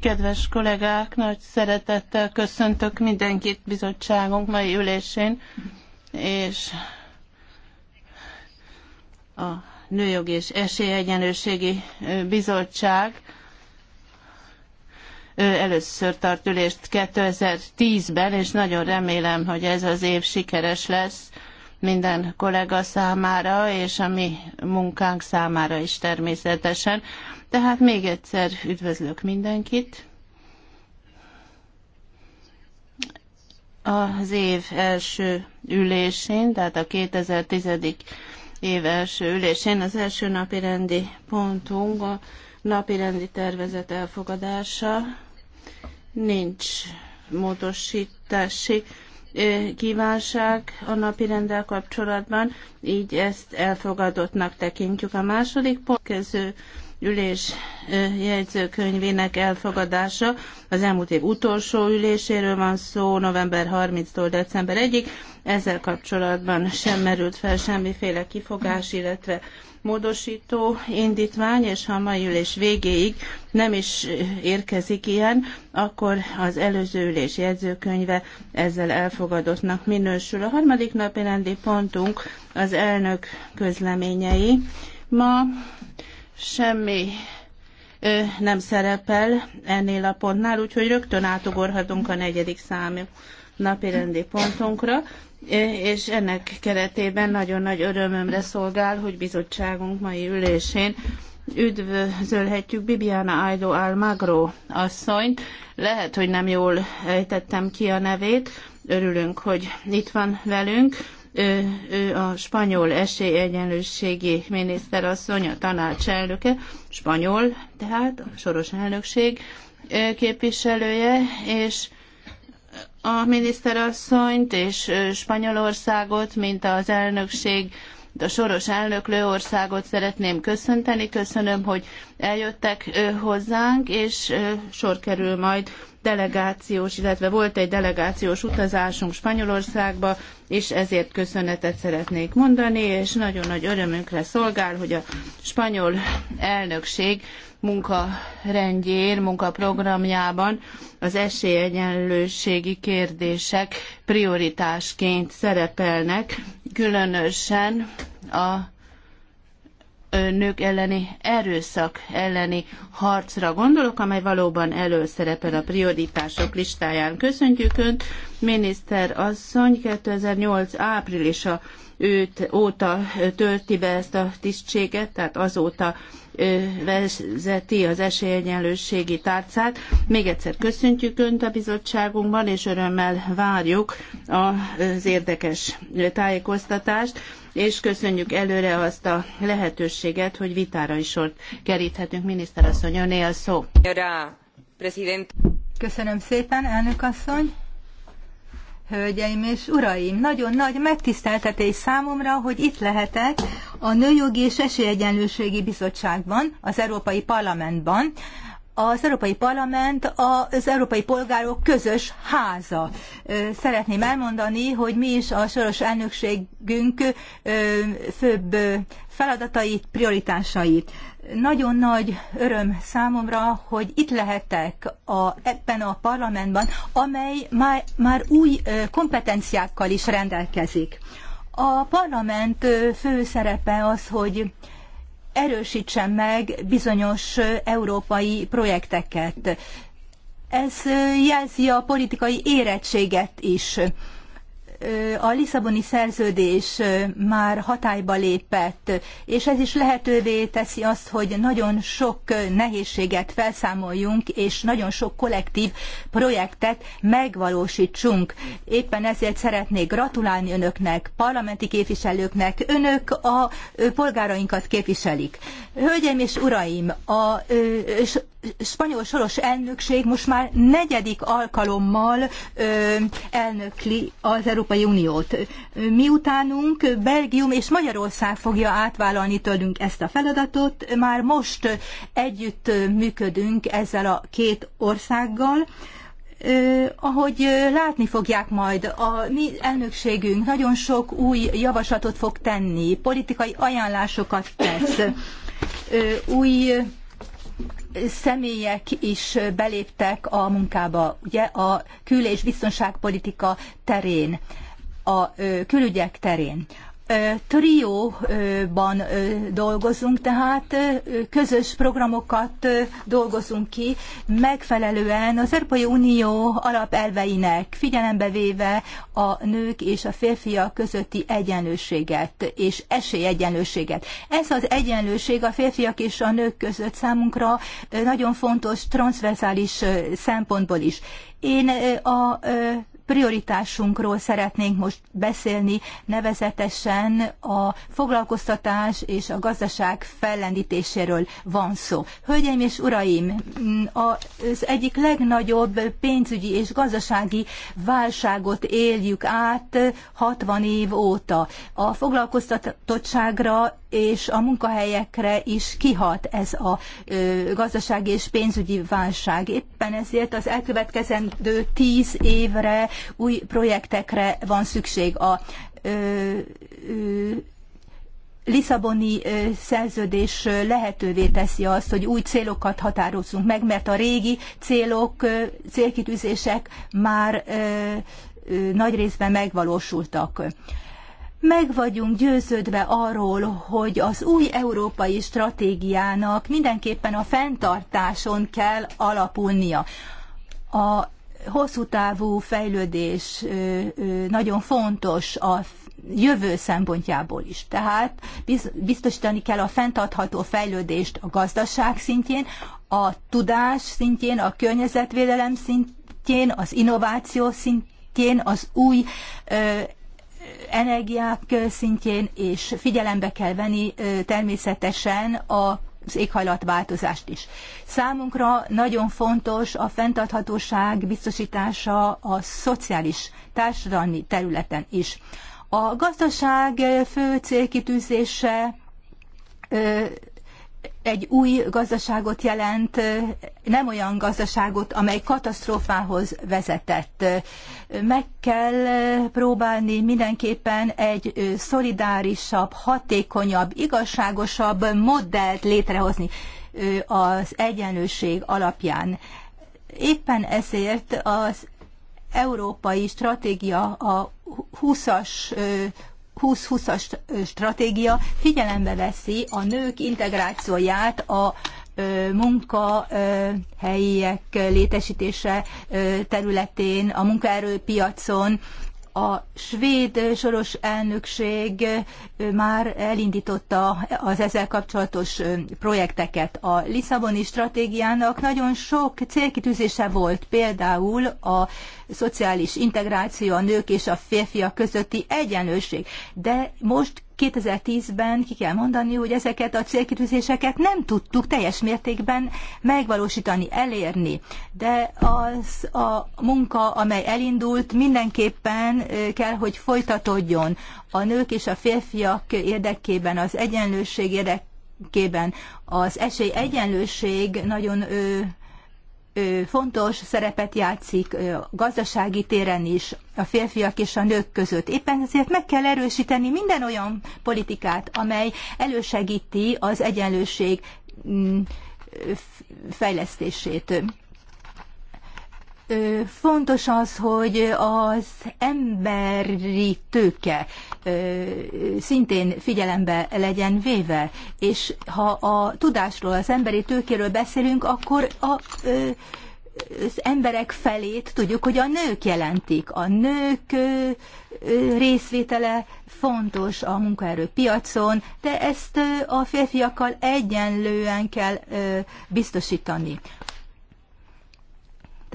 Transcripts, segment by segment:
Kedves kollégák, nagy szeretettel köszöntök mindenkit bizottságunk mai ülésén, és a Nőjogi és Esélyegyenlőségi Bizottság először tart ülést 2010-ben, és nagyon remélem, hogy ez az év sikeres lesz minden kollega számára, és a mi munkánk számára is természetesen. Tehát még egyszer üdvözlök mindenkit. Az év első ülésén, tehát a 2010. év első ülésén az első napi rendi pontunk a napi rendi tervezet elfogadása. Nincs módosítási kívánság a napi rendel kapcsolatban, így ezt elfogadottnak tekintjük. A második következő ülés jegyzőkönyvének elfogadása. Az elmúlt év utolsó üléséről van szó, november 30-tól december 1-ig. Ezzel kapcsolatban sem merült fel semmiféle kifogás, illetve módosító indítvány, és ha a mai ülés végéig nem is érkezik ilyen, akkor az előző ülés jegyzőkönyve ezzel elfogadottnak minősül. A harmadik napi rendi pontunk az elnök közleményei. Ma semmi ö, nem szerepel ennél a pontnál, úgyhogy rögtön átugorhatunk a negyedik számú napirendi pontunkra, és ennek keretében nagyon nagy örömömre szolgál, hogy bizottságunk mai ülésén üdvözölhetjük Bibiana Aido Almagro asszonyt. Lehet, hogy nem jól ejtettem ki a nevét, örülünk, hogy itt van velünk. Ő, ő a spanyol esélyegyenlőségi miniszterasszony, a tanács elnöke, spanyol, tehát a soros elnökség képviselője, és a miniszterasszonyt és Spanyolországot, mint az elnökség a soros elnöklő országot szeretném köszönteni. Köszönöm, hogy eljöttek hozzánk, és sor kerül majd delegációs, illetve volt egy delegációs utazásunk Spanyolországba, és ezért köszönetet szeretnék mondani, és nagyon nagy örömünkre szolgál, hogy a spanyol elnökség munkarendjén, munkaprogramjában az esélyegyenlőségi kérdések prioritásként szerepelnek, különösen a nők elleni erőszak elleni harcra gondolok, amely valóban előszerepel a prioritások listáján. Köszöntjük Önt, miniszter asszony, 2008 áprilisa őt óta tölti be ezt a tisztséget, tehát azóta vezeti az esélyegyenlőségi tárcát. Még egyszer köszöntjük Önt a bizottságunkban, és örömmel várjuk az érdekes tájékoztatást és köszönjük előre azt a lehetőséget, hogy vitára is sort keríthetünk. Miniszterasszony, öné a szó. Köszönöm szépen, elnök asszony. Hölgyeim és uraim, nagyon nagy megtiszteltetés számomra, hogy itt lehetek a Nőjogi és Esélyegyenlőségi Bizottságban, az Európai Parlamentban, az Európai Parlament az európai polgárok közös háza. Szeretném elmondani, hogy mi is a soros elnökségünk főbb feladatait, prioritásait. Nagyon nagy öröm számomra, hogy itt lehetek a, ebben a parlamentben, amely már, már új kompetenciákkal is rendelkezik. A parlament fő szerepe az, hogy erősítsen meg bizonyos európai projekteket. Ez jelzi a politikai érettséget is a Lisszaboni szerződés már hatályba lépett, és ez is lehetővé teszi azt, hogy nagyon sok nehézséget felszámoljunk, és nagyon sok kollektív projektet megvalósítsunk. Éppen ezért szeretnék gratulálni önöknek, parlamenti képviselőknek, önök a polgárainkat képviselik. Hölgyeim és uraim, a, spanyol soros elnökség most már negyedik alkalommal elnökli az Európai Uniót. Miutánunk Belgium és Magyarország fogja átvállalni tőlünk ezt a feladatot. Már most együtt működünk ezzel a két országgal ahogy látni fogják majd, a mi elnökségünk nagyon sok új javaslatot fog tenni, politikai ajánlásokat tesz, új személyek is beléptek a munkába, ugye a kül- és biztonságpolitika terén, a külügyek terén trióban dolgozunk, tehát közös programokat dolgozunk ki, megfelelően az Európai Unió alapelveinek figyelembe véve a nők és a férfiak közötti egyenlőséget és esélyegyenlőséget. Ez az egyenlőség a férfiak és a nők között számunkra nagyon fontos transzverzális szempontból is. Én a prioritásunkról szeretnénk most beszélni, nevezetesen a foglalkoztatás és a gazdaság fellendítéséről van szó. Hölgyeim és uraim, az egyik legnagyobb pénzügyi és gazdasági válságot éljük át 60 év óta. A foglalkoztatottságra és a munkahelyekre is kihat ez a gazdasági és pénzügyi válság. Éppen ezért az elkövetkezendő tíz évre új projektekre van szükség. A ö, ö, Lisszaboni szerződés lehetővé teszi azt, hogy új célokat határozzunk meg, mert a régi célok, célkitűzések már nagy részben megvalósultak. Meg vagyunk győződve arról, hogy az új európai stratégiának mindenképpen a fenntartáson kell alapulnia. A hosszú távú fejlődés nagyon fontos a jövő szempontjából is. Tehát biztosítani kell a fenntartható fejlődést a gazdaság szintjén, a tudás szintjén, a környezetvédelem szintjén, az innováció szintjén, az új energiák szintjén, és figyelembe kell venni természetesen a az éghajlatváltozást is. Számunkra nagyon fontos a fenntarthatóság biztosítása a szociális társadalmi területen is. A gazdaság fő célkitűzése egy új gazdaságot jelent, nem olyan gazdaságot, amely katasztrófához vezetett. Meg kell próbálni mindenképpen egy szolidárisabb, hatékonyabb, igazságosabb modellt létrehozni az egyenlőség alapján. Éppen ezért az európai stratégia a 20-as 2020-as stratégia figyelembe veszi a nők integrációját a munkahelyiek létesítése területén, a munkaerőpiacon. A svéd soros elnökség már elindította az ezzel kapcsolatos projekteket. A Lisszaboni stratégiának nagyon sok célkitűzése volt, például a szociális integráció a nők és a férfiak közötti egyenlőség. De most 2010-ben ki kell mondani, hogy ezeket a célkitűzéseket nem tudtuk teljes mértékben megvalósítani, elérni. De az a munka, amely elindult, mindenképpen kell, hogy folytatódjon a nők és a férfiak érdekében, az egyenlőség érdekében. Az esély egyenlőség nagyon fontos szerepet játszik gazdasági téren is a férfiak és a nők között. Éppen ezért meg kell erősíteni minden olyan politikát, amely elősegíti az egyenlőség mm, fejlesztését. Fontos az, hogy az emberi tőke szintén figyelembe legyen véve, és ha a tudásról, az emberi tőkéről beszélünk, akkor a az emberek felét tudjuk, hogy a nők jelentik. A nők részvétele fontos a munkaerőpiacon, de ezt a férfiakkal egyenlően kell biztosítani.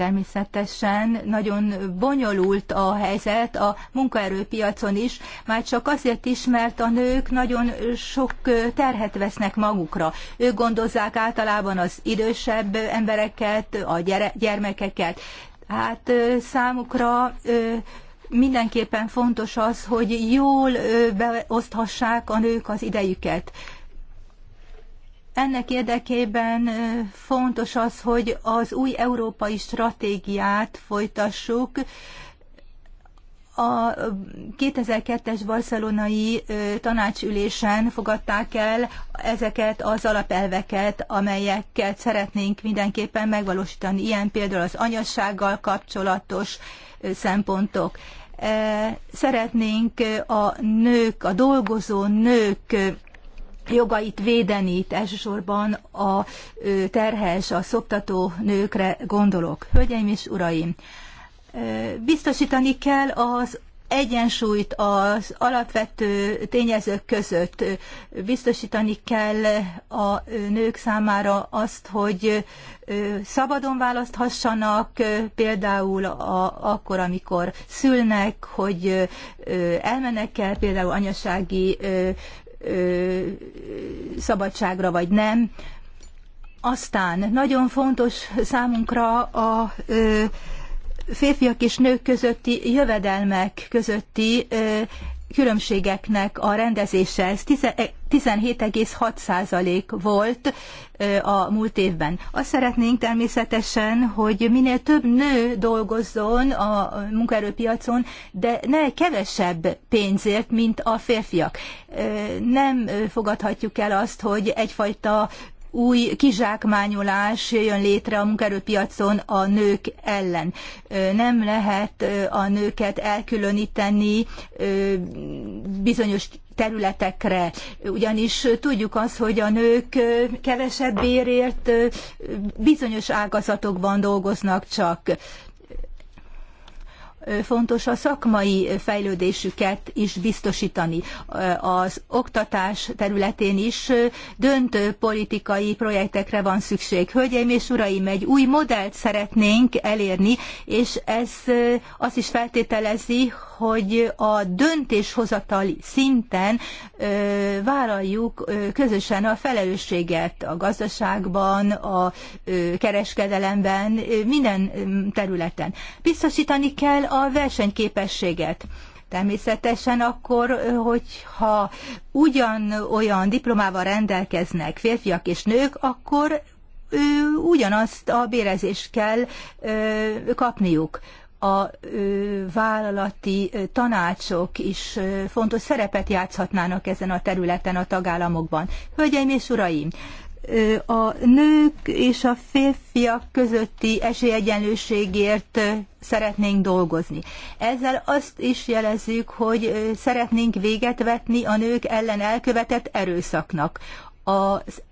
Természetesen nagyon bonyolult a helyzet a munkaerőpiacon is, már csak azért is, mert a nők nagyon sok terhet vesznek magukra. Ők gondozzák általában az idősebb embereket, a gyermekeket. Hát számukra mindenképpen fontos az, hogy jól beoszthassák a nők az idejüket. Ennek érdekében fontos az, hogy az új európai stratégiát folytassuk. A 2002-es barcelonai tanácsülésen fogadták el ezeket az alapelveket, amelyeket szeretnénk mindenképpen megvalósítani. Ilyen például az anyassággal kapcsolatos szempontok szeretnénk a nők, a dolgozó nők jogait védeni, itt elsősorban a terhes, a szoptató nőkre gondolok. Hölgyeim és uraim, biztosítani kell az egyensúlyt az alapvető tényezők között. Biztosítani kell a nők számára azt, hogy szabadon választhassanak, például a, akkor, amikor szülnek, hogy elmennek el például anyasági szabadságra vagy nem. Aztán nagyon fontos számunkra a férfiak és nők közötti jövedelmek közötti különbségeknek a rendezése. Ez 17,6% eh, volt a múlt évben. Azt szeretnénk természetesen, hogy minél több nő dolgozzon a munkaerőpiacon, de ne kevesebb pénzért, mint a férfiak. Nem fogadhatjuk el azt, hogy egyfajta új kizsákmányolás jön létre a munkaerőpiacon a nők ellen. Nem lehet a nőket elkülöníteni bizonyos területekre, ugyanis tudjuk azt, hogy a nők kevesebb bérért bizonyos ágazatokban dolgoznak csak fontos a szakmai fejlődésüket is biztosítani. Az oktatás területén is döntő politikai projektekre van szükség. Hölgyeim és uraim, egy új modellt szeretnénk elérni, és ez azt is feltételezi, hogy a döntéshozatali szinten ö, vállaljuk ö, közösen a felelősséget a gazdaságban, a ö, kereskedelemben, ö, minden területen. Biztosítani kell a versenyképességet. Természetesen akkor, hogyha ugyanolyan diplomával rendelkeznek férfiak és nők, akkor ugyanazt a bérezést kell kapniuk a vállalati tanácsok is fontos szerepet játszhatnának ezen a területen a tagállamokban. Hölgyeim és uraim, a nők és a férfiak közötti esélyegyenlőségért szeretnénk dolgozni. Ezzel azt is jelezzük, hogy szeretnénk véget vetni a nők ellen elkövetett erőszaknak. Az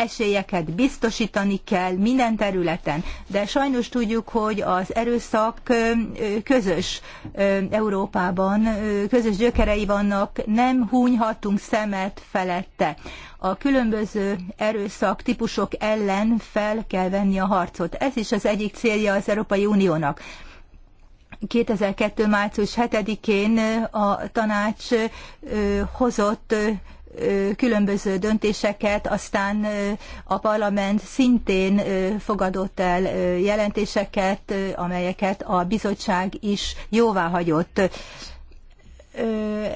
esélyeket biztosítani kell minden területen. De sajnos tudjuk, hogy az erőszak közös Európában, közös gyökerei vannak, nem hunyhatunk szemet felette. A különböző erőszak típusok ellen fel kell venni a harcot. Ez is az egyik célja az Európai Uniónak. 2002. március 7-én a tanács hozott különböző döntéseket, aztán a parlament szintén fogadott el jelentéseket, amelyeket a bizottság is jóvá hagyott.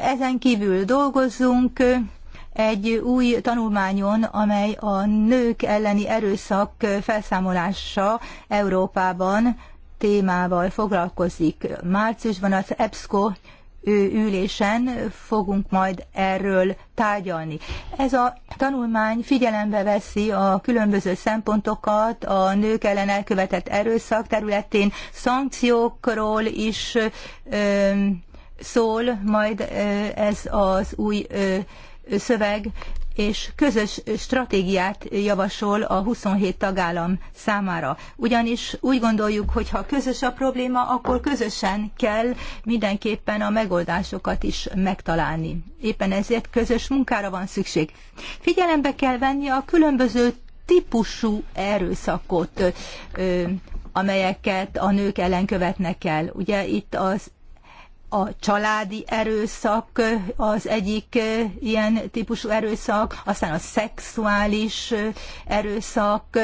Ezen kívül dolgozunk egy új tanulmányon, amely a nők elleni erőszak felszámolása Európában témával foglalkozik. Márciusban az EBSCO ülésen fogunk majd erről tárgyalni. Ez a tanulmány figyelembe veszi a különböző szempontokat, a nők ellen elkövetett erőszak területén szankciókról is ö, szól majd ez az új ö, szöveg és közös stratégiát javasol a 27 tagállam számára. Ugyanis úgy gondoljuk, hogy ha közös a probléma, akkor közösen kell mindenképpen a megoldásokat is megtalálni. Éppen ezért közös munkára van szükség. Figyelembe kell venni a különböző típusú erőszakot, amelyeket a nők ellen követnek el. Ugye itt az a családi erőszak az egyik ilyen típusú erőszak, aztán a szexuális erőszak,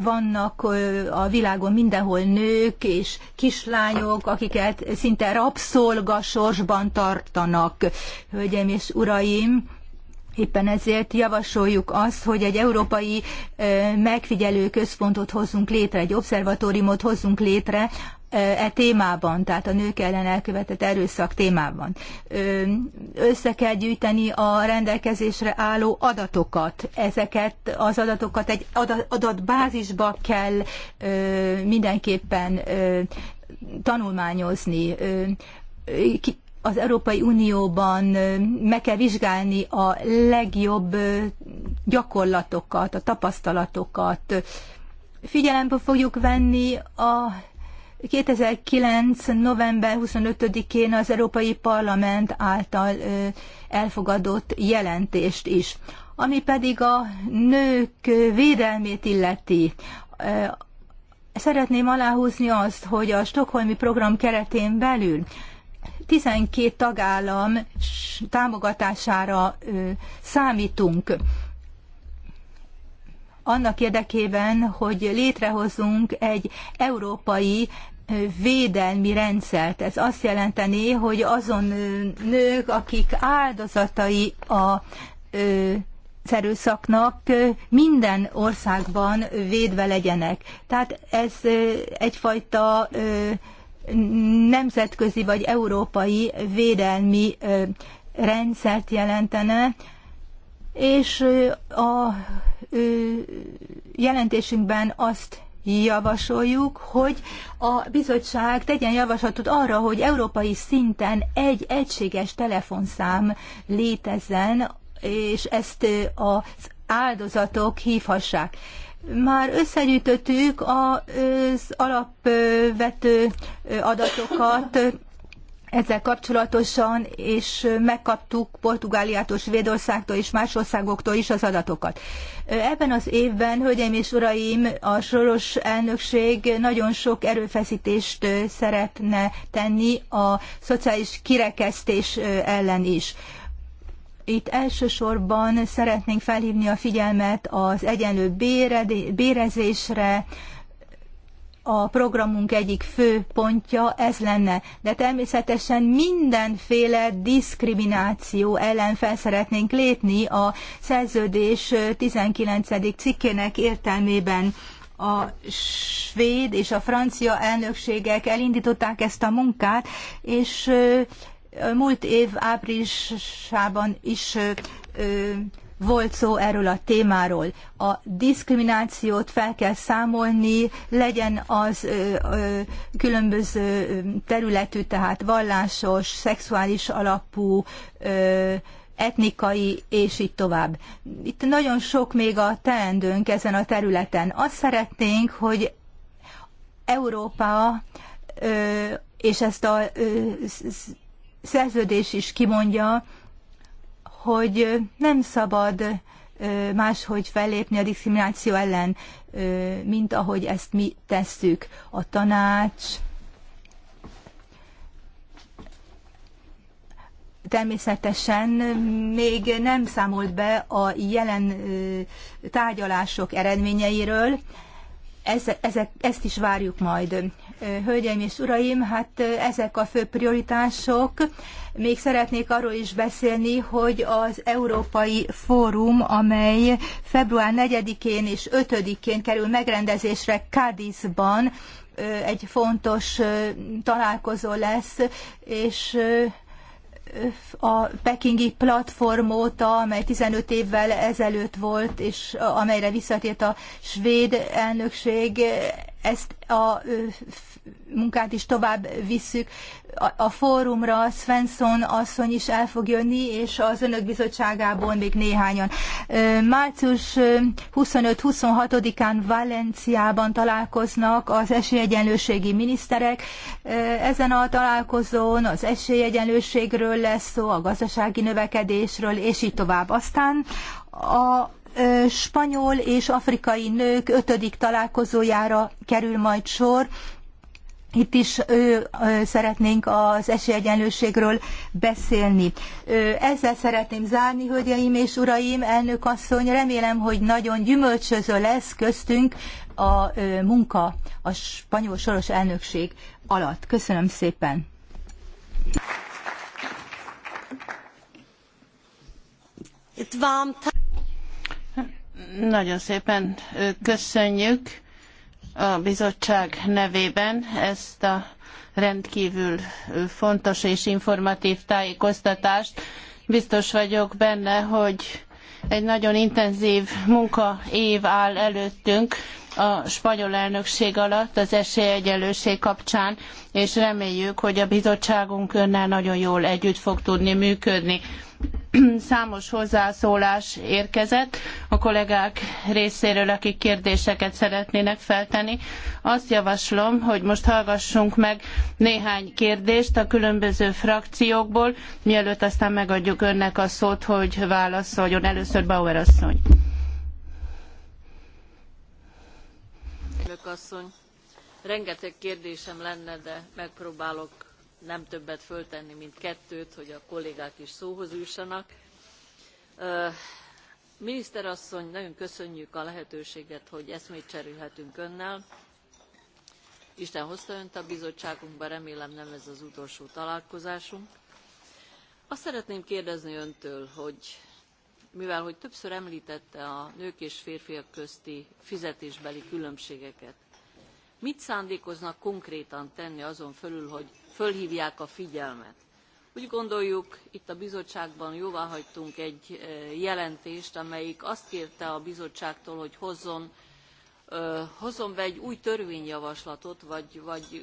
vannak a világon mindenhol nők és kislányok, akiket szinte rabszolga sorsban tartanak. Hölgyeim és uraim, Éppen ezért javasoljuk azt, hogy egy európai megfigyelő központot hozzunk létre, egy obszervatóriumot hozzunk létre e témában, tehát a nők ellen elkövetett erőszak témában. Össze kell gyűjteni a rendelkezésre álló adatokat. Ezeket az adatokat egy adatbázisba kell mindenképpen tanulmányozni az Európai Unióban meg kell vizsgálni a legjobb gyakorlatokat, a tapasztalatokat. Figyelembe fogjuk venni a 2009. november 25-én az Európai Parlament által elfogadott jelentést is, ami pedig a nők védelmét illeti. Szeretném aláhúzni azt, hogy a Stockholmi program keretén belül 12 tagállam támogatására számítunk annak érdekében, hogy létrehozunk egy európai védelmi rendszert. Ez azt jelenteni, hogy azon nők, akik áldozatai a erőszaknak minden országban védve legyenek. Tehát ez egyfajta nemzetközi vagy európai védelmi rendszert jelentene, és a jelentésünkben azt javasoljuk, hogy a bizottság tegyen javaslatot arra, hogy európai szinten egy egységes telefonszám létezzen, és ezt az áldozatok hívhassák már összegyűjtöttük az alapvető adatokat ezzel kapcsolatosan, és megkaptuk Portugáliától, Svédországtól és más országoktól is az adatokat. Ebben az évben, hölgyeim és uraim, a soros elnökség nagyon sok erőfeszítést szeretne tenni a szociális kirekesztés ellen is. Itt elsősorban szeretnénk felhívni a figyelmet az egyenlő bérezésre, a programunk egyik fő pontja ez lenne. De természetesen mindenféle diszkrimináció ellen fel szeretnénk lépni a szerződés 19. cikkének értelmében. A svéd és a francia elnökségek elindították ezt a munkát, és Múlt év áprilisában is volt szó erről a témáról. A diszkriminációt fel kell számolni, legyen az ö, ö, különböző területű, tehát vallásos, szexuális alapú, ö, etnikai, és így tovább. Itt nagyon sok még a teendőnk ezen a területen. Azt szeretnénk, hogy Európa, ö, és ezt a ö, szerződés is kimondja, hogy nem szabad máshogy fellépni a diszkrimináció ellen, mint ahogy ezt mi tesszük. A tanács természetesen még nem számolt be a jelen tárgyalások eredményeiről, ez, ezek, ezt is várjuk majd. Hölgyeim és uraim, hát ezek a fő prioritások. Még szeretnék arról is beszélni, hogy az Európai Fórum, amely február 4-én és 5-én kerül megrendezésre Kádizban, egy fontos találkozó lesz, és a pekingi platform óta, amely 15 évvel ezelőtt volt, és amelyre visszatért a svéd elnökség, ezt a munkát is tovább visszük. A, a fórumra Svensson asszony is el fog jönni, és az önök bizottságából még néhányan. Március 25-26-án Valenciában találkoznak az esélyegyenlőségi miniszterek. Ezen a találkozón az esélyegyenlőségről lesz szó, a gazdasági növekedésről, és így tovább. Aztán a spanyol és afrikai nők ötödik találkozójára kerül majd sor. Itt is ő, szeretnénk az esélyegyenlőségről beszélni. Ezzel szeretném zárni, hölgyeim és uraim, elnök asszony. Remélem, hogy nagyon gyümölcsöző lesz köztünk a munka a spanyol soros elnökség alatt. Köszönöm szépen! Itt van nagyon szépen köszönjük a bizottság nevében ezt a rendkívül fontos és informatív tájékoztatást. Biztos vagyok benne, hogy egy nagyon intenzív munkaév áll előttünk a spanyol elnökség alatt az esélyegyenlőség kapcsán, és reméljük, hogy a bizottságunk önnel nagyon jól együtt fog tudni működni. Számos hozzászólás érkezett a kollégák részéről, akik kérdéseket szeretnének feltenni. Azt javaslom, hogy most hallgassunk meg néhány kérdést a különböző frakciókból, mielőtt aztán megadjuk önnek a szót, hogy válaszoljon. Először Bauer asszony. Elnök asszony, rengeteg kérdésem lenne, de megpróbálok nem többet föltenni, mint kettőt, hogy a kollégák is szóhoz jussanak. Miniszter asszony, nagyon köszönjük a lehetőséget, hogy eszmét cserélhetünk önnel. Isten hozta önt a bizottságunkba, remélem nem ez az utolsó találkozásunk. Azt szeretném kérdezni öntől, hogy mivel hogy többször említette a nők és férfiak közti fizetésbeli különbségeket, mit szándékoznak konkrétan tenni azon fölül, hogy fölhívják a figyelmet. Úgy gondoljuk, itt a bizottságban jóváhagytunk egy eh, jelentést, amelyik azt kérte a bizottságtól, hogy hozzon, hozzon be egy új törvényjavaslatot, vagy, vagy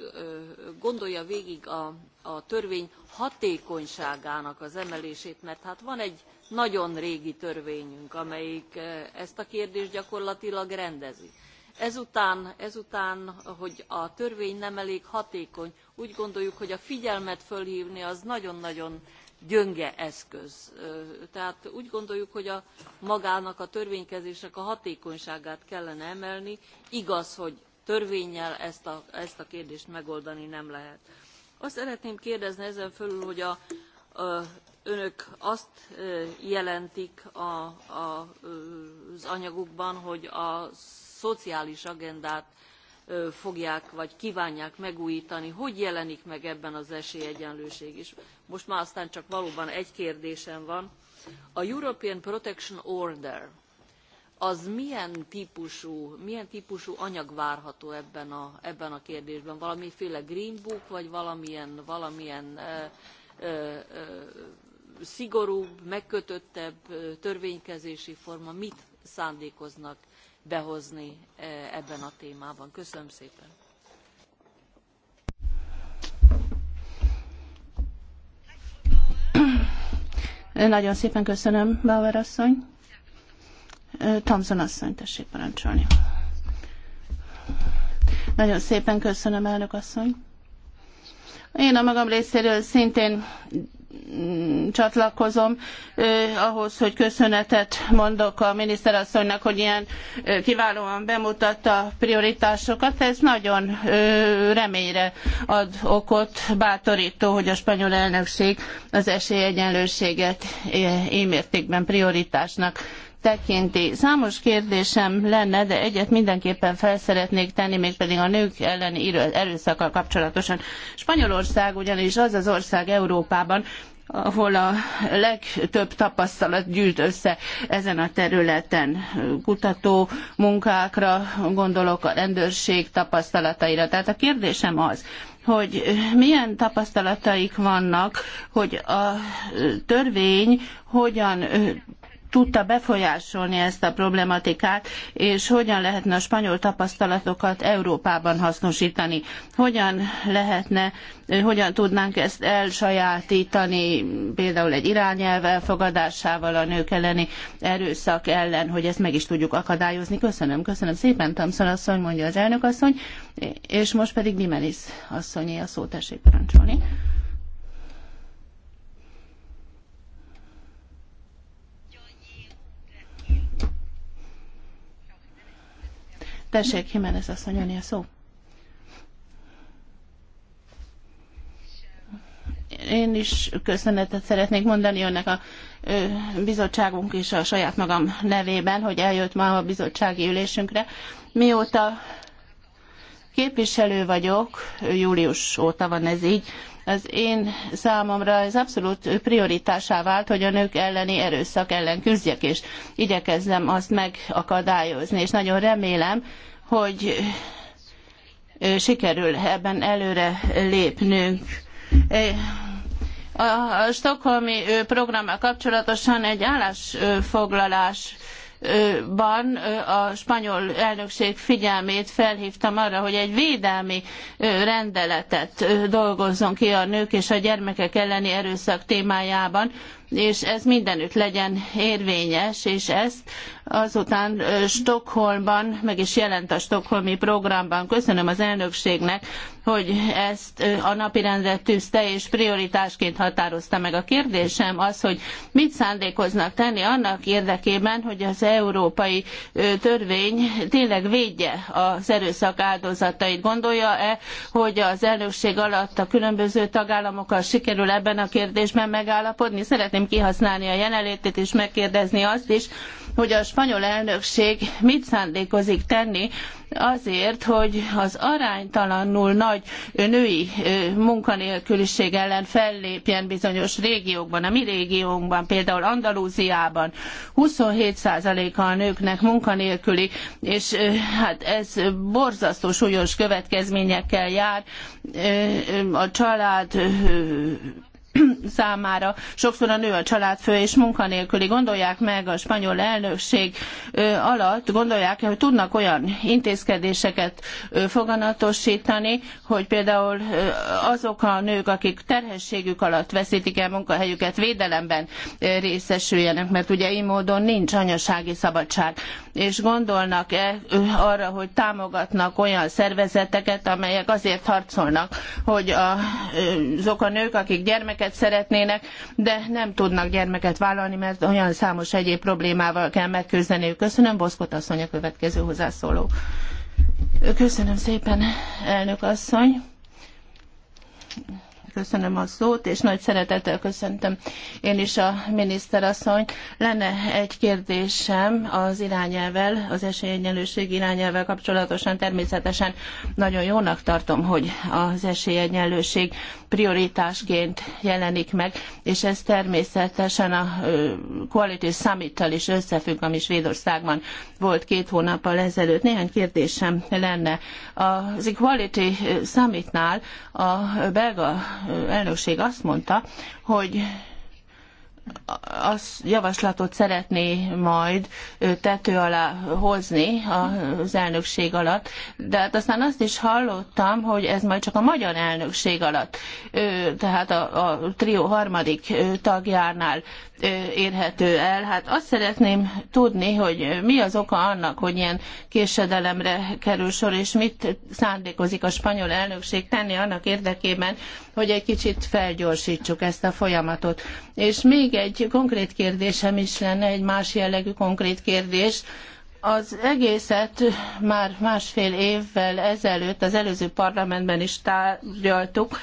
gondolja végig a, a törvény hatékonyságának az emelését, mert hát van egy nagyon régi törvényünk, amelyik eh, ezt a kérdést gyakorlatilag rendezi Ezután, ezután, hogy a törvény nem elég hatékony, úgy gondoljuk, hogy a figyelmet fölhvni az nagyon-nagyon gyönge eszköz. Tehát úgy gondoljuk, hogy a magának a törvénykezésnek a hatékonyságát kellene emelni. Igaz, hogy törvénnyel ezt a, ezt a kérdést megoldani nem lehet. Azt szeretném kérdezni ezen fölül, hogy a, a önök azt jelentik a, a, az anyagukban, hogy az szociális agendát fogják vagy kívánják megújítani. Hogy jelenik meg ebben az esélyegyenlőség is? Most már aztán csak valóban egy kérdésem van. A European Protection Order az milyen típusú, milyen típusú anyag várható ebben a, ebben a kérdésben? Valamiféle green book, vagy valamilyen, valamilyen ö, ö, szigorúbb, megkötöttebb törvénykezési forma? Mit szándékoznak behozni eh, ebben a témában. Köszönöm szépen! Nagyon szépen köszönöm, Bauer asszony. Eh, Thompson asszony, tessék parancsolni. Nagyon szépen köszönöm, elnök asszony. Én a magam részéről szintén Mm, csatlakozom ahhoz, hogy köszönetet mondok a miniszterasszonynak, hogy ilyen kiválóan bemutatta a prioritásokat. Ez nagyon reményre ad okot, bátorító, hogy a spanyol elnökség az esélyegyenlőséget émértékben prioritásnak tekinti. Számos kérdésem lenne, de egyet mindenképpen felszeretnék tenni, mégpedig a nők elleni erőszakkal kapcsolatosan. Spanyolország ugyanis az az ország Európában, ahol a legtöbb tapasztalat gyűlt össze ezen a területen. Kutató munkákra gondolok, a rendőrség tapasztalataira. Tehát a kérdésem az, hogy milyen tapasztalataik vannak, hogy a törvény hogyan tudta befolyásolni ezt a problematikát, és hogyan lehetne a spanyol tapasztalatokat Európában hasznosítani. Hogyan lehetne, eh, hogyan tudnánk ezt elsajátítani, például egy irányelv elfogadásával a nők elleni erőszak ellen, hogy ezt meg is tudjuk akadályozni. Köszönöm, köszönöm szépen, Tamson asszony, mondja az elnök asszony, és most pedig Dimelis asszonyé a szót, tessék parancsolni. Tessék, Jiménez asszony, a szó. Én is köszönetet szeretnék mondani önnek a bizottságunk és a saját magam nevében, hogy eljött ma a bizottsági ülésünkre. Mióta képviselő vagyok, július óta van ez így, az én számomra ez abszolút prioritásá vált, hogy a nők elleni erőszak ellen küzdjek, és igyekezzem azt megakadályozni, és nagyon remélem, hogy sikerül ebben előre lépnünk. A stokholmi programmal kapcsolatosan egy állásfoglalás ban a spanyol elnökség figyelmét felhívtam arra, hogy egy védelmi rendeletet dolgozzon ki a nők és a gyermekek elleni erőszak témájában, és ez mindenütt legyen érvényes, és ezt azután Stockholmban, meg is jelent a Stockholmi programban. Köszönöm az elnökségnek, hogy ezt a napirendre tűzte, és prioritásként határozta meg a kérdésem az, hogy mit szándékoznak tenni annak érdekében, hogy az európai törvény tényleg védje az erőszak áldozatait. Gondolja-e, hogy az elnökség alatt a különböző tagállamokkal sikerül ebben a kérdésben megállapodni? Szeretném szeretném kihasználni a jelenlétét és megkérdezni azt is, hogy a spanyol elnökség mit szándékozik tenni azért, hogy az aránytalanul nagy női munkanélküliség ellen fellépjen bizonyos régiókban, a mi régiónkban, például Andalúziában 27%-a a nőknek munkanélküli, és hát ez borzasztó súlyos következményekkel jár a család számára. Sokszor a nő a családfő és munkanélküli. Gondolják meg a spanyol elnökség alatt, gondolják, hogy tudnak olyan intézkedéseket foganatosítani, hogy például azok a nők, akik terhességük alatt veszítik el munkahelyüket, védelemben részesüljenek, mert ugye így módon nincs anyasági szabadság. És gondolnak-e arra, hogy támogatnak olyan szervezeteket, amelyek azért harcolnak, hogy azok a nők, akik gyermeket gyermeket szeretnének, de nem tudnak gyermeket vállalni, mert olyan számos egyéb problémával kell megküzdeniük. Köszönöm, Boszkot asszony a következő hozzászóló. Köszönöm szépen, elnök asszony köszönöm a szót, és nagy szeretettel köszöntöm én is a miniszterasszony. Lenne egy kérdésem az irányelvel, az esélyegyenlőség irányelvel kapcsolatosan természetesen nagyon jónak tartom, hogy az esélyegyenlőség prioritásként jelenik meg, és ez természetesen a Quality Summit-tal is összefügg, ami Svédországban volt két hónappal ezelőtt. Néhány kérdésem lenne. Az Equality Summit-nál a belga elnökség azt mondta, hogy az javaslatot szeretné majd tető alá hozni az elnökség alatt, de hát aztán azt is hallottam, hogy ez majd csak a magyar elnökség alatt, tehát a, a trió harmadik tagjánál érhető el. Hát azt szeretném tudni, hogy mi az oka annak, hogy ilyen késedelemre kerül sor, és mit szándékozik a spanyol elnökség tenni annak érdekében, hogy egy kicsit felgyorsítsuk ezt a folyamatot. És még egy konkrét kérdésem is lenne, egy más jellegű konkrét kérdés, az egészet már másfél évvel ezelőtt az előző parlamentben is tárgyaltuk,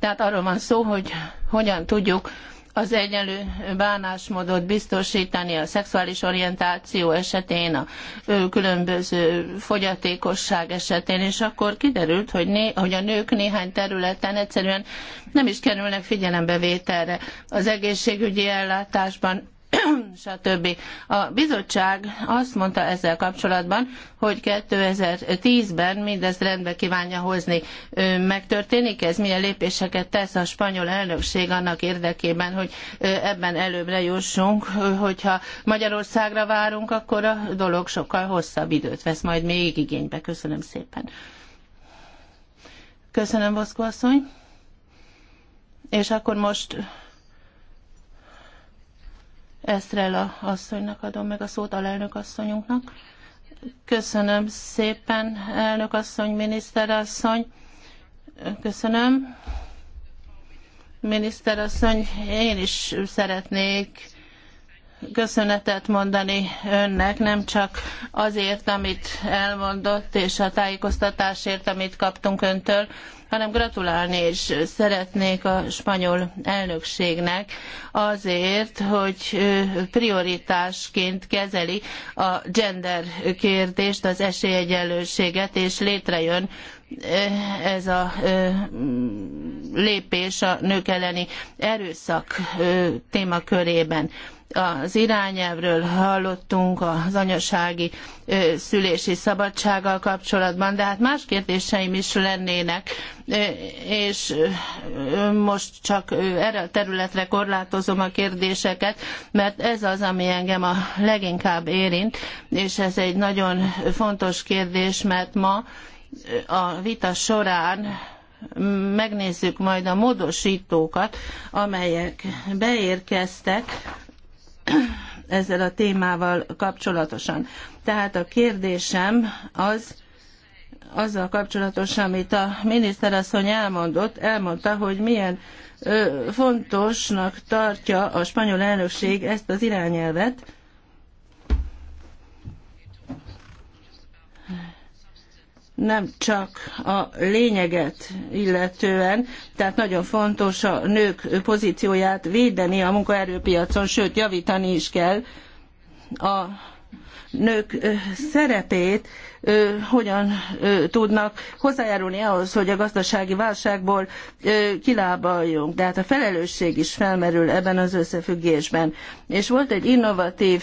tehát arról van szó, hogy hogyan tudjuk az egyenlő bánásmódot biztosítani a szexuális orientáció esetén, a különböző fogyatékosság esetén, és akkor kiderült, hogy, né, hogy a nők néhány területen egyszerűen nem is kerülnek figyelembevételre az egészségügyi ellátásban, stb. A bizottság azt mondta ezzel kapcsolatban, hogy 2010-ben mindezt rendbe kívánja hozni. Megtörténik ez? Milyen lépéseket tesz a spanyol elnökség annak érdekében, hogy ebben előbbre jussunk, hogyha Magyarországra várunk, akkor a dolog sokkal hosszabb időt vesz majd még igénybe. Köszönöm szépen. Köszönöm, Voszkó asszony. És akkor most Estrella asszonynak adom meg a szót, alelnök asszonyunknak. Köszönöm szépen, elnök asszony, miniszter asszony. Köszönöm. Miniszter asszony, én is szeretnék köszönetet mondani önnek, nem csak azért, amit elmondott, és a tájékoztatásért, amit kaptunk öntől, hanem gratulálni is szeretnék a spanyol elnökségnek azért, hogy prioritásként kezeli a gender kérdést, az esélyegyenlőséget, és létrejön ez a lépés a nők elleni erőszak témakörében az irányelvről hallottunk az anyasági szülési szabadsággal kapcsolatban, de hát más kérdéseim is lennének, és most csak erre a területre korlátozom a kérdéseket, mert ez az, ami engem a leginkább érint, és ez egy nagyon fontos kérdés, mert ma a vita során megnézzük majd a módosítókat, amelyek beérkeztek ezzel a témával kapcsolatosan. Tehát a kérdésem az, azzal kapcsolatosan, amit a miniszterasszony elmondott, elmondta, hogy milyen ö, fontosnak tartja a spanyol elnökség ezt az irányelvet, nem csak a lényeget illetően, tehát nagyon fontos a nők pozícióját védeni a munkaerőpiacon, sőt javítani is kell a nők szerepét, hogyan tudnak hozzájárulni ahhoz, hogy a gazdasági válságból kilábaljunk. De hát a felelősség is felmerül ebben az összefüggésben. És volt egy innovatív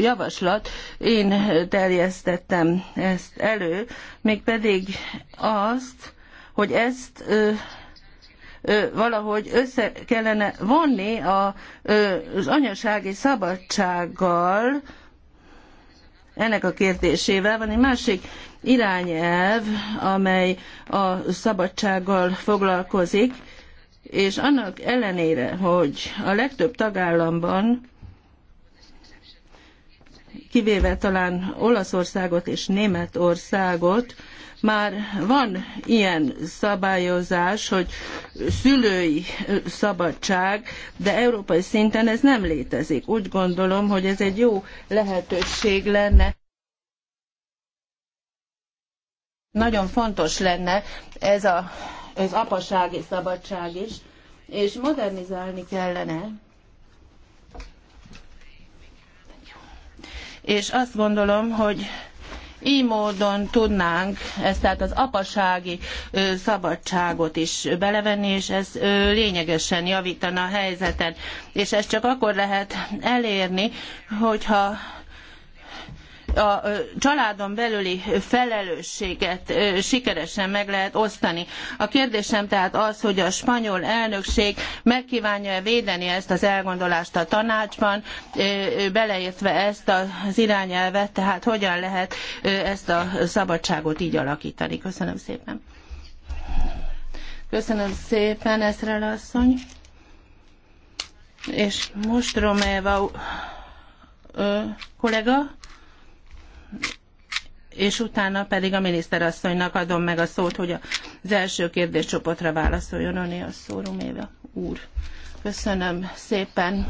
javaslat, én terjesztettem ezt elő, mégpedig azt, hogy ezt valahogy össze kellene vonni az anyasági szabadsággal, ennek a kérdésével. Van egy másik irányelv, amely a szabadsággal foglalkozik, és annak ellenére, hogy a legtöbb tagállamban, kivéve talán Olaszországot és Németországot, már van ilyen szabályozás, hogy szülői szabadság, de európai szinten ez nem létezik. Úgy gondolom, hogy ez egy jó lehetőség lenne. Nagyon fontos lenne ez a, az apasági szabadság is, és modernizálni kellene és azt gondolom, hogy így módon tudnánk ezt tehát az apasági szabadságot is belevenni, és ez lényegesen javítana a helyzeten. És ezt csak akkor lehet elérni, hogyha a családon belüli felelősséget sikeresen meg lehet osztani. A kérdésem tehát az, hogy a spanyol elnökség megkívánja-e védeni ezt az elgondolást a tanácsban, beleértve ezt az irányelvet, tehát hogyan lehet ezt a szabadságot így alakítani. Köszönöm szépen. Köszönöm szépen, Eszrel asszony. És most Romeva kollega és utána pedig a miniszterasszonynak adom meg a szót, hogy az első kérdéscsoportra válaszoljon Öné a szóruméva úr. Köszönöm szépen.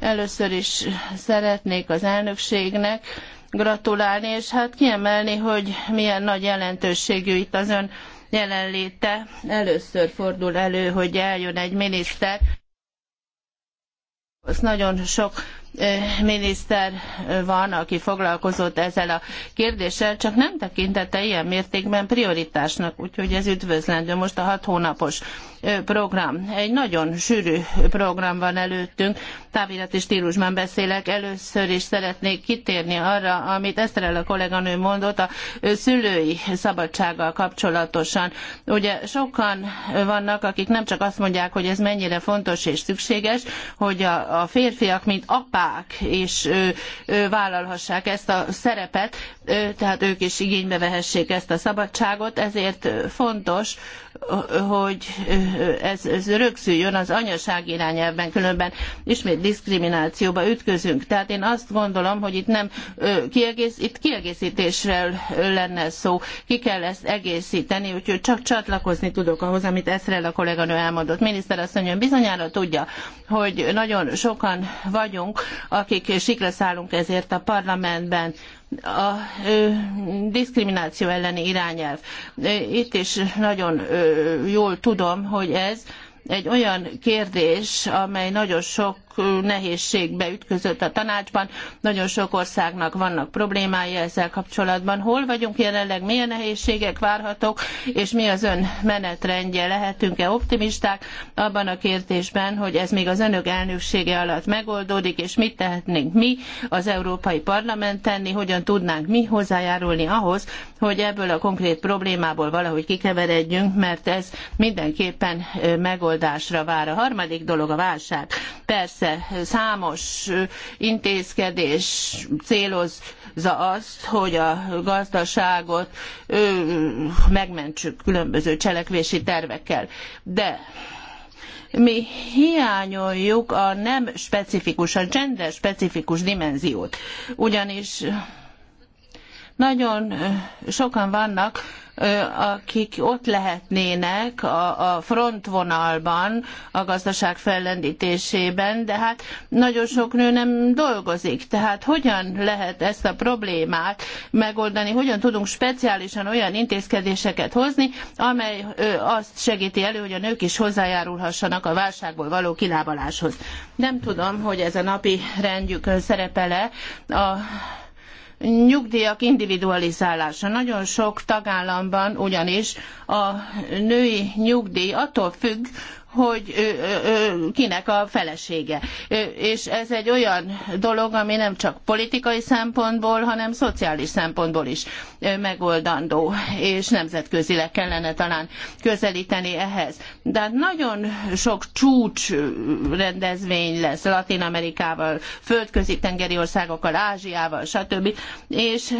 Először is szeretnék az elnökségnek gratulálni, és hát kiemelni, hogy milyen nagy jelentőségű itt az ön jelenléte. Először fordul elő, hogy eljön egy miniszter. Az nagyon sok miniszter van, aki foglalkozott ezzel a kérdéssel, csak nem tekintette ilyen mértékben prioritásnak, úgyhogy ez üdvözlendő most a hat hónapos program. Egy nagyon sűrű program van előttünk, távirati stílusban beszélek. Először is szeretnék kitérni arra, amit Eszterel a kolléganő mondott a szülői szabadsággal kapcsolatosan. Ugye sokan vannak, akik nem csak azt mondják, hogy ez mennyire fontos és szükséges, hogy a, a férfiak, mint apák is ő, ő, vállalhassák ezt a szerepet, ő, tehát ők is igénybe vehessék ezt a szabadságot, ezért fontos, hogy ez, ez rögzüljön az anyaság irányelvben, különben ismét diszkriminációba ütközünk. Tehát én azt gondolom, hogy itt nem kiegész, itt kiegészítésről lenne szó, ki kell ezt egészíteni, úgyhogy csak csatlakozni tudok ahhoz, amit Eszrel a kolléganő elmondott. Miniszter asszony, ön bizonyára tudja, hogy nagyon sokan vagyunk, akik sikra szállunk ezért a parlamentben, a ö, diszkrimináció elleni irányelv. Itt is nagyon ö, jól tudom, hogy ez egy olyan kérdés, amely nagyon sok nehézségbe ütközött a tanácsban, nagyon sok országnak vannak problémái ezzel kapcsolatban. Hol vagyunk jelenleg, milyen nehézségek várhatók, és mi az ön menetrendje, lehetünk-e optimisták abban a kérdésben, hogy ez még az önök elnöksége alatt megoldódik, és mit tehetnénk mi az Európai Parlament tenni, hogyan tudnánk mi hozzájárulni ahhoz, hogy ebből a konkrét problémából valahogy kikeveredjünk, mert ez mindenképpen megoldásra vár. A harmadik dolog a válság. Persze persze számos intézkedés célozza azt, hogy a gazdaságot megmentsük különböző cselekvési tervekkel. De mi hiányoljuk a nem specifikus, a gender specifikus dimenziót. Ugyanis nagyon sokan vannak, akik ott lehetnének a, a frontvonalban, a gazdaság fellendítésében, de hát nagyon sok nő nem dolgozik. Tehát hogyan lehet ezt a problémát megoldani, hogyan tudunk speciálisan olyan intézkedéseket hozni, amely azt segíti elő, hogy a nők is hozzájárulhassanak a válságból való kilábaláshoz. Nem tudom, hogy ez a napi rendjükön szerepele a nyugdíjak individualizálása. Nagyon sok tagállamban ugyanis a női nyugdíj attól függ, hogy kinek a felesége. És ez egy olyan dolog, ami nem csak politikai szempontból, hanem szociális szempontból is megoldandó, és nemzetközileg kellene talán közelíteni ehhez. De hát nagyon sok csúcs rendezvény lesz Latin Amerikával, földközi tengeri országokkal, Ázsiával, stb. És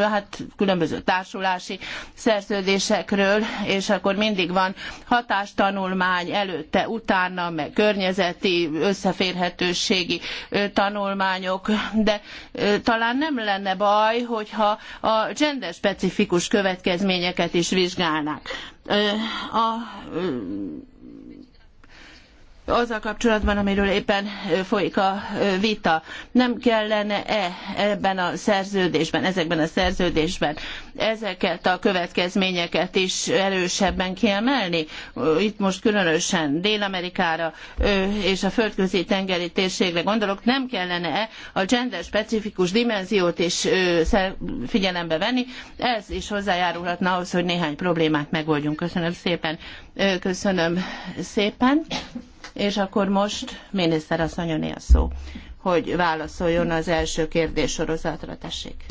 hát különböző társulási szerződésekről, és akkor mindig van hatástanulmány elő előtte, utána, meg környezeti, összeférhetőségi tanulmányok, de talán nem lenne baj, hogyha a gender specifikus következményeket is vizsgálnák. A azzal kapcsolatban, amiről éppen folyik a vita. Nem kellene-e ebben a szerződésben, ezekben a szerződésben ezeket a következményeket is erősebben kiemelni? Itt most különösen Dél-Amerikára és a földközi tengeri térségre gondolok, nem kellene-e a gender specifikus dimenziót is figyelembe venni? Ez is hozzájárulhatna ahhoz, hogy néhány problémát megoldjunk. Köszönöm szépen. Köszönöm szépen. És akkor most miniszter asszonyoné a szó, hogy válaszoljon az első kérdéssorozatra, tessék.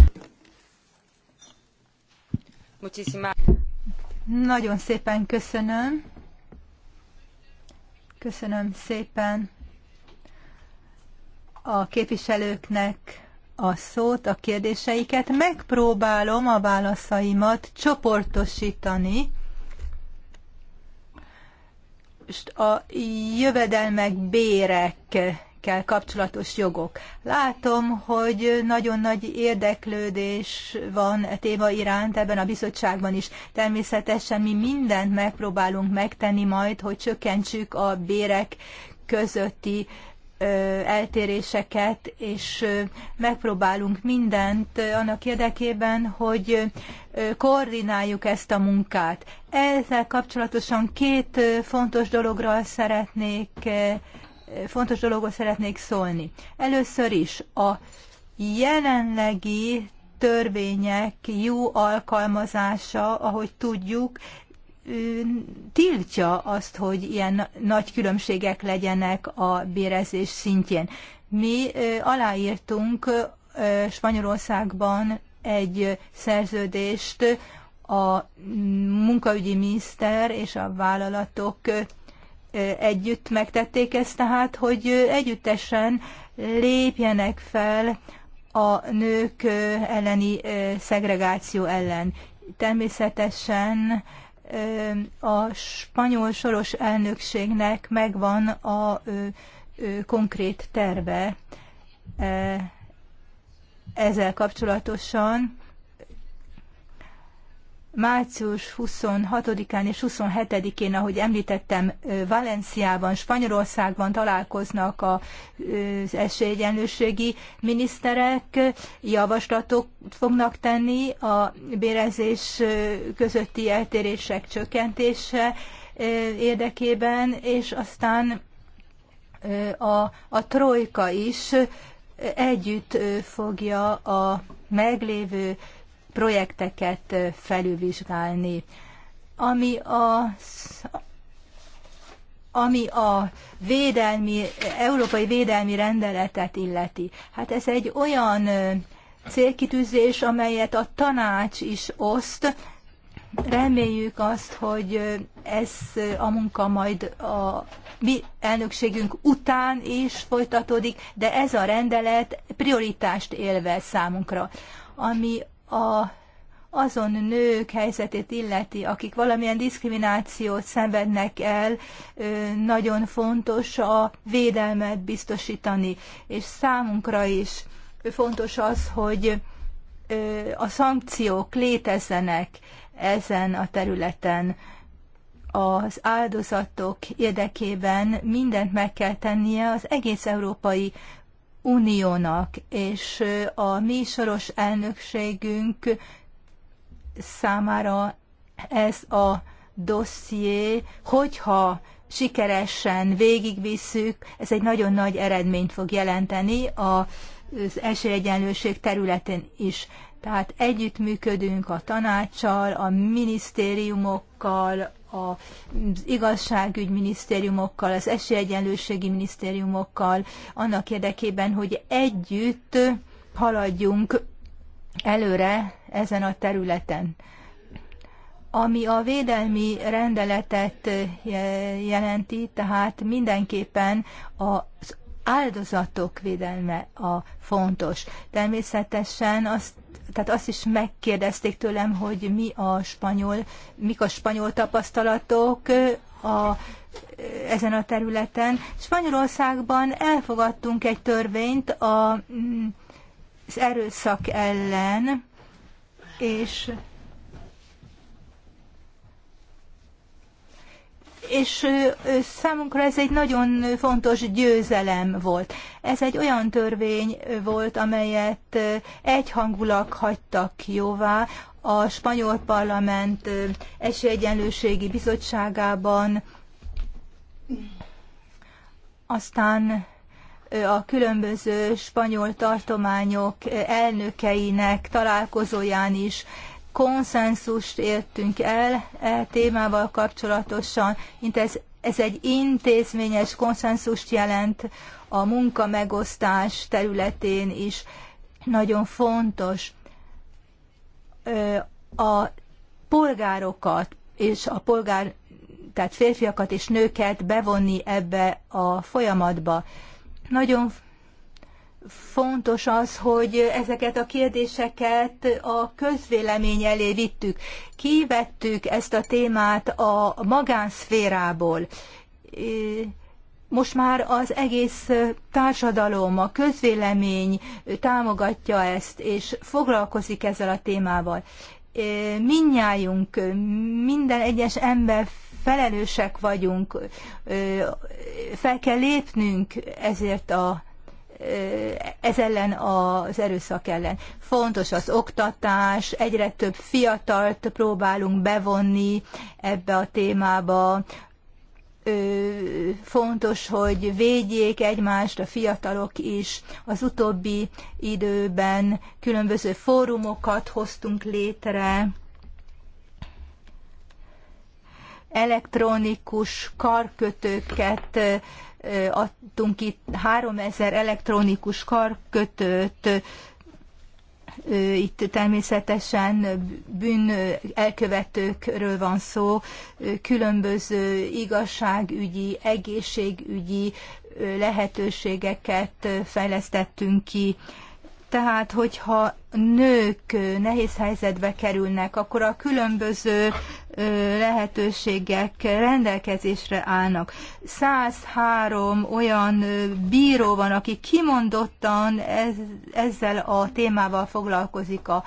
Nagyon szépen köszönöm. Köszönöm szépen a képviselőknek a szót, a kérdéseiket. Megpróbálom a válaszaimat csoportosítani most a jövedelmek, bérekkel kapcsolatos jogok. Látom, hogy nagyon nagy érdeklődés van a e téma iránt ebben a bizottságban is. Természetesen mi mindent megpróbálunk megtenni majd, hogy csökkentsük a bérek közötti eltéréseket, és megpróbálunk mindent annak érdekében, hogy koordináljuk ezt a munkát. Ezzel kapcsolatosan két fontos dologra szeretnék fontos dologot szeretnék szólni. Először is a jelenlegi törvények jó alkalmazása, ahogy tudjuk, tiltja azt, hogy ilyen nagy különbségek legyenek a bérezés szintjén. Mi aláírtunk Spanyolországban egy szerződést a munkaügyi miniszter és a vállalatok együtt megtették ezt, tehát, hogy együttesen lépjenek fel a nők elleni szegregáció ellen. Természetesen a spanyol soros elnökségnek megvan a konkrét terve ezzel kapcsolatosan március 26-án és 27-én, ahogy említettem, Valenciában, Spanyolországban találkoznak az esélyegyenlőségi miniszterek, javaslatok fognak tenni a bérezés közötti eltérések csökkentése érdekében, és aztán a, a trojka is együtt fogja a meglévő projekteket felülvizsgálni. Ami a ami a védelmi, európai védelmi rendeletet illeti. Hát ez egy olyan célkitűzés, amelyet a tanács is oszt. Reméljük azt, hogy ez a munka majd a mi elnökségünk után is folytatódik, de ez a rendelet prioritást élvez számunkra. Ami a, azon nők helyzetét illeti, akik valamilyen diszkriminációt szenvednek el, nagyon fontos a védelmet biztosítani. És számunkra is fontos az, hogy a szankciók létezzenek ezen a területen. Az áldozatok érdekében mindent meg kell tennie az egész Európai Uniónak, és a mi soros elnökségünk számára ez a dosszié, hogyha sikeresen végigvisszük, ez egy nagyon nagy eredményt fog jelenteni az esélyegyenlőség területén is. Tehát együttműködünk a tanácssal, a minisztériumokkal, az igazságügyminisztériumokkal, az esélyegyenlőségi minisztériumokkal, annak érdekében, hogy együtt haladjunk előre ezen a területen. Ami a védelmi rendeletet jelenti, tehát mindenképpen az áldozatok védelme a fontos. Természetesen azt tehát azt is megkérdezték tőlem, hogy mi a spanyol, mik a spanyol tapasztalatok a, ezen a területen. Spanyolországban elfogadtunk egy törvényt a, mm, az erőszak ellen, és és számunkra ez egy nagyon fontos győzelem volt. Ez egy olyan törvény volt, amelyet egyhangulag hagytak jóvá a spanyol parlament esélyegyenlőségi bizottságában, aztán a különböző spanyol tartományok elnökeinek találkozóján is konszenzust értünk el e témával kapcsolatosan. Ez, ez egy intézményes konszenzust jelent a munkamegosztás területén is. Nagyon fontos a polgárokat és a polgár, tehát férfiakat és nőket bevonni ebbe a folyamatba. Nagyon fontos az, hogy ezeket a kérdéseket a közvélemény elé vittük. Kivettük ezt a témát a magánszférából. Most már az egész társadalom, a közvélemény támogatja ezt, és foglalkozik ezzel a témával. Mindnyájunk, minden egyes ember felelősek vagyunk, fel kell lépnünk ezért a ez ellen az erőszak ellen. Fontos az oktatás, egyre több fiatalt próbálunk bevonni ebbe a témába, fontos, hogy védjék egymást a fiatalok is. Az utóbbi időben különböző fórumokat hoztunk létre, elektronikus karkötőket adtunk ki 3000 elektronikus karkötőt, itt természetesen bűn elkövetőkről van szó, különböző igazságügyi, egészségügyi lehetőségeket fejlesztettünk ki. Tehát, hogyha nők nehéz helyzetbe kerülnek, akkor a különböző lehetőségek rendelkezésre állnak. 103 olyan bíró van, aki kimondottan ez, ezzel a témával foglalkozik a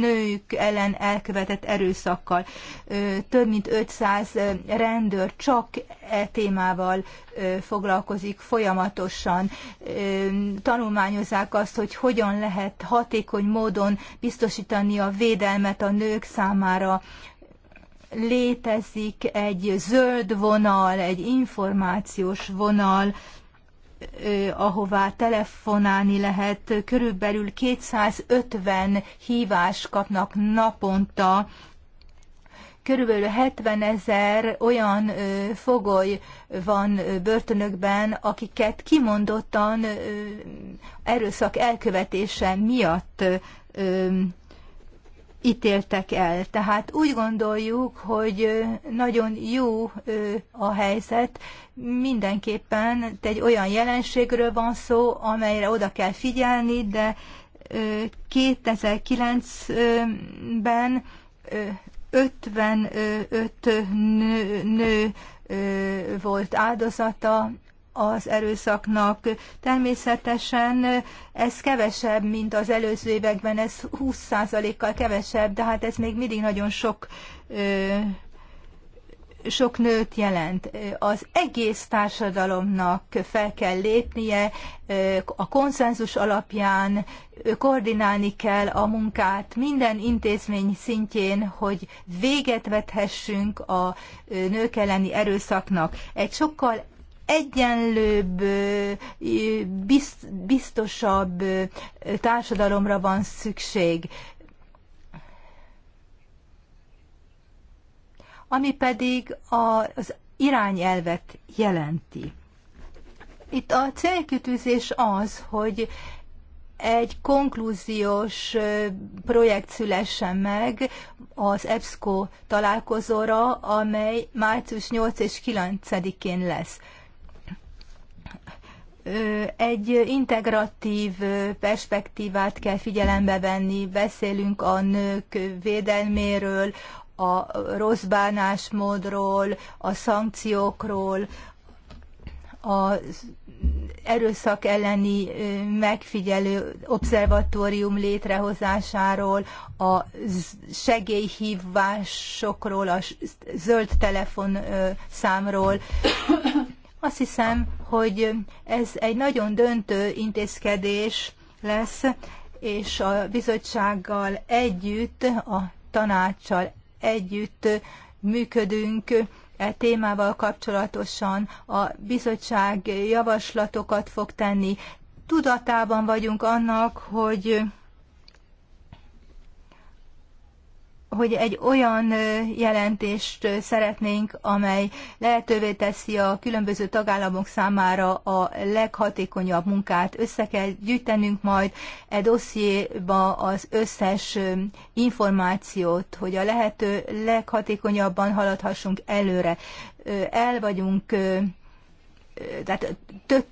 nők ellen elkövetett erőszakkal. Több mint 500 rendőr csak e témával foglalkozik folyamatosan. Tanulmányozzák azt, hogy hogyan lehet hatékony módon biztosítani a védelmet a nők számára létezik egy zöld vonal, egy információs vonal, ahová telefonálni lehet, körülbelül 250 hívást kapnak naponta, körülbelül 70 ezer olyan fogoly van börtönökben, akiket kimondottan erőszak elkövetése miatt ítéltek el. Tehát úgy gondoljuk, hogy nagyon jó a helyzet, mindenképpen egy olyan jelenségről van szó, amelyre oda kell figyelni, de 2009-ben 55 nő, nő volt áldozata az erőszaknak. Természetesen ez kevesebb, mint az előző években, ez 20%-kal kevesebb, de hát ez még mindig nagyon sok sok nőt jelent. Az egész társadalomnak fel kell lépnie, a konszenzus alapján koordinálni kell a munkát minden intézmény szintjén, hogy véget vethessünk a nők elleni erőszaknak. Egy sokkal egyenlőbb, biztosabb társadalomra van szükség. Ami pedig az irányelvet jelenti. Itt a célkütőzés az, hogy egy konklúziós projekt szülessen meg az EBSCO találkozóra, amely március 8 és 9-én lesz egy integratív perspektívát kell figyelembe venni. Beszélünk a nők védelméről, a rossz bánásmódról, a szankciókról, az erőszak elleni megfigyelő obszervatórium létrehozásáról, a segélyhívásokról, a zöld telefonszámról. Azt hiszem, hogy ez egy nagyon döntő intézkedés lesz, és a bizottsággal együtt, a tanácssal együtt működünk e témával kapcsolatosan. A bizottság javaslatokat fog tenni. Tudatában vagyunk annak, hogy hogy egy olyan jelentést szeretnénk, amely lehetővé teszi a különböző tagállamok számára a leghatékonyabb munkát. Össze kell gyűjtenünk majd e dossziéba az összes információt, hogy a lehető leghatékonyabban haladhassunk előre. El vagyunk tehát tök,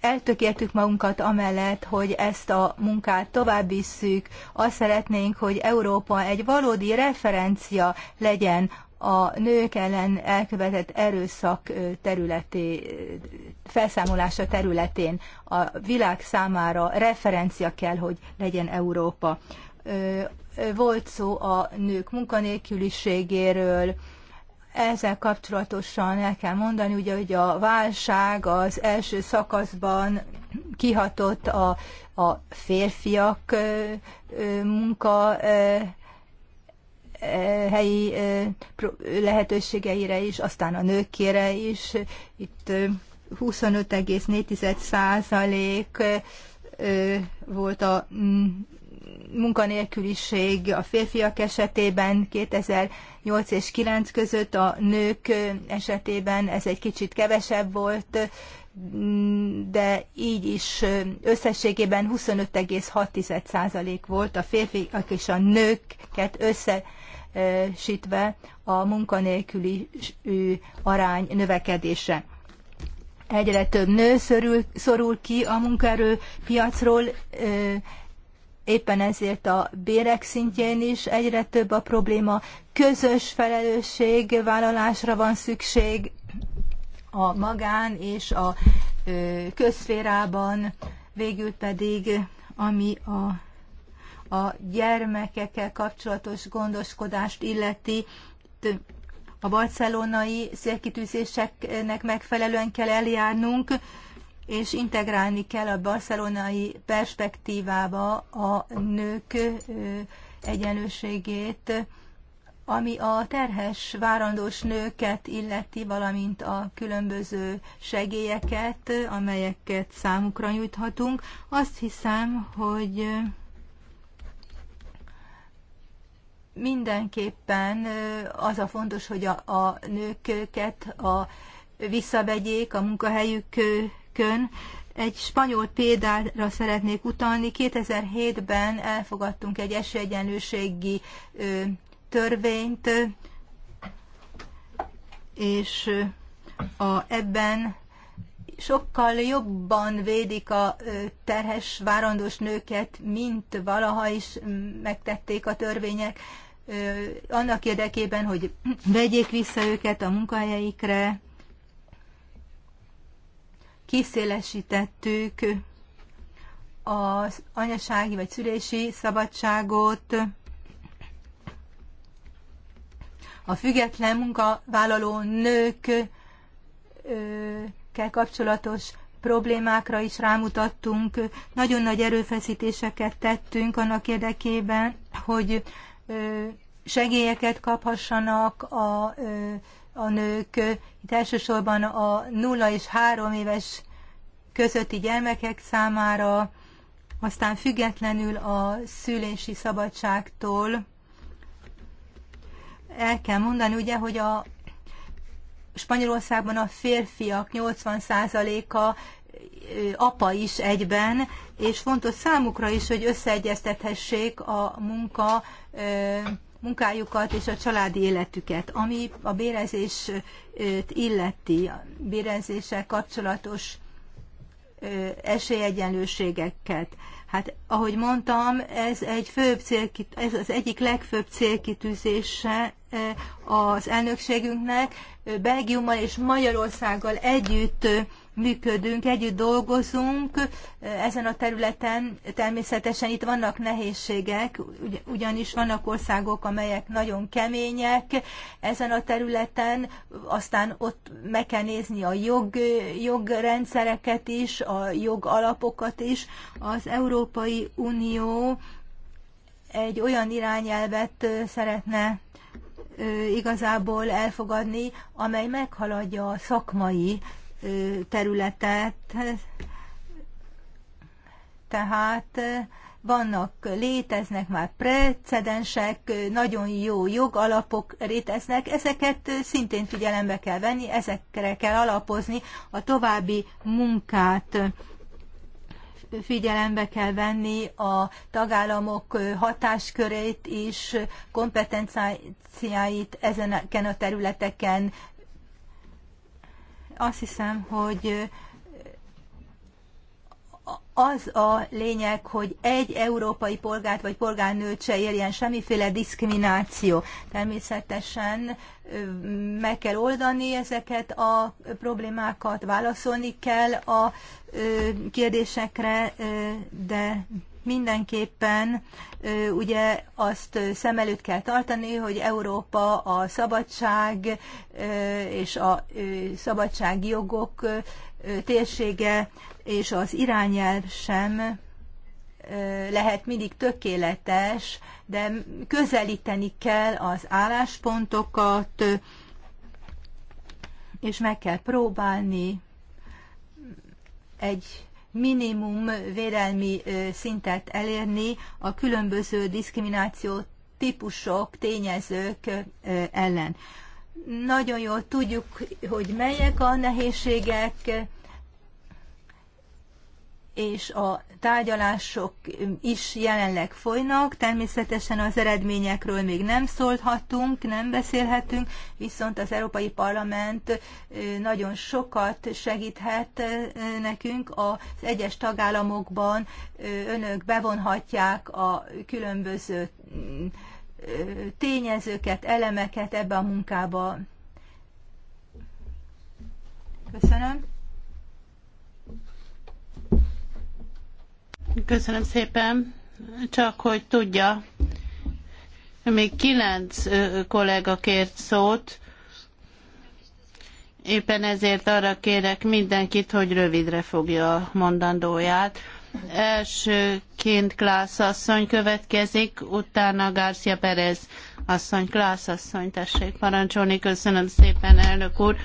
eltökéltük magunkat amellett, hogy ezt a munkát tovább visszük. Azt szeretnénk, hogy Európa egy valódi referencia legyen a nők ellen elkövetett erőszak területé, felszámolása területén a világ számára referencia kell, hogy legyen Európa. Volt szó a nők munkanélküliségéről, ezzel kapcsolatosan el kell mondani, ugye, hogy a válság az első szakaszban kihatott a, a férfiak munka helyi lehetőségeire is, aztán a nőkére is. Itt 25,4 százalék volt a munkanélküliség a férfiak esetében 2008 és 9 között, a nők esetében ez egy kicsit kevesebb volt, de így is összességében 25,6% volt a férfiak és a nőket összesítve a munkanélküli arány növekedése. Egyre több nő szorul, szorul ki a munkaerőpiacról, éppen ezért a bérek szintjén is egyre több a probléma. Közös vállalásra van szükség a magán és a közszférában, végül pedig ami a a gyermekekkel kapcsolatos gondoskodást illeti, a barcelonai szélkitűzéseknek megfelelően kell eljárnunk és integrálni kell a barcelonai perspektívába a nők egyenlőségét, ami a terhes várandós nőket illeti, valamint a különböző segélyeket, amelyeket számukra nyújthatunk. Azt hiszem, hogy mindenképpen az a fontos, hogy a, a nőket a, visszavegyék a munkahelyük vidékön. Egy spanyol példára szeretnék utalni. 2007-ben elfogadtunk egy esélyegyenlőségi törvényt, és a, ebben sokkal jobban védik a terhes, várandós nőket, mint valaha is megtették a törvények, annak érdekében, hogy vegyék vissza őket a munkahelyeikre, kiszélesítettük az anyasági vagy szülési szabadságot, a független munkavállaló nőkkel kapcsolatos problémákra is rámutattunk, nagyon nagy erőfeszítéseket tettünk annak érdekében, hogy segélyeket kaphassanak a a nők, itt elsősorban a 0 és 3 éves közötti gyermekek számára, aztán függetlenül a szülési szabadságtól el kell mondani, ugye, hogy a Spanyolországban a férfiak 80%-a apa is egyben, és fontos számukra is, hogy összeegyeztethessék a munka munkájukat és a családi életüket, ami a bérezést illeti, a bérezéssel kapcsolatos esélyegyenlőségeket. Hát, ahogy mondtam, ez, egy főbb célkit, ez az egyik legfőbb célkitűzése az elnökségünknek. Belgiummal és Magyarországgal együtt működünk, együtt dolgozunk ezen a területen. Természetesen itt vannak nehézségek, ugyanis vannak országok, amelyek nagyon kemények ezen a területen, aztán ott meg kell nézni a jog, jogrendszereket is, a jogalapokat is. Az Európai Unió egy olyan irányelvet szeretne igazából elfogadni, amely meghaladja a szakmai területet, tehát vannak, léteznek már precedensek, nagyon jó jogalapok léteznek, ezeket szintén figyelembe kell venni, ezekre kell alapozni a további munkát figyelembe kell venni a tagállamok hatáskörét is, kompetenciáit ezeken a területeken azt hiszem, hogy az a lényeg, hogy egy európai polgárt vagy polgárnőt se érjen semmiféle diszkrimináció. Természetesen meg kell oldani ezeket a problémákat, válaszolni kell a kérdésekre, de mindenképpen ugye azt szem előtt kell tartani, hogy Európa a szabadság és a szabadságjogok térsége és az irányelv sem lehet mindig tökéletes, de közelíteni kell az álláspontokat, és meg kell próbálni egy minimum védelmi szintet elérni a különböző diszkrimináció típusok, tényezők ellen. Nagyon jól tudjuk, hogy melyek a nehézségek, és a tárgyalások is jelenleg folynak. Természetesen az eredményekről még nem szólhatunk, nem beszélhetünk, viszont az Európai Parlament nagyon sokat segíthet nekünk. Az egyes tagállamokban önök bevonhatják a különböző tényezőket, elemeket ebbe a munkába. Köszönöm. Köszönöm szépen. Csak hogy tudja, még kilenc kollega kért szót, éppen ezért arra kérek mindenkit, hogy rövidre fogja a mondandóját. Elsőként Klász asszony következik, utána Garcia Perez asszony. Klász asszony, tessék parancsolni. Köszönöm szépen, elnök úr.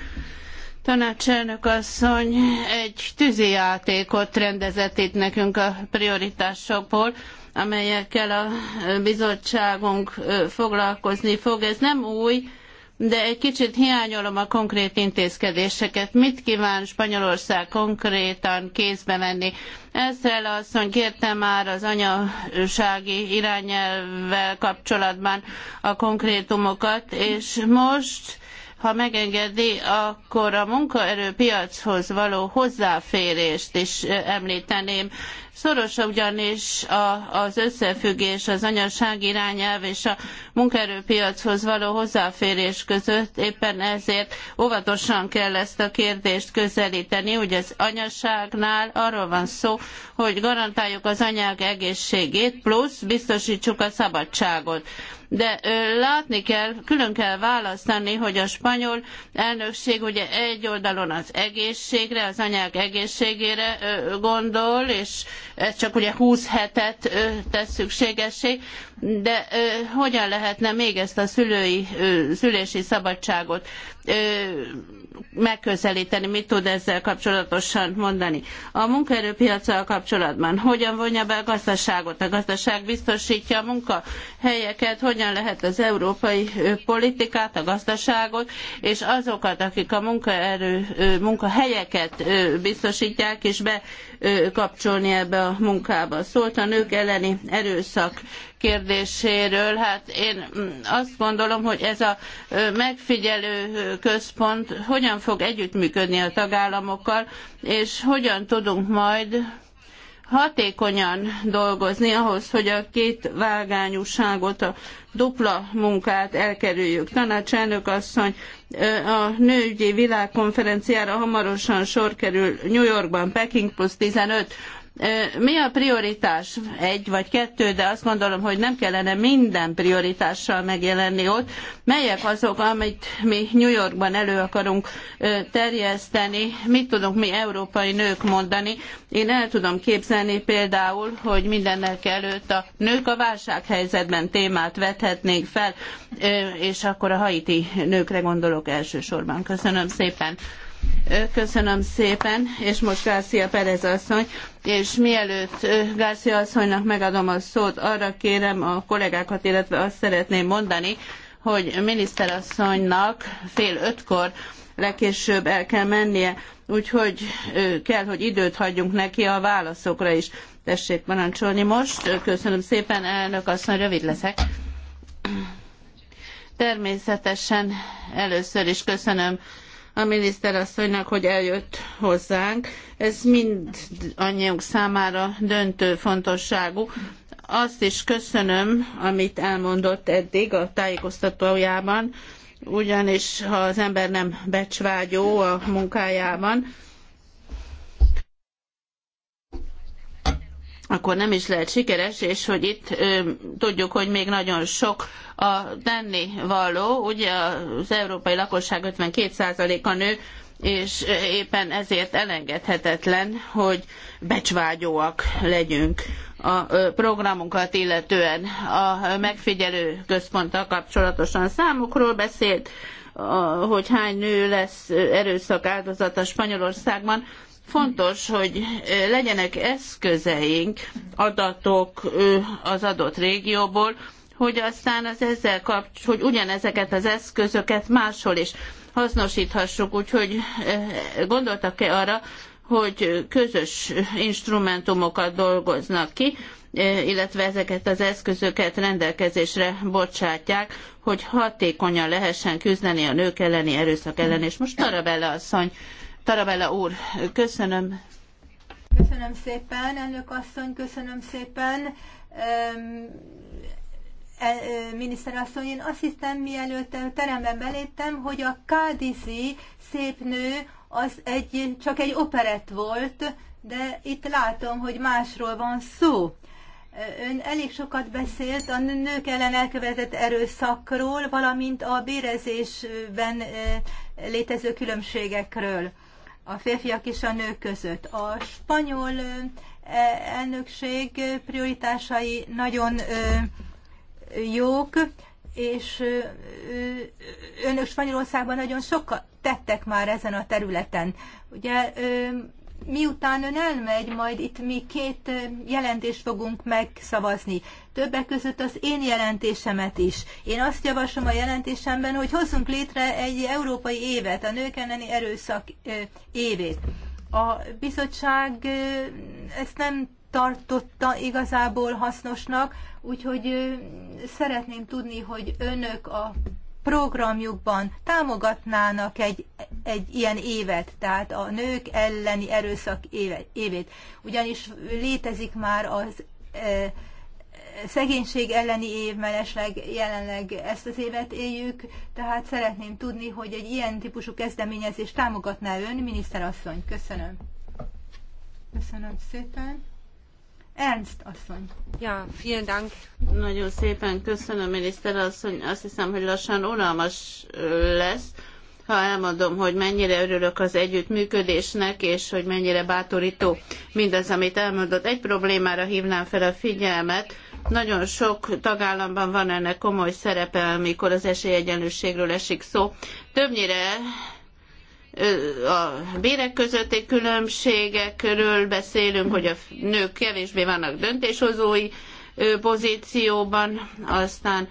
Tanácselnök asszony egy tűzijátékot rendezett itt nekünk a prioritásokból, amelyekkel a bizottságunk foglalkozni fog. Ez nem új, de egy kicsit hiányolom a konkrét intézkedéseket. Mit kíván Spanyolország konkrétan kézbe venni? Ezzel asszony kérte már az anyasági irányelvvel kapcsolatban a konkrétumokat, és most ha megengedi, akkor a munkaerőpiachoz való hozzáférést is említeném. Szoros ugyanis a, az összefüggés az anyaság irányelv és a munkaerőpiachoz való hozzáférés között, éppen ezért óvatosan kell ezt a kérdést közelíteni. Ugye az anyaságnál arról van szó, hogy garantáljuk az anyák egészségét, plusz biztosítsuk a szabadságot de látni kell, külön kell választani, hogy a spanyol elnökség ugye egy oldalon az egészségre, az anyák egészségére gondol, és ez csak ugye 20 hetet tesz szükségessé, de hogyan lehetne még ezt a szülői, szülési szabadságot megközelíteni, mit tud ezzel kapcsolatosan mondani. A munkaerőpiacsal kapcsolatban hogyan vonja be a gazdaságot, a gazdaság biztosítja a munkahelyeket, hogyan lehet az európai politikát, a gazdaságot, és azokat, akik a munkaerő, munkahelyeket biztosítják és kapcsolni ebbe a munkába. Szólt a nők elleni erőszak kérdéséről. Hát én mm, azt gondolom, hogy ez a megfigyelő központ hogyan fog együttműködni a tagállamokkal, és hogyan tudunk majd hatékonyan dolgozni ahhoz, hogy a két vágányúságot, a dupla munkát elkerüljük. Tanácselnök asszony, a nőügyi világkonferenciára hamarosan sor kerül New Yorkban, Peking plusz 15 mi a prioritás? Egy vagy kettő, de azt gondolom, hogy nem kellene minden prioritással megjelenni ott. Melyek azok, amit mi New Yorkban elő akarunk terjeszteni? Mit tudunk mi európai nők mondani? Én el tudom képzelni például, hogy mindennek előtt a nők a válsághelyzetben témát vethetnénk fel, és akkor a haiti nőkre gondolok elsősorban. Köszönöm szépen. Köszönöm szépen, és most Garcia Perez asszony, és mielőtt Garcia asszonynak megadom a szót, arra kérem a kollégákat, illetve azt szeretném mondani, hogy miniszterasszonynak fél ötkor legkésőbb el kell mennie, úgyhogy kell, hogy időt hagyjunk neki a válaszokra is. Tessék parancsolni most. Köszönöm szépen, elnök asszony, rövid leszek. Természetesen először is köszönöm a miniszterasszonynak, hogy eljött hozzánk. Ez mind anyjunk számára döntő fontosságú. Azt is köszönöm, amit elmondott eddig a tájékoztatójában, ugyanis ha az ember nem becsvágyó a munkájában, akkor nem is lehet sikeres, és hogy itt ö, tudjuk, hogy még nagyon sok a tenni való. Ugye az európai lakosság 52%-a nő, és éppen ezért elengedhetetlen, hogy becsvágyóak legyünk a programunkat illetően. A megfigyelő központtal kapcsolatosan számokról beszélt, hogy hány nő lesz erőszak áldozata Spanyolországban. Fontos, hogy legyenek eszközeink, adatok az adott régióból, hogy aztán az ezzel kapcs, hogy ugyanezeket az eszközöket máshol is hasznosíthassuk, úgyhogy gondoltak-e arra, hogy közös instrumentumokat dolgoznak ki, illetve ezeket az eszközöket rendelkezésre bocsátják, hogy hatékonyan lehessen küzdeni a nők elleni erőszak ellen. És most arra bele asszony, Tarabella úr, köszönöm. Köszönöm szépen, elnök asszony, köszönöm szépen. E, e, Miniszterasszony, én azt hiszem, mielőtt teremben beléptem, hogy a Kádiszi szép nő az egy, csak egy operett volt, de itt látom, hogy másról van szó. Ön elég sokat beszélt a nők ellen elkövetett erőszakról, valamint a bérezésben e, létező különbségekről a férfiak és a nők között. A spanyol e, elnökség prioritásai nagyon jók, és önök Spanyolországban nagyon sokat tettek már ezen a területen. Ugye miután ön elmegy, majd itt mi két jelentést fogunk megszavazni. Többek között az én jelentésemet is. Én azt javaslom a jelentésemben, hogy hozzunk létre egy európai évet, a nők elleni erőszak évét. A bizottság ezt nem tartotta igazából hasznosnak, úgyhogy szeretném tudni, hogy önök a programjukban támogatnának egy, egy ilyen évet, tehát a nők elleni erőszak évét. Ugyanis létezik már az e, szegénység elleni év, mellesleg jelenleg ezt az évet éljük, tehát szeretném tudni, hogy egy ilyen típusú kezdeményezést támogatná ön, miniszterasszony. Köszönöm. Köszönöm szépen. Ernst asszony. Ja, vielen Dank. Nagyon szépen köszönöm, miniszter asszony. Azt hiszem, hogy lassan unalmas lesz, ha elmondom, hogy mennyire örülök az együttműködésnek, és hogy mennyire bátorító mindaz, amit elmondott. Egy problémára hívnám fel a figyelmet. Nagyon sok tagállamban van ennek komoly szerepe, amikor az esélyegyenlőségről esik szó. Többnyire a bérek közötti különbségekről beszélünk, hogy a nők kevésbé vannak döntéshozói pozícióban, aztán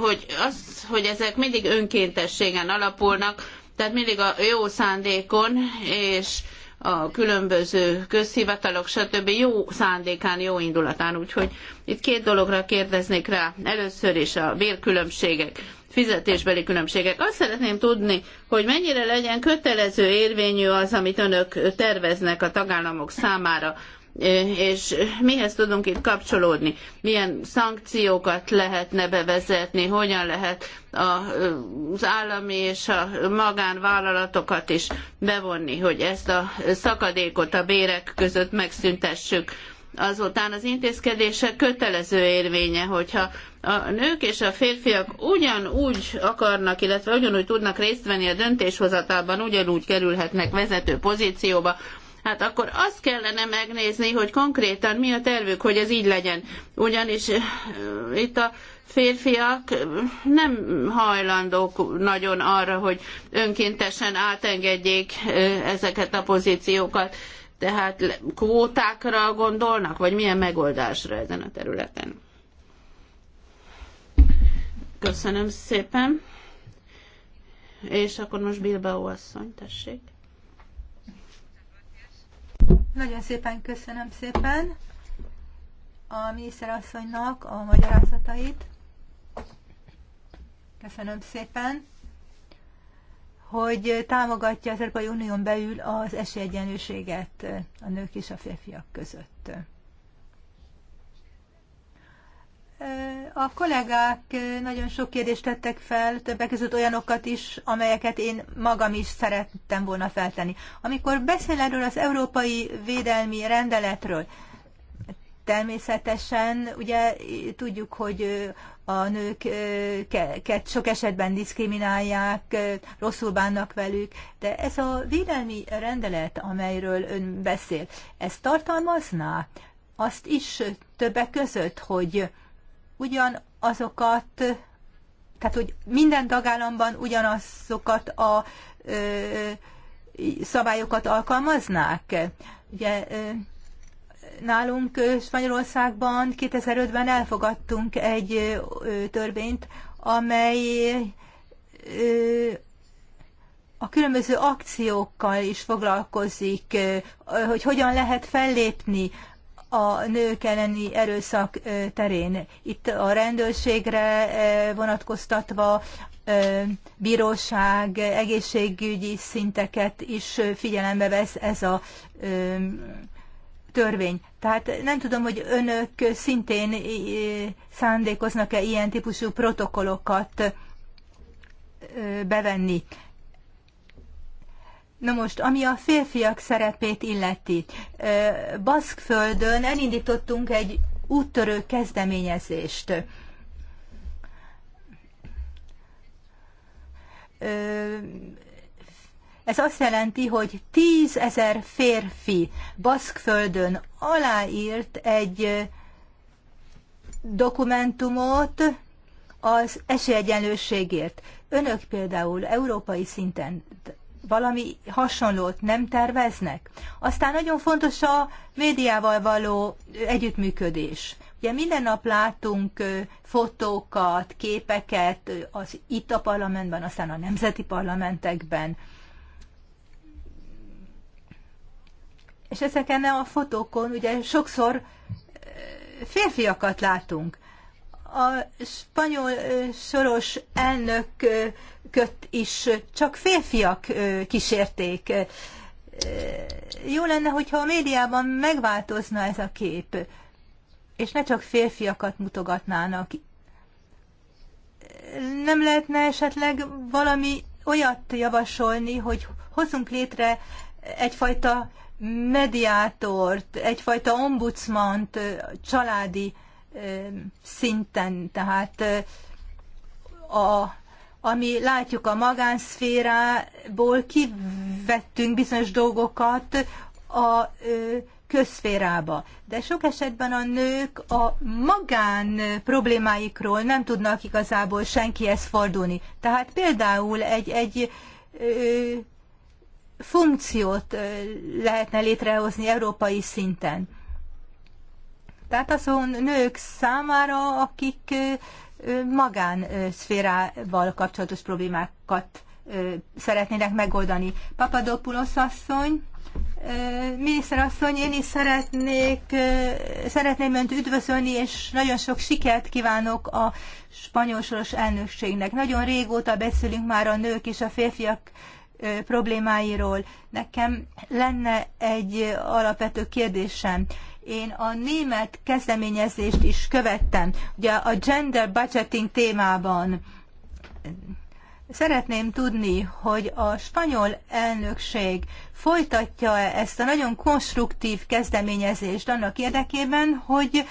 hogy, az, hogy ezek mindig önkéntességen alapulnak, tehát mindig a jó szándékon és a különböző közhivatalok, stb. jó szándékán, jó indulatán. Úgyhogy itt két dologra kérdeznék rá. Először is a bérkülönbségek fizetésbeli különbségek. Azt szeretném tudni, hogy mennyire legyen kötelező érvényű az, amit önök terveznek a tagállamok számára és mihez tudunk itt kapcsolódni? Milyen szankciókat lehetne bevezetni, hogyan lehet az állami és a magánvállalatokat is bevonni, hogy ezt a szakadékot a bérek között megszüntessük Azután az intézkedések kötelező érvénye, hogyha a nők és a férfiak ugyanúgy akarnak, illetve ugyanúgy tudnak részt venni a döntéshozatalban, ugyanúgy kerülhetnek vezető pozícióba, Hát akkor azt kellene megnézni, hogy konkrétan mi a tervük, hogy ez így legyen. Ugyanis eh, itt a férfiak eh, nem hajlandók nagyon arra, hogy önkéntesen átengedjék eh, ezeket a pozíciókat. Tehát kvótákra gondolnak, vagy milyen megoldásra ezen a területen? Köszönöm szépen. És akkor most Bilbao asszony, tessék. Nagyon szépen köszönöm szépen a miniszterasszonynak a magyarázatait. Köszönöm szépen hogy támogatja az Európai Unión belül az esélyegyenlőséget a nők és a férfiak között. A kollégák nagyon sok kérdést tettek fel, többek között olyanokat is, amelyeket én magam is szerettem volna feltenni. Amikor beszél erről az Európai Védelmi Rendeletről, Természetesen ugye tudjuk, hogy a nőket sok esetben diszkriminálják, rosszul bánnak velük, de ez a védelmi rendelet, amelyről ön beszél, ez tartalmazná azt is többek között, hogy ugyan azokat, tehát hogy minden tagállamban ugyanazokat a ö, szabályokat alkalmaznák? Ugye nálunk Spanyolországban 2005-ben elfogadtunk egy törvényt, amely a különböző akciókkal is foglalkozik, hogy hogyan lehet fellépni a nők elleni erőszak terén. Itt a rendőrségre vonatkoztatva bíróság, egészségügyi szinteket is figyelembe vesz ez a törvény. Tehát nem tudom, hogy önök szintén szándékoznak-e ilyen típusú protokollokat bevenni. Na most, ami a férfiak szerepét illeti. Baszkföldön elindítottunk egy úttörő kezdeményezést. Ez azt jelenti, hogy tízezer férfi Baszkföldön aláírt egy dokumentumot az esélyegyenlőségért. Önök például európai szinten valami hasonlót nem terveznek? Aztán nagyon fontos a médiával való együttműködés. Ugye minden nap látunk fotókat, képeket az itt a parlamentben, aztán a nemzeti parlamentekben. és ezeken a fotókon ugye sokszor eh, férfiakat látunk. A spanyol eh, soros elnököt eh, is csak férfiak kísérték. Jó lenne, hogyha a médiában megváltozna ez a kép, és ne csak férfiakat mutogatnának. Nem lehetne esetleg valami olyat javasolni, hogy hozzunk létre egyfajta mediátort, egyfajta ombudsmant családi szinten, tehát a, ami látjuk a magánszférából kivettünk bizonyos dolgokat a közszférába. De sok esetben a nők a magán problémáikról nem tudnak igazából senkihez fordulni. Tehát például egy, egy funkciót lehetne létrehozni európai szinten. Tehát azon nők számára, akik magánszférával kapcsolatos problémákat szeretnének megoldani. Papadopoulos asszony, miniszterasszony, én is szeretnék, szeretném Önt üdvözölni, és nagyon sok sikert kívánok a spanyol soros elnökségnek. Nagyon régóta beszélünk már a nők és a férfiak problémáiról. Nekem lenne egy alapvető kérdésem. Én a német kezdeményezést is követtem, ugye a gender budgeting témában. Szeretném tudni, hogy a spanyol elnökség folytatja-e ezt a nagyon konstruktív kezdeményezést annak érdekében, hogy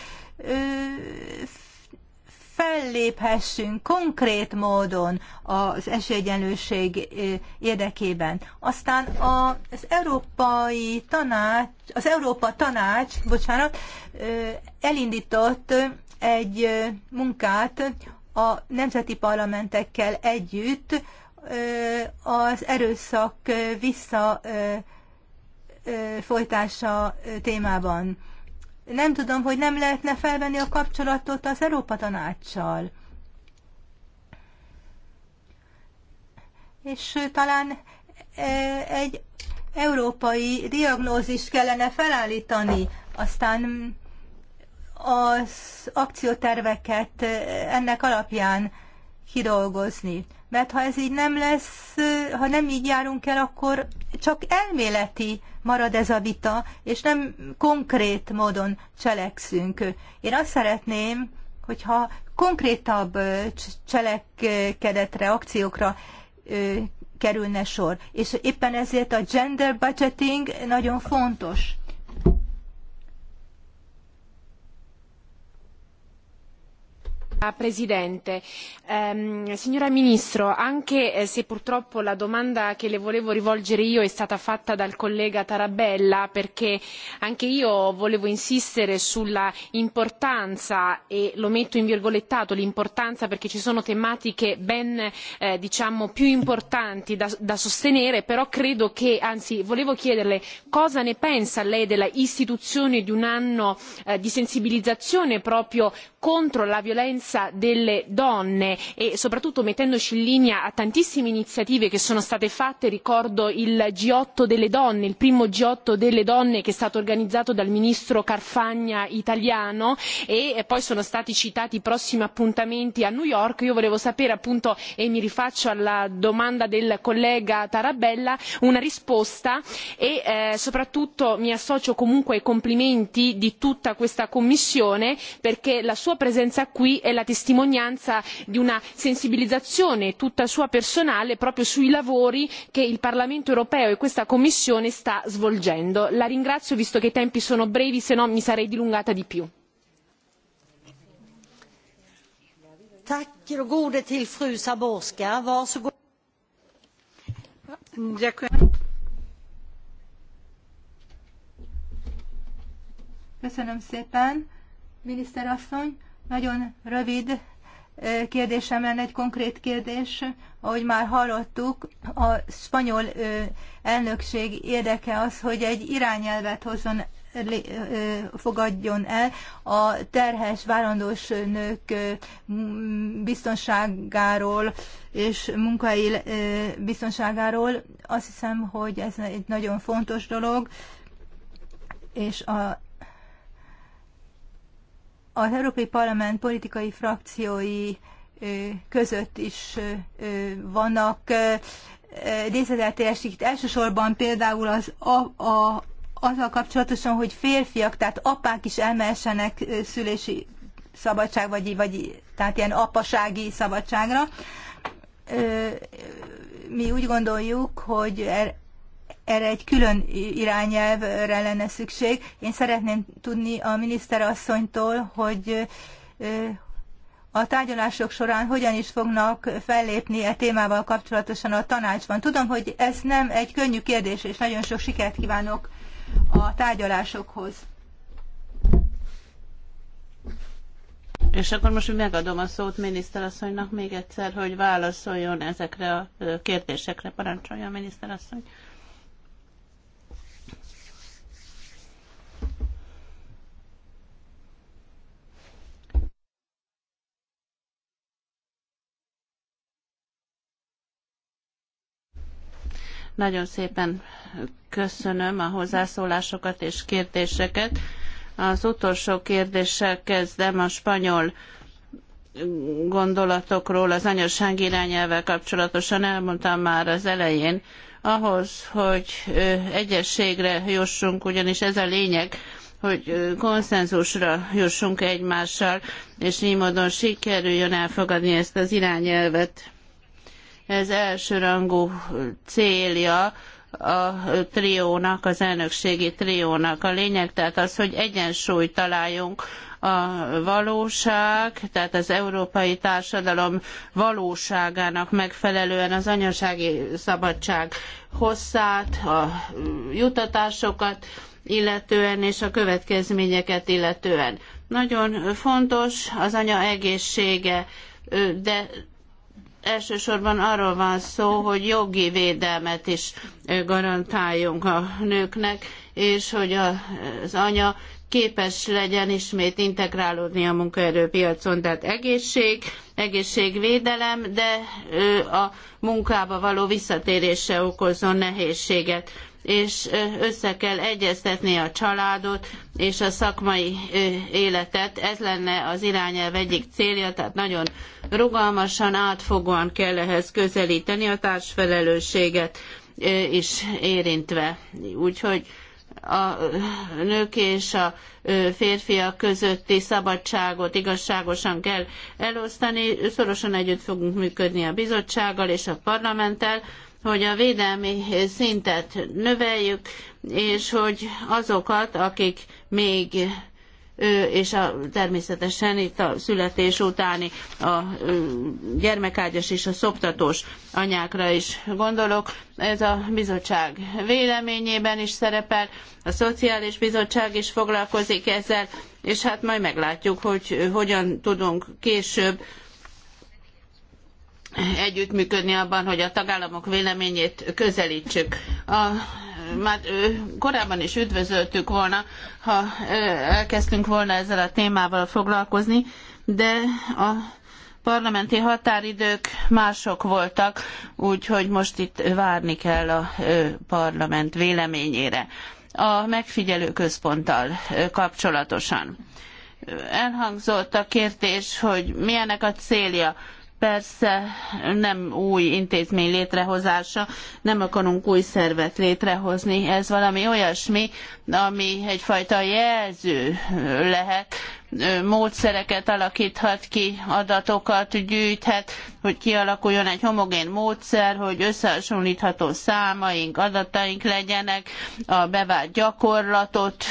felléphessünk konkrét módon az esélyegyenlőség érdekében. Aztán az Európai Tanács, az Európa Tanács, bocsánat, elindított egy munkát a nemzeti parlamentekkel együtt az erőszak visszafolytása témában nem tudom, hogy nem lehetne felvenni a kapcsolatot az Európa Tanácssal. És talán egy európai diagnózis kellene felállítani, aztán az akcióterveket ennek alapján kidolgozni mert ha ez így nem lesz, ha nem így járunk el, akkor csak elméleti marad ez a vita, és nem konkrét módon cselekszünk. Én azt szeretném, hogyha konkrétabb cselekedetre, akciókra kerülne sor. És éppen ezért a gender budgeting nagyon fontos. Ah, Presidente, ehm, signora Ministro, anche eh, se purtroppo la domanda che le volevo rivolgere io è stata fatta dal collega Tarabella, perché anche io volevo insistere sulla importanza, e lo metto in virgolettato, l'importanza perché ci sono tematiche ben eh, diciamo più importanti da, da sostenere, però credo che, anzi volevo chiederle cosa ne pensa lei della istituzione di un anno eh, di sensibilizzazione proprio contro la violenza presenza delle donne e soprattutto mettendoci in linea a tantissime iniziative che sono state fatte ricordo il G8 delle donne, il primo G8 delle donne che è stato organizzato dal ministro Carfagna italiano e, e poi sono stati citati i prossimi appuntamenti a New York. Io volevo sapere appunto e mi rifaccio alla domanda del collega Tarabella una risposta e eh, soprattutto mi associo comunque ai complimenti di tutta questa commissione perché la sua presenza qui è la testimonianza di una sensibilizzazione tutta sua personale proprio sui lavori che il parlamento europeo e questa commissione sta svolgendo. la ringrazio visto che i tempi sono brevi se no mi sarei dilungata di più. Köszönöm szépen, miniszter asszony. Nagyon rövid kérdésem lenne, egy konkrét kérdés. Ahogy már hallottuk, a spanyol elnökség érdeke az, hogy egy irányelvet hozzon fogadjon el a terhes, várandós nők biztonságáról és munkai biztonságáról. Azt hiszem, hogy ez egy nagyon fontos dolog, és a az Európai Parlament politikai frakciói között is vannak részletes, Itt elsősorban például az a, a, azzal kapcsolatosan, hogy férfiak, tehát apák is elmehessenek szülési szabadság, vagy, vagy tehát ilyen apasági szabadságra. Mi úgy gondoljuk, hogy er- erre egy külön irányelvre lenne szükség. Én szeretném tudni a miniszter hogy a tárgyalások során hogyan is fognak fellépni e témával kapcsolatosan a tanácsban. Tudom, hogy ez nem egy könnyű kérdés, és nagyon sok sikert kívánok a tárgyalásokhoz. És akkor most megadom a szót miniszterasszonynak még egyszer, hogy válaszoljon ezekre a kérdésekre. Parancsolja a miniszterasszony. Nagyon szépen köszönöm a hozzászólásokat és kérdéseket. Az utolsó kérdéssel kezdem a spanyol gondolatokról az anyaság irányelvvel kapcsolatosan elmondtam már az elején, ahhoz, hogy egyességre jussunk, ugyanis ez a lényeg, hogy konszenzusra jussunk egymással, és így módon sikerüljön elfogadni ezt az irányelvet. Ez elsőrangú célja a triónak, az elnökségi triónak. A lényeg tehát az, hogy egyensúlyt találjunk a valóság, tehát az európai társadalom valóságának megfelelően az anyasági szabadság hosszát, a jutatásokat illetően és a következményeket illetően. Nagyon fontos az anya egészsége, de elsősorban arról van szó, hogy jogi védelmet is garantáljunk a nőknek, és hogy az anya képes legyen ismét integrálódni a munkaerőpiacon, tehát egészség, egészségvédelem, de a munkába való visszatérése okozzon nehézséget és össze kell egyeztetni a családot és a szakmai életet. Ez lenne az irányelv egyik célja, tehát nagyon rugalmasan, átfogóan kell ehhez közelíteni a társfelelősséget is érintve. Úgyhogy a nők és a férfiak közötti szabadságot igazságosan kell elosztani. Szorosan együtt fogunk működni a bizottsággal és a parlamenttel, hogy a védelmi szintet növeljük, és hogy azokat, akik még ő és a, természetesen itt a születés utáni a gyermekágyas és a szoptatós anyákra is gondolok. Ez a bizottság véleményében is szerepel, a Szociális Bizottság is foglalkozik ezzel, és hát majd meglátjuk, hogy hogyan tudunk később együttműködni abban, hogy a tagállamok véleményét közelítsük. A, már korábban is üdvözöltük volna, ha elkezdtünk volna ezzel a témával foglalkozni, de a parlamenti határidők mások voltak, úgyhogy most itt várni kell a parlament véleményére. A megfigyelő központtal kapcsolatosan elhangzott a kérdés, hogy milyenek a célja Persze nem új intézmény létrehozása, nem akarunk új szervet létrehozni, ez valami olyasmi, ami egyfajta jelző lehet, módszereket alakíthat ki, adatokat gyűjthet, hogy kialakuljon egy homogén módszer, hogy összehasonlítható számaink, adataink legyenek, a bevált gyakorlatot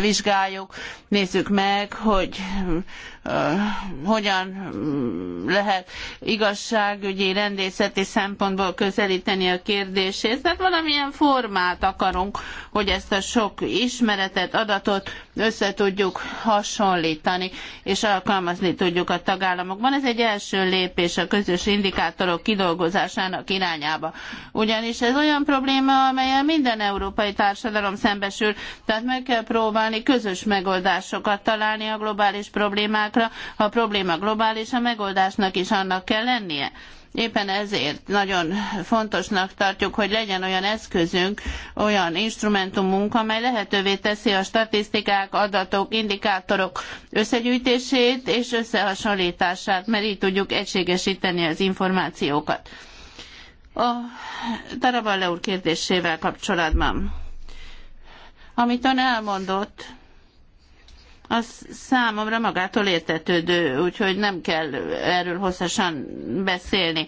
vizsgáljuk, nézzük meg, hogy hogyan mm, lehet igazságügyi, rendészeti szempontból közelíteni a kérdését. Tehát valamilyen formát akarunk, hogy ezt a sok ismeretet, adatot össze tudjuk hasonlítani, és alkalmazni tudjuk a tagállamokban. Ez egy első lépés a közös indikátorok kidolgozásának irányába. Ugyanis ez olyan probléma, amelyen minden európai társadalom szembesül, tehát meg kell próbálni közös megoldásokat találni a globális problémák problémákra. Ha a probléma globális, a megoldásnak is annak kell lennie. Éppen ezért nagyon fontosnak tartjuk, hogy legyen olyan eszközünk, olyan instrumentumunk, amely lehetővé teszi a statisztikák, adatok, indikátorok összegyűjtését és összehasonlítását, mert így tudjuk egységesíteni az információkat. A Taraballa úr kérdésével kapcsolatban. Amit ön elmondott, az számomra magától értetődő, úgyhogy nem kell erről hosszasan beszélni.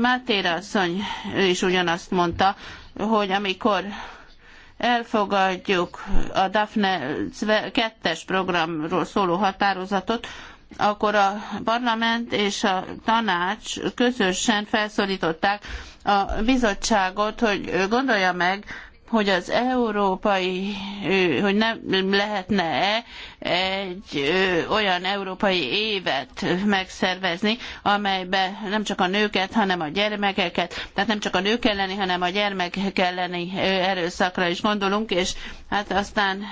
Mátéra asszony is ugyanazt mondta, hogy amikor elfogadjuk a Daphne 2-es programról szóló határozatot, akkor a parlament és a tanács közösen felszólították a bizottságot, hogy gondolja meg, hogy az európai, hogy nem lehetne-e egy olyan európai évet megszervezni, amelybe nem csak a nőket, hanem a gyermekeket, tehát nem csak a nők elleni, hanem a gyermekek elleni erőszakra is gondolunk, és hát aztán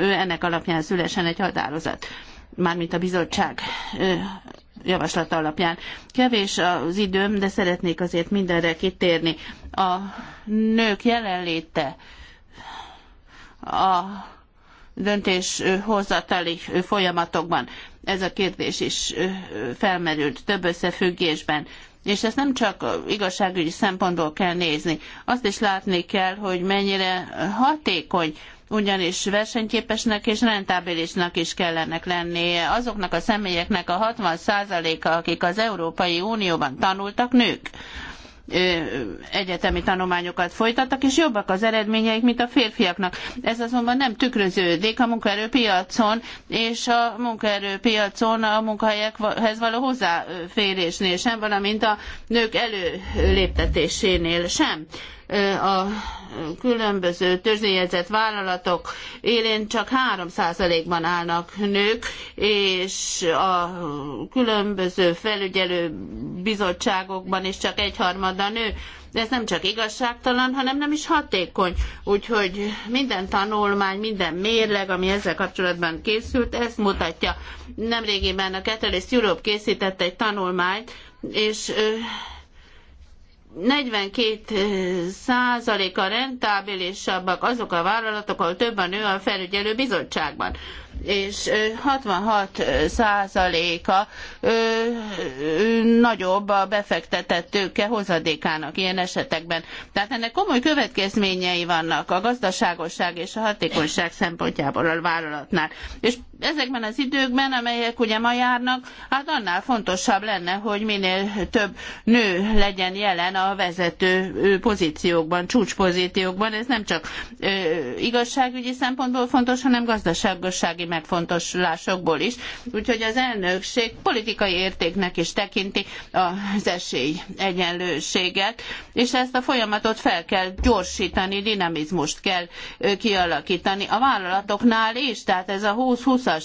ennek alapján szülesen egy határozat mármint a bizottság javaslat alapján. Kevés az időm, de szeretnék azért mindenre kitérni. A nők jelenléte a döntéshozatali folyamatokban. Ez a kérdés is felmerült több összefüggésben és ezt nem csak igazságügyi szempontból kell nézni, azt is látni kell, hogy mennyire hatékony ugyanis versenyképesnek és rentábilisnak is kellene lennie. Azoknak a személyeknek a 60%-a, akik az Európai Unióban tanultak, nők egyetemi tanulmányokat folytattak, és jobbak az eredményeik, mint a férfiaknak. Ez azonban nem tükröződik a munkaerőpiacon, és a munkaerőpiacon a munkahelyekhez való hozzáférésnél sem, valamint a nők előléptetésénél sem a különböző törzsényedzett vállalatok élén csak 3%-ban állnak nők, és a különböző felügyelő bizottságokban is csak egyharmada nő. De ez nem csak igazságtalan, hanem nem is hatékony. Úgyhogy minden tanulmány, minden mérleg, ami ezzel kapcsolatban készült, ezt mutatja. Nemrégiben a Catalyst Europe készített egy tanulmányt, és 42 százaléka rentábilisabbak azok a vállalatok, ahol több a nő a felügyelő bizottságban és 66 százaléka nagyobb a befektetett tőke hozadékának ilyen esetekben. Tehát ennek komoly következményei vannak a gazdaságosság és a hatékonyság szempontjából a vállalatnál. És ezekben az időkben, amelyek ugye ma járnak, hát annál fontosabb lenne, hogy minél több nő legyen jelen a vezető pozíciókban, csúcspozíciókban. Ez nem csak igazságügyi szempontból fontos, hanem gazdasági megfontolásokból is. Úgyhogy az elnökség politikai értéknek is tekinti az esély egyenlőséget, és ezt a folyamatot fel kell gyorsítani, dinamizmust kell kialakítani a vállalatoknál is, tehát ez a 20-20-as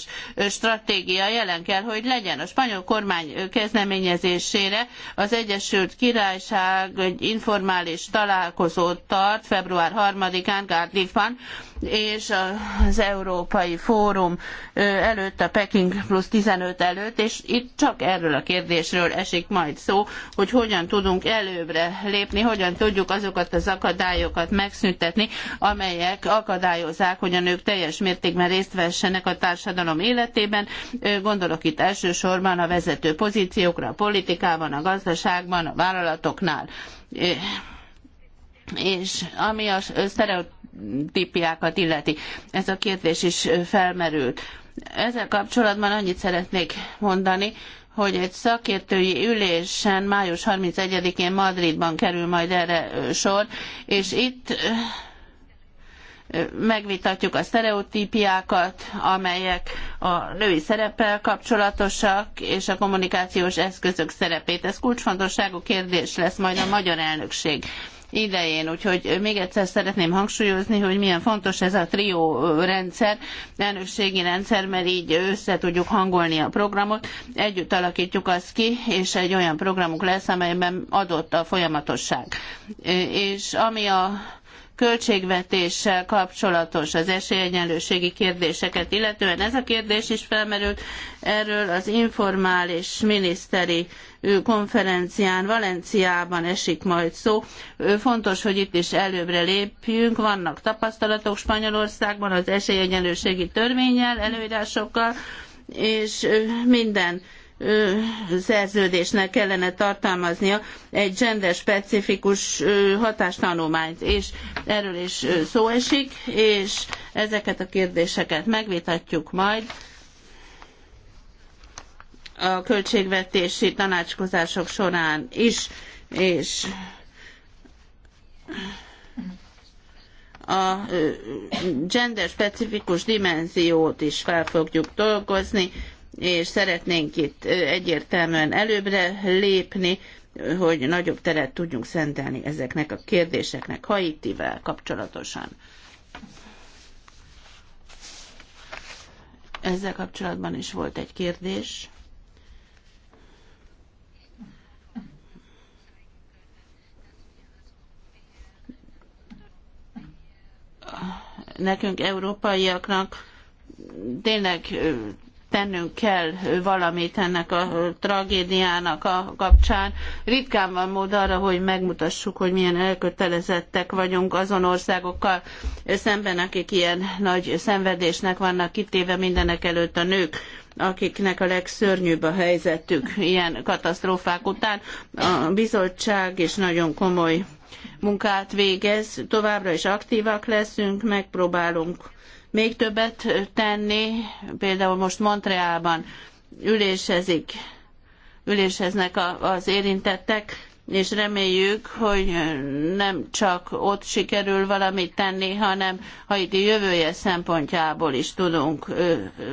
stratégia jelen kell, hogy legyen. A spanyol kormány kezdeményezésére az Egyesült Királyság egy informális találkozót tart február 3-án Cardiffban, és az Európai Fórum 3 előtt, a Peking plusz 15 előtt, és itt csak erről a kérdésről esik majd szó, hogy hogyan tudunk előbbre lépni, hogyan tudjuk azokat az akadályokat megszüntetni, amelyek akadályozzák, hogy a nők teljes mértékben részt vessenek a társadalom életében. Gondolok itt elsősorban a vezető pozíciókra, a politikában, a gazdaságban, a vállalatoknál és ami a sztereotíp típiákat illeti. Ez a kérdés is felmerült. Ezzel kapcsolatban annyit szeretnék mondani, hogy egy szakértői ülésen május 31-én Madridban kerül majd erre sor, és itt megvitatjuk a sztereotípiákat, amelyek a női szereppel kapcsolatosak, és a kommunikációs eszközök szerepét. Ez kulcsfontosságú kérdés lesz majd a magyar elnökség idején. Úgyhogy még egyszer szeretném hangsúlyozni, hogy milyen fontos ez a trió rendszer, elnökségi rendszer, mert így össze tudjuk hangolni a programot, együtt alakítjuk azt ki, és egy olyan programunk lesz, amelyben adott a folyamatosság. És ami a költségvetéssel kapcsolatos az esélyegyenlőségi kérdéseket, illetően ez a kérdés is felmerült, erről az informális miniszteri konferencián Valenciában esik majd szó. Fontos, hogy itt is előbbre lépjünk. Vannak tapasztalatok Spanyolországban az esélyegyenlőségi törvényel, előírásokkal, és minden szerződésnek kellene tartalmaznia egy gender specifikus hatástanulmányt, és erről is szó esik, és ezeket a kérdéseket megvitatjuk majd a költségvetési tanácskozások során is, és a gender specifikus dimenziót is fel fogjuk dolgozni, és szeretnénk itt egyértelműen előbbre lépni, hogy nagyobb teret tudjunk szentelni ezeknek a kérdéseknek Haitivel kapcsolatosan. Ezzel kapcsolatban is volt egy kérdés. Nekünk európaiaknak tényleg tennünk kell valamit ennek a tragédiának a kapcsán. Ritkán van mód arra, hogy megmutassuk, hogy milyen elkötelezettek vagyunk azon országokkal szemben, akik ilyen nagy szenvedésnek vannak kitéve mindenek előtt a nők akiknek a legszörnyűbb a helyzetük ilyen katasztrófák után. A bizottság is nagyon komoly munkát végez, továbbra is aktívak leszünk, megpróbálunk még többet tenni, például most Montreálban ülésezik, üléseznek az érintettek, és reméljük, hogy nem csak ott sikerül valamit tenni, hanem ha itt jövője szempontjából is tudunk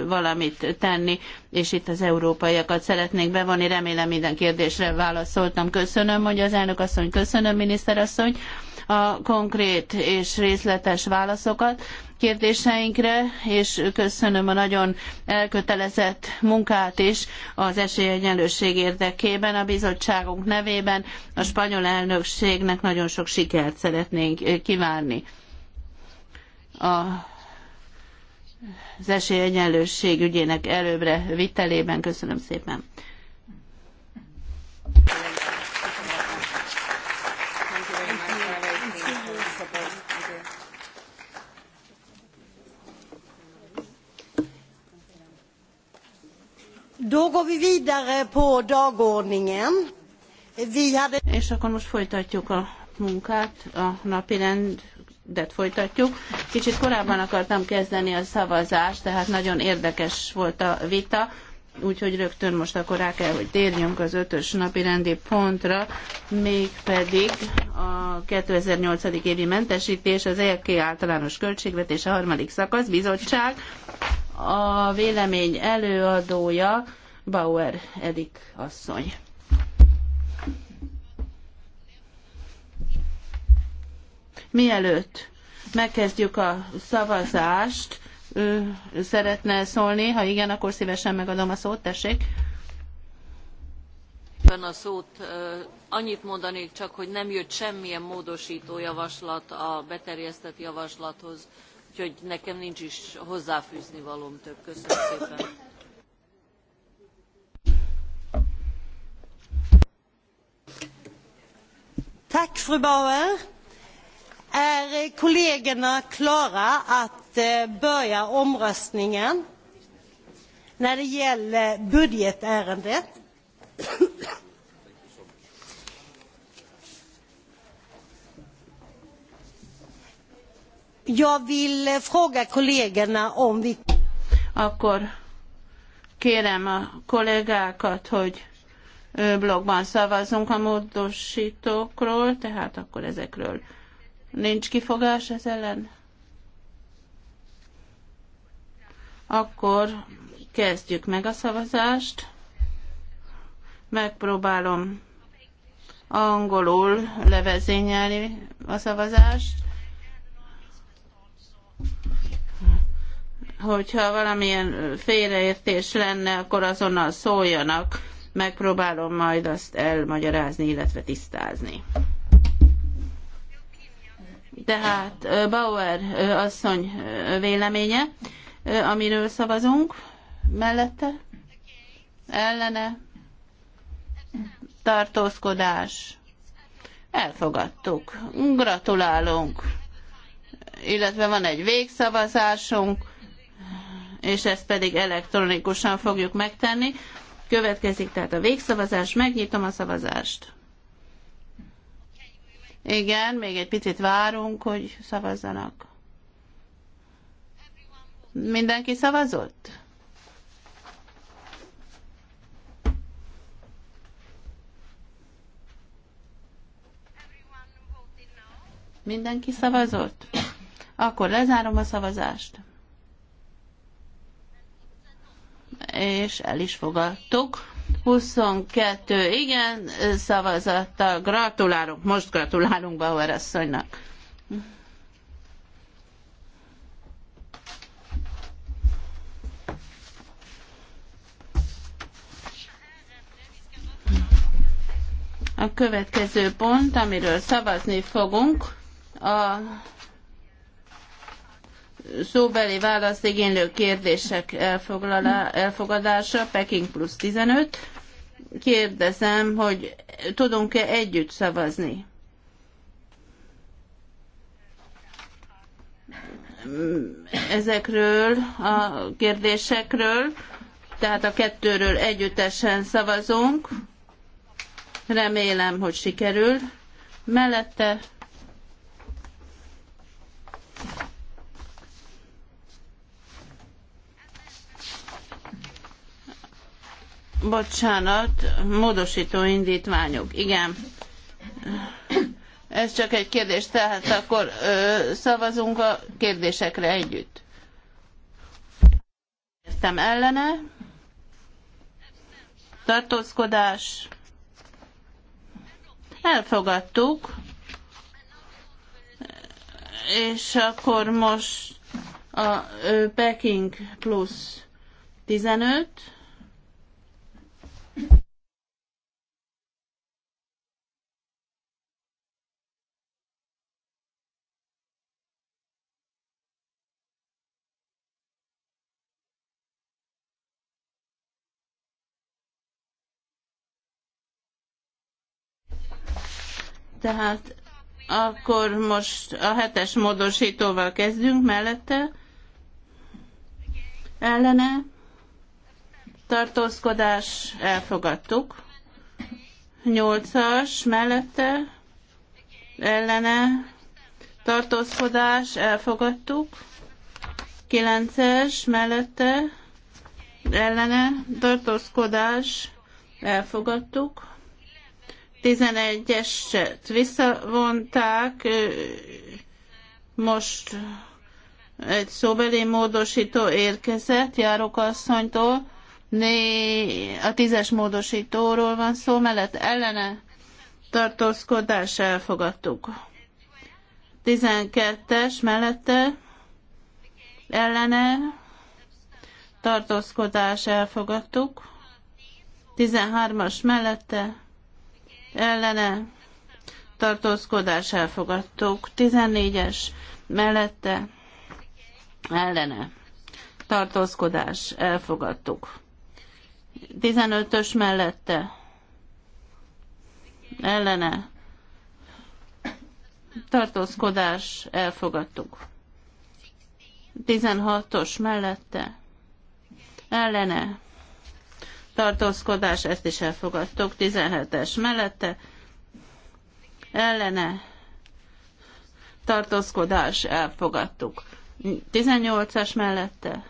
valamit tenni, és itt az európaiakat szeretnék bevonni. Remélem minden kérdésre válaszoltam. Köszönöm, hogy az elnök asszony, köszönöm, miniszter asszony a konkrét és részletes válaszokat kérdéseinkre, és köszönöm a nagyon elkötelezett munkát is az esélyegyenlőség érdekében, a bizottságunk nevében, a spanyol elnökségnek nagyon sok sikert szeretnénk kívánni. A az esélyegyenlőség ügyének előbbre vitelében. Köszönöm szépen. És akkor most folytatjuk a munkát, a napi rendet folytatjuk. Kicsit korábban akartam kezdeni a szavazást, tehát nagyon érdekes volt a vita úgyhogy rögtön most akkor rá kell, hogy térjünk az ötös napi rendi pontra, mégpedig a 2008. évi mentesítés, az ELK általános költségvetés, a harmadik szakasz, bizottság, a vélemény előadója Bauer Edik asszony. Mielőtt megkezdjük a szavazást, ö, szeretne szólni. Ha igen, akkor szívesen megadom a szót, tessék. a szót annyit mondanék csak, hogy nem jött semmilyen módosító javaslat a beterjesztett javaslathoz, úgyhogy nekem nincs is hozzáfűzni valóm több. Köszönöm szépen. Tack fru Bauer. Är kollegorna klara att Eh, börja omröstningen när det gäller budgetärendet. Jag vill eh, fråga kollegorna om vi... Akkor kérem a kollégákat, hogy blogban szavazzunk a módosítókról, tehát akkor ezekről nincs kifogás ez ellen? Akkor kezdjük meg a szavazást. Megpróbálom angolul levezényelni a szavazást. Hogyha valamilyen félreértés lenne, akkor azonnal szóljanak. Megpróbálom majd azt elmagyarázni, illetve tisztázni. Tehát Bauer asszony véleménye amiről szavazunk, mellette, ellene, tartózkodás. Elfogadtuk. Gratulálunk. Illetve van egy végszavazásunk, és ezt pedig elektronikusan fogjuk megtenni. Következik tehát a végszavazás, megnyitom a szavazást. Igen, még egy picit várunk, hogy szavazzanak. Mindenki szavazott? Mindenki szavazott? Akkor lezárom a szavazást. És el is fogadtuk. 22 igen szavazattal. Gratulálunk, most gratulálunk Bauer asszonynak. A következő pont, amiről szavazni fogunk, a szóbeli választ igénylő kérdések elfogadása, Peking plusz 15. Kérdezem, hogy tudunk-e együtt szavazni? Ezekről a kérdésekről, tehát a kettőről együttesen szavazunk. Remélem, hogy sikerül. Mellette Bocsánat, módosító indítványok. Igen. Ez csak egy kérdés, tehát akkor ö, szavazunk a kérdésekre együtt. Értem ellene. Tartózkodás. Elfogadtuk, és akkor most a Peking plusz 15, Tehát akkor most a hetes módosítóval kezdünk mellette. Ellene tartózkodás elfogadtuk. Nyolcas mellette ellene tartózkodás elfogadtuk. Kilences mellette ellene tartózkodás elfogadtuk. 11-eset visszavonták, most egy szóbeli módosító érkezett járókasszonytól, né, a tízes módosítóról van szó, mellett ellene tartózkodás elfogadtuk. 12-es mellette ellene tartózkodás elfogadtuk. 13-as mellette ellene tartózkodás elfogadtuk. 14-es mellette ellene tartózkodás elfogadtuk. 15-ös mellette ellene tartózkodás elfogadtuk. 16-os mellette ellene tartózkodás, ezt is elfogadtuk. 17-es mellette ellene tartózkodás, elfogadtuk. 18-as mellette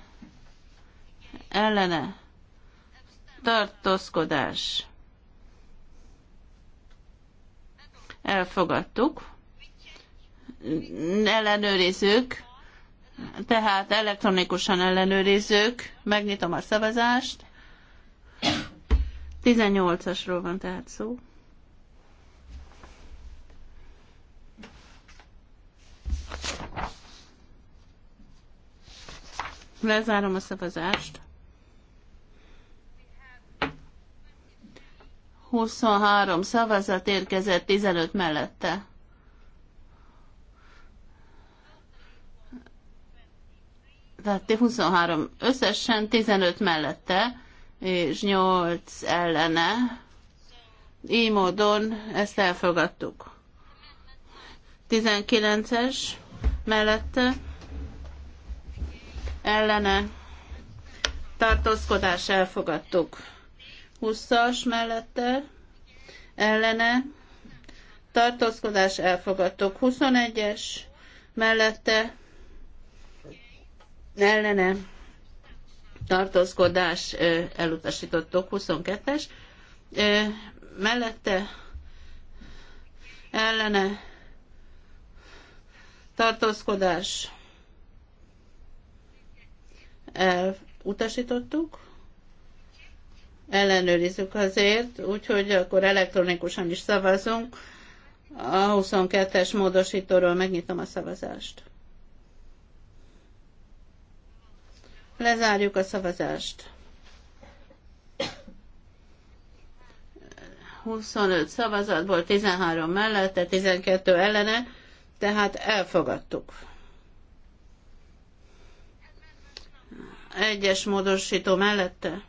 ellene tartózkodás. Elfogadtuk. Ellenőrizzük. Tehát elektronikusan ellenőrizzük. Megnyitom a szavazást. 18-asról van tehát szó. Lezárom a szavazást. 23 szavazat érkezett, 15 mellette. Tehát 23 összesen, 15 mellette és 8 ellene. Így módon ezt elfogadtuk. 19-es mellette ellene tartózkodás elfogadtuk. 20-as mellette ellene tartózkodás elfogadtuk. 21-es mellette ellene tartózkodás elutasítottuk 22-es, mellette ellene tartózkodás elutasítottuk, ellenőrizzük azért, úgyhogy akkor elektronikusan is szavazunk. A 22-es módosítóról megnyitom a szavazást. Lezárjuk a szavazást. 25 szavazatból 13 mellette, 12 ellene, tehát elfogadtuk. Egyes módosító mellette,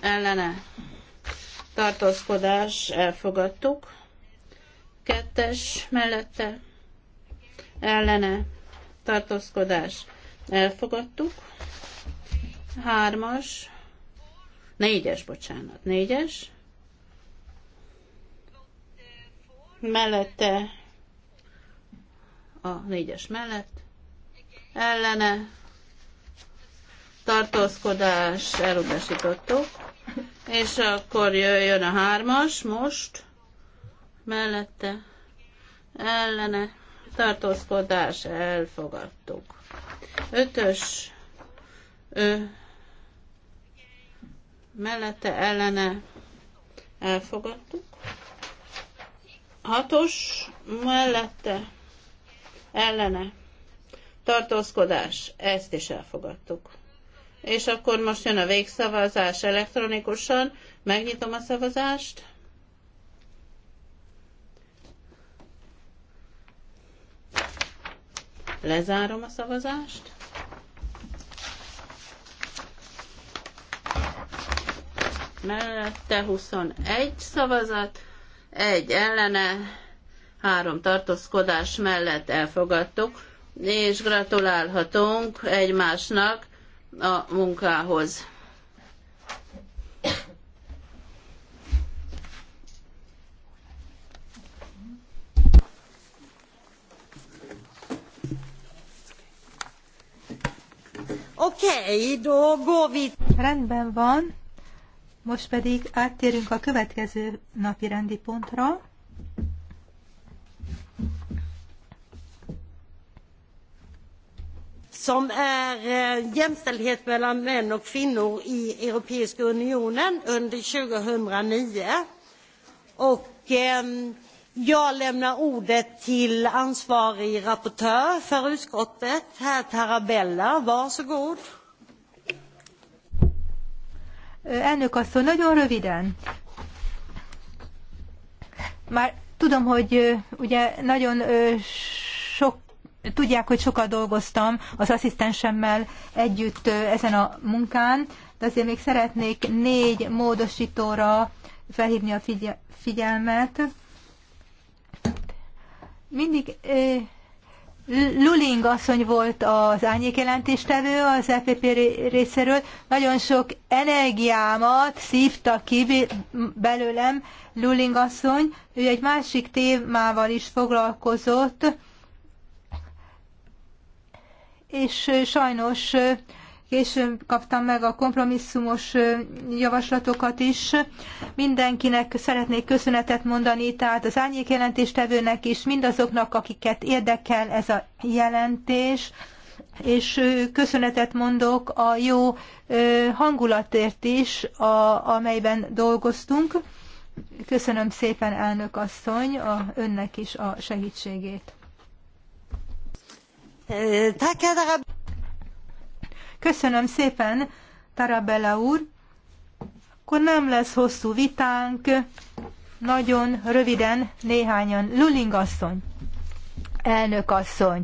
ellene, tartózkodás, elfogadtuk. Kettes mellette, ellene, tartózkodás, Elfogadtuk. Hármas. Négyes, bocsánat. Négyes. Mellette. A négyes mellett. Ellene. Tartózkodás. Elutasítottuk. És akkor jön a hármas most. Mellette. Ellene tartózkodás elfogadtuk. Ötös ö, mellette ellene elfogadtuk. Hatos mellette ellene tartózkodás, ezt is elfogadtuk. És akkor most jön a végszavazás elektronikusan. Megnyitom a szavazást. Lezárom a szavazást. Mellette 21 szavazat, egy ellene, három tartózkodás mellett elfogadtuk, és gratulálhatunk egymásnak a munkához. Rendben van. Most pedig áttérünk a következő napi rendi pontra. som är eh, jämställdhet mellan män och kvinnor i Europeiska unionen under 2009. Och, eh, Jag lämnar ordet till ansvarig rapportör för utskottet, herr Tarabella. Varsågod. Eh, elnök asszony, nagyon röviden. Már tudom, hogy ugye nagyon sok, tudják, hogy sokat dolgoztam az asszisztensemmel együtt ezen a munkán, de azért még szeretnék négy módosítóra felhívni a figyelmet. Mindig Luling asszony volt az árnyékjelentéstevő az EPP részéről. Nagyon sok energiámat szívta ki belőlem Luling asszony. Ő egy másik témával is foglalkozott, és sajnos Később kaptam meg a kompromisszumos javaslatokat is. Mindenkinek szeretnék köszönetet mondani, tehát az árnyék jelentéstevőnek is, mindazoknak, akiket érdekel ez a jelentés és köszönetet mondok a jó hangulatért is, a, amelyben dolgoztunk. Köszönöm szépen, elnök asszony, a, önnek is a segítségét. Köszönöm szépen, Tarabella úr. Akkor nem lesz hosszú vitánk, nagyon röviden néhányan. Luling asszony, elnök asszony.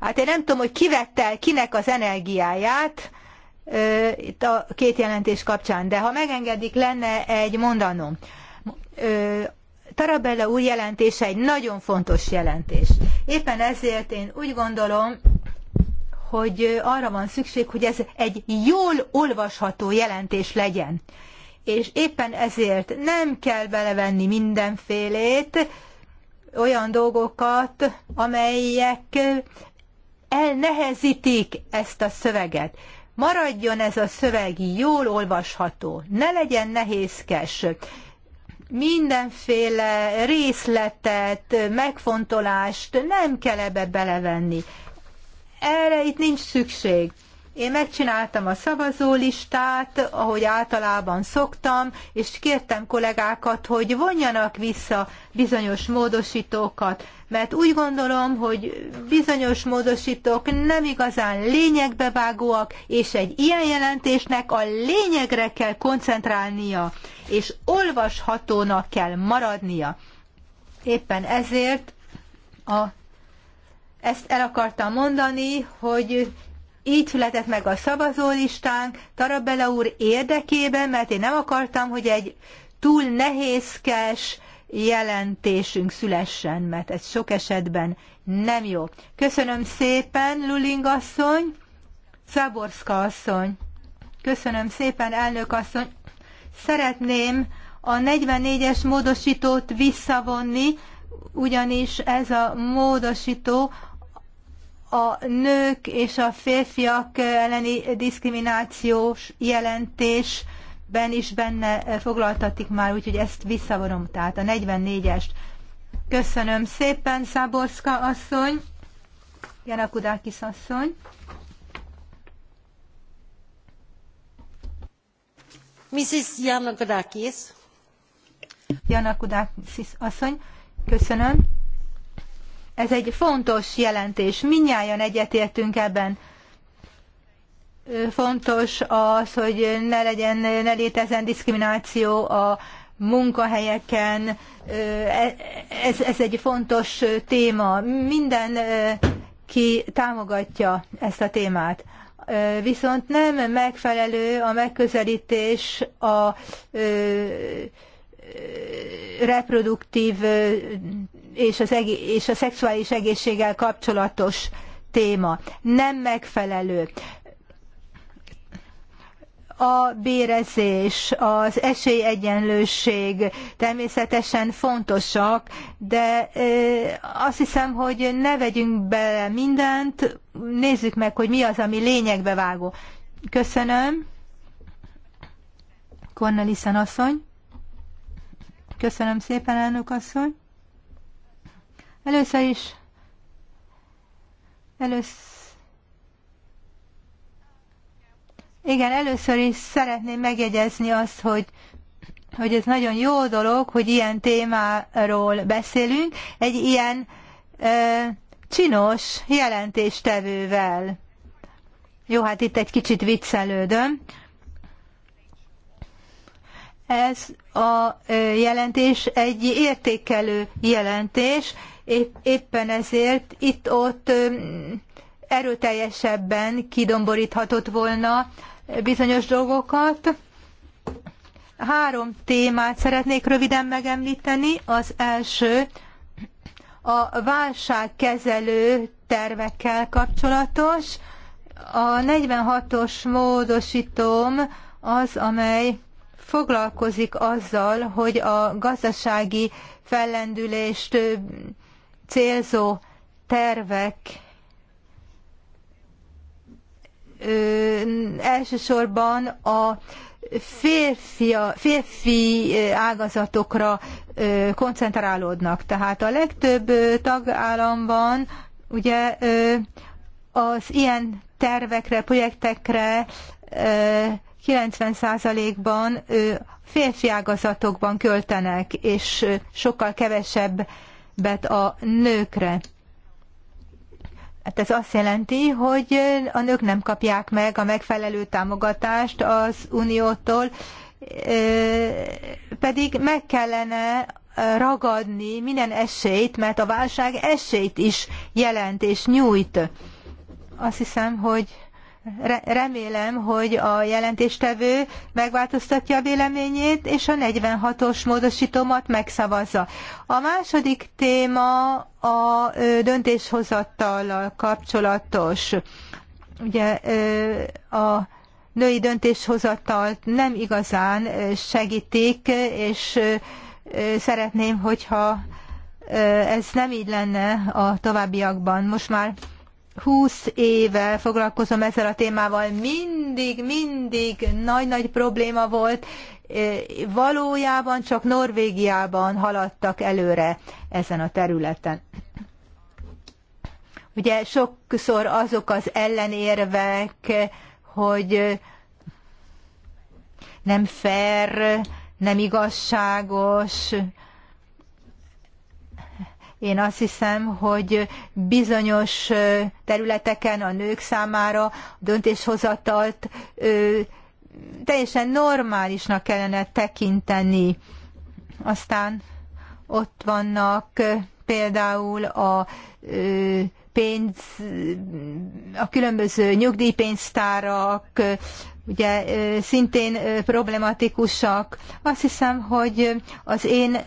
Hát én nem tudom, hogy kivette el kinek az energiáját ö, itt a két jelentés kapcsán, de ha megengedik, lenne egy mondanom. Ö, Tarabella úr jelentése egy nagyon fontos jelentés. Éppen ezért én úgy gondolom, hogy arra van szükség, hogy ez egy jól olvasható jelentés legyen. És éppen ezért nem kell belevenni mindenfélét, olyan dolgokat, amelyek elnehezítik ezt a szöveget. Maradjon ez a szöveg jól olvasható, ne legyen nehézkes. Mindenféle részletet, megfontolást nem kell ebbe belevenni. Erre itt nincs szükség. Én megcsináltam a szavazólistát, ahogy általában szoktam, és kértem kollégákat, hogy vonjanak vissza bizonyos módosítókat, mert úgy gondolom, hogy bizonyos módosítók nem igazán lényegbevágóak, és egy ilyen jelentésnek a lényegre kell koncentrálnia, és olvashatónak kell maradnia. Éppen ezért a ezt el akartam mondani, hogy így született meg a szavazólistánk Tarabella úr érdekében, mert én nem akartam, hogy egy túl nehézkes jelentésünk szülessen, mert ez sok esetben nem jó. Köszönöm szépen, Luling asszony, Szaborszka asszony. Köszönöm szépen, elnök asszony. Szeretném a 44-es módosítót visszavonni, ugyanis ez a módosító a nők és a férfiak elleni diszkriminációs jelentésben is benne foglaltatik már, úgyhogy ezt visszavonom, tehát a 44-est. Köszönöm szépen, Száborszka asszony, Janakudákis asszony. Mrs. Janakudákis Janakudákis asszony, köszönöm. Ez egy fontos jelentés, minnyáján egyetértünk ebben. Fontos az, hogy ne legyen, ne létezzen diszkrimináció a munkahelyeken, e, ez, ez egy fontos téma. Minden ki támogatja ezt a témát. Viszont nem megfelelő a megközelítés a reproduktív és, az egész, és a szexuális egészséggel kapcsolatos téma. Nem megfelelő. A bérezés, az esélyegyenlőség természetesen fontosak, de azt hiszem, hogy ne vegyünk bele mindent, nézzük meg, hogy mi az, ami lényegbe vágó. Köszönöm. Cornelissen asszony. Köszönöm szépen, elnök asszony. Először is, először, igen, először is szeretném megjegyezni azt, hogy hogy ez nagyon jó dolog, hogy ilyen témáról beszélünk, egy ilyen ö, csinos jelentéstevővel. Jó, hát itt egy kicsit viccelődöm. Ez a jelentés egy értékelő jelentés, éppen ezért itt-ott erőteljesebben kidomboríthatott volna bizonyos dolgokat. Három témát szeretnék röviden megemlíteni. Az első a válságkezelő tervekkel kapcsolatos. A 46-os módosítom az, amely foglalkozik azzal, hogy a gazdasági fellendülést célzó tervek ö, elsősorban a férfia, férfi ágazatokra ö, koncentrálódnak. Tehát a legtöbb tagállamban ugye ö, az ilyen tervekre, projektekre ö, 90%-ban férfi ágazatokban költenek, és sokkal kevesebb bet a nőkre. Hát ez azt jelenti, hogy a nők nem kapják meg a megfelelő támogatást az uniótól, pedig meg kellene ragadni minden esélyt, mert a válság esélyt is jelent és nyújt. Azt hiszem, hogy remélem, hogy a jelentéstevő megváltoztatja a véleményét, és a 46-os módosítómat megszavazza. A második téma a döntéshozattal kapcsolatos. Ugye a női döntéshozatalt nem igazán segítik, és szeretném, hogyha ez nem így lenne a továbbiakban. Most már 20 éve foglalkozom ezzel a témával, mindig, mindig nagy-nagy probléma volt, e, valójában csak Norvégiában haladtak előre ezen a területen. Ugye sokszor azok az ellenérvek, hogy nem fair, nem igazságos, én azt hiszem, hogy bizonyos területeken a nők számára döntéshozatalt teljesen normálisnak kellene tekinteni. Aztán ott vannak például a pénz, a különböző nyugdíjpénztárak, ugye szintén problematikusak. Azt hiszem, hogy az én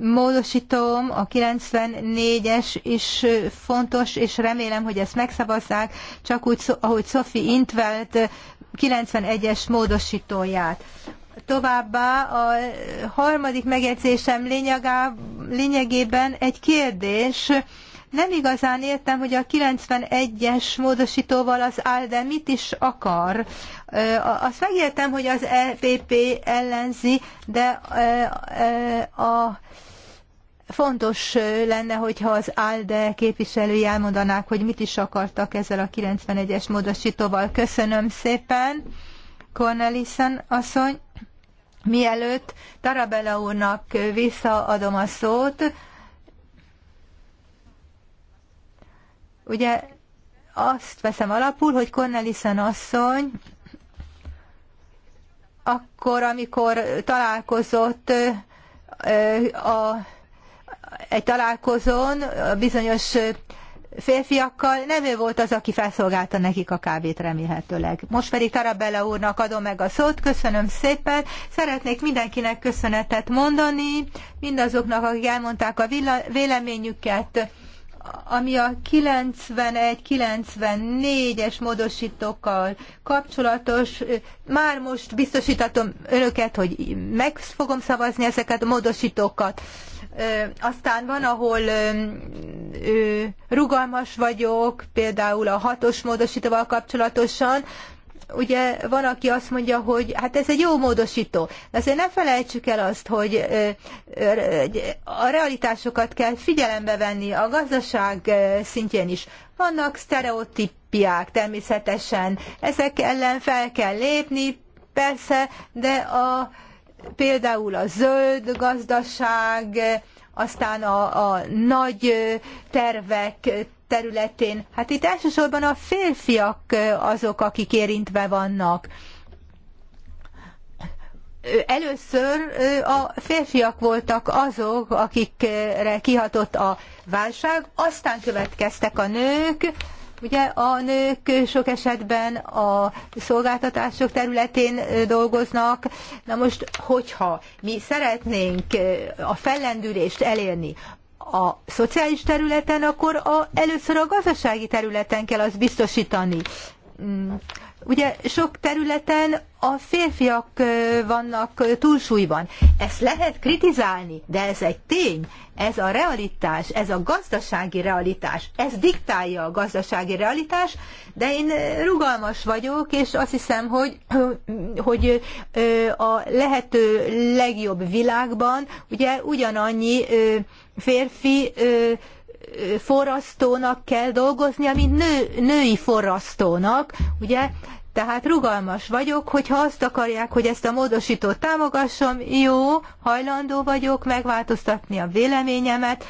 módosítom, a 94-es is fontos, és remélem, hogy ezt megszavazzák, csak úgy, ahogy Sophie Intvelt 91-es módosítóját. Továbbá a harmadik megjegyzésem lényegében egy kérdés, nem igazán értem, hogy a 91-es módosítóval az ALDE mit is akar. Azt megértem, hogy az EPP ellenzi, de a fontos lenne, hogyha az ALDE képviselői elmondanák, hogy mit is akartak ezzel a 91-es módosítóval. Köszönöm szépen, Cornelissen asszony. Mielőtt Tarabella úrnak visszaadom a szót, Ugye azt veszem alapul, hogy Cornelissen asszony akkor, amikor találkozott a, egy találkozón a bizonyos férfiakkal, nem ő volt az, aki felszolgálta nekik a kávét remélhetőleg. Most pedig Tarabella úrnak adom meg a szót, köszönöm szépen, szeretnék mindenkinek köszönetet mondani, mindazoknak, akik elmondták a véleményüket, ami a 91-94-es módosítókkal kapcsolatos, már most biztosítatom önöket, hogy meg fogom szavazni ezeket a módosítókat. Aztán van, ahol rugalmas vagyok, például a hatos módosítóval kapcsolatosan, ugye van, aki azt mondja, hogy hát ez egy jó módosító. De azért ne felejtsük el azt, hogy a realitásokat kell figyelembe venni a gazdaság szintjén is. Vannak sztereotípiák természetesen, ezek ellen fel kell lépni, persze, de a, például a zöld gazdaság, aztán a, a nagy tervek területén. Hát itt elsősorban a férfiak azok, akik érintve vannak. Először a férfiak voltak azok, akikre kihatott a válság, aztán következtek a nők, Ugye a nők sok esetben a szolgáltatások területén dolgoznak. Na most, hogyha mi szeretnénk a fellendülést elérni, a szociális területen, akkor a, először a gazdasági területen kell azt biztosítani mm. Ugye sok területen a férfiak vannak túlsúlyban. Ezt lehet kritizálni, de ez egy tény, ez a realitás, ez a gazdasági realitás, ez diktálja a gazdasági realitás, de én rugalmas vagyok, és azt hiszem, hogy, hogy a lehető legjobb világban ugye ugyanannyi férfi forrasztónak kell dolgoznia, mint nő, női forrasztónak, ugye? Tehát rugalmas vagyok, hogyha azt akarják, hogy ezt a módosítót támogassam, jó, hajlandó vagyok megváltoztatni a véleményemet,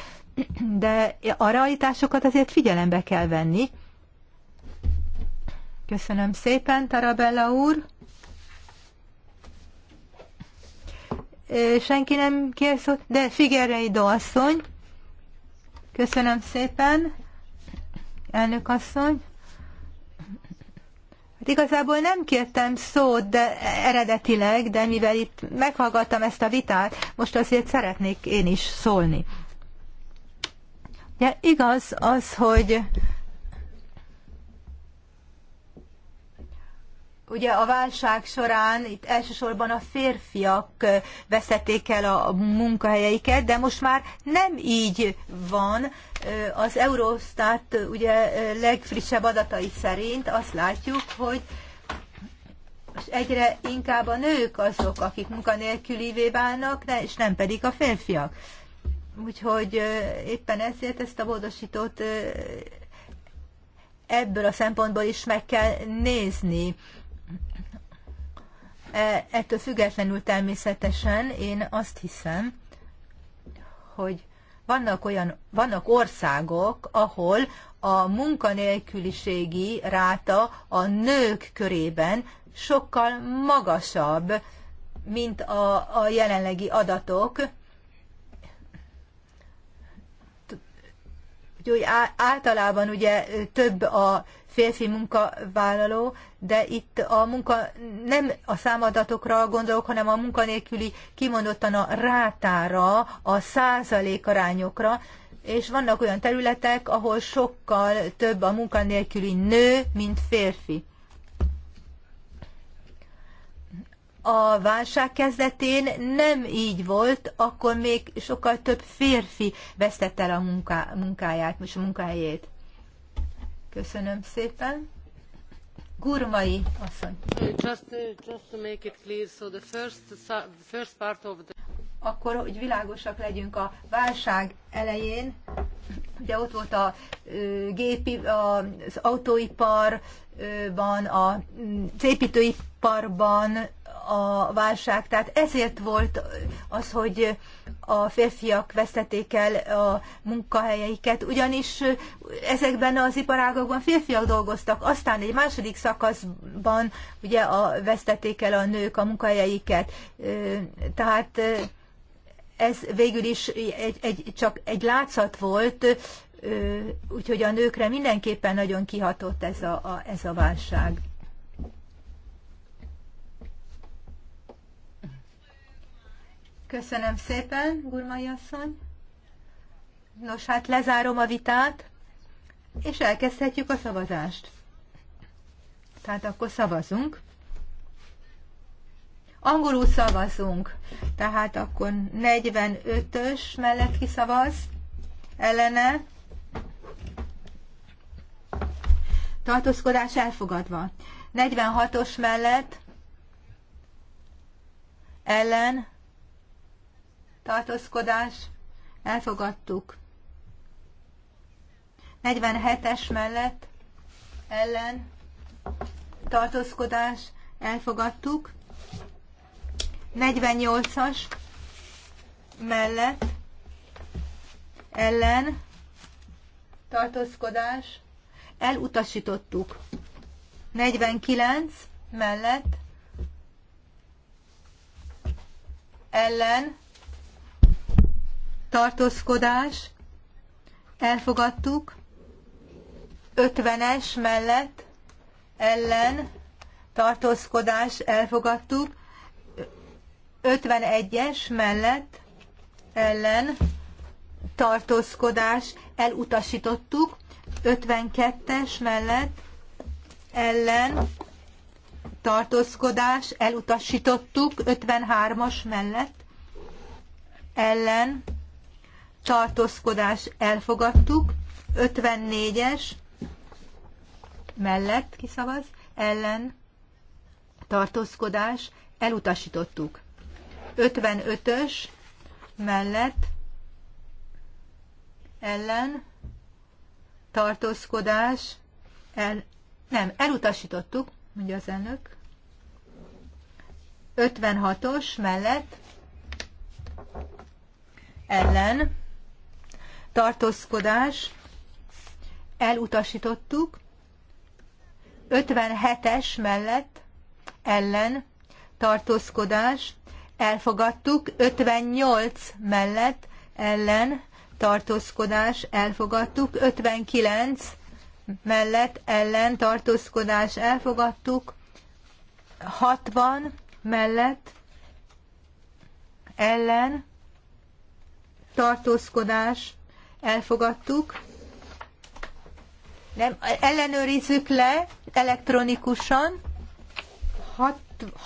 de a realitásokat azért figyelembe kell venni. Köszönöm szépen, Tarabella úr. Senki nem kér szót, de Figerei asszony. Köszönöm szépen, elnök asszony. Hát igazából nem kértem szót de eredetileg, de mivel itt meghallgattam ezt a vitát, most azért szeretnék én is szólni. Ja, igaz az, hogy Ugye a válság során itt elsősorban a férfiak veszették el a munkahelyeiket, de most már nem így van. Az Eurostat ugye legfrissebb adatai szerint azt látjuk, hogy és egyre inkább a nők azok, akik munkanélkülivé válnak, és nem pedig a férfiak. Úgyhogy éppen ezért ezt a módosítót ebből a szempontból is meg kell nézni. E, ettől függetlenül természetesen én azt hiszem, hogy vannak olyan, vannak országok, ahol a munkanélküliségi ráta a nők körében sokkal magasabb, mint a, a jelenlegi adatok. Úgyhogy általában ugye több a férfi munkavállaló, de itt a munka nem a számadatokra gondolok, hanem a munkanélküli kimondottan a rátára, a százalékarányokra, és vannak olyan területek, ahol sokkal több a munkanélküli nő, mint férfi. a válság kezdetén nem így volt, akkor még sokkal több férfi vesztette el a munká, munkáját, most a munkájét. Köszönöm szépen. Gurmai asszony. Akkor, hogy világosak legyünk a válság elején, ugye ott volt a gépi, az autóipar, ban, a mm, cépítőiparban a válság. Tehát ezért volt az, hogy a férfiak vesztették el a munkahelyeiket, ugyanis ezekben az iparágokban férfiak dolgoztak, aztán egy második szakaszban ugye a, vesztették el a nők a munkahelyeiket. Tehát ez végül is egy, egy, csak egy látszat volt, úgyhogy a nőkre mindenképpen nagyon kihatott ez a, a, ez a válság. Köszönöm szépen, Gurmai asszony. Nos, hát lezárom a vitát, és elkezdhetjük a szavazást. Tehát akkor szavazunk. Angolul szavazunk. Tehát akkor 45-ös mellett kiszavaz, ellene tartózkodás elfogadva. 46-os mellett ellen tartózkodás elfogadtuk. 47-es mellett ellen tartózkodás elfogadtuk. 48-as mellett ellen tartózkodás elutasítottuk. 49 mellett ellen tartózkodás elfogadtuk. 50-es mellett ellen tartózkodás elfogadtuk. 51-es mellett ellen tartózkodás elutasítottuk. 52-es mellett ellen tartózkodás elutasítottuk, 53-as mellett ellen tartózkodás elfogadtuk, 54-es mellett kiszavaz, ellen tartózkodás elutasítottuk. 55-ös mellett ellen tartózkodás, el, nem, elutasítottuk, mondja az elnök. 56-os mellett ellen tartózkodás elutasítottuk, 57-es mellett ellen tartózkodás elfogadtuk, 58 mellett ellen tartózkodás elfogadtuk, 59 mellett ellen tartózkodás elfogadtuk, 60 mellett ellen tartózkodás elfogadtuk. Nem, ellenőrizzük le elektronikusan.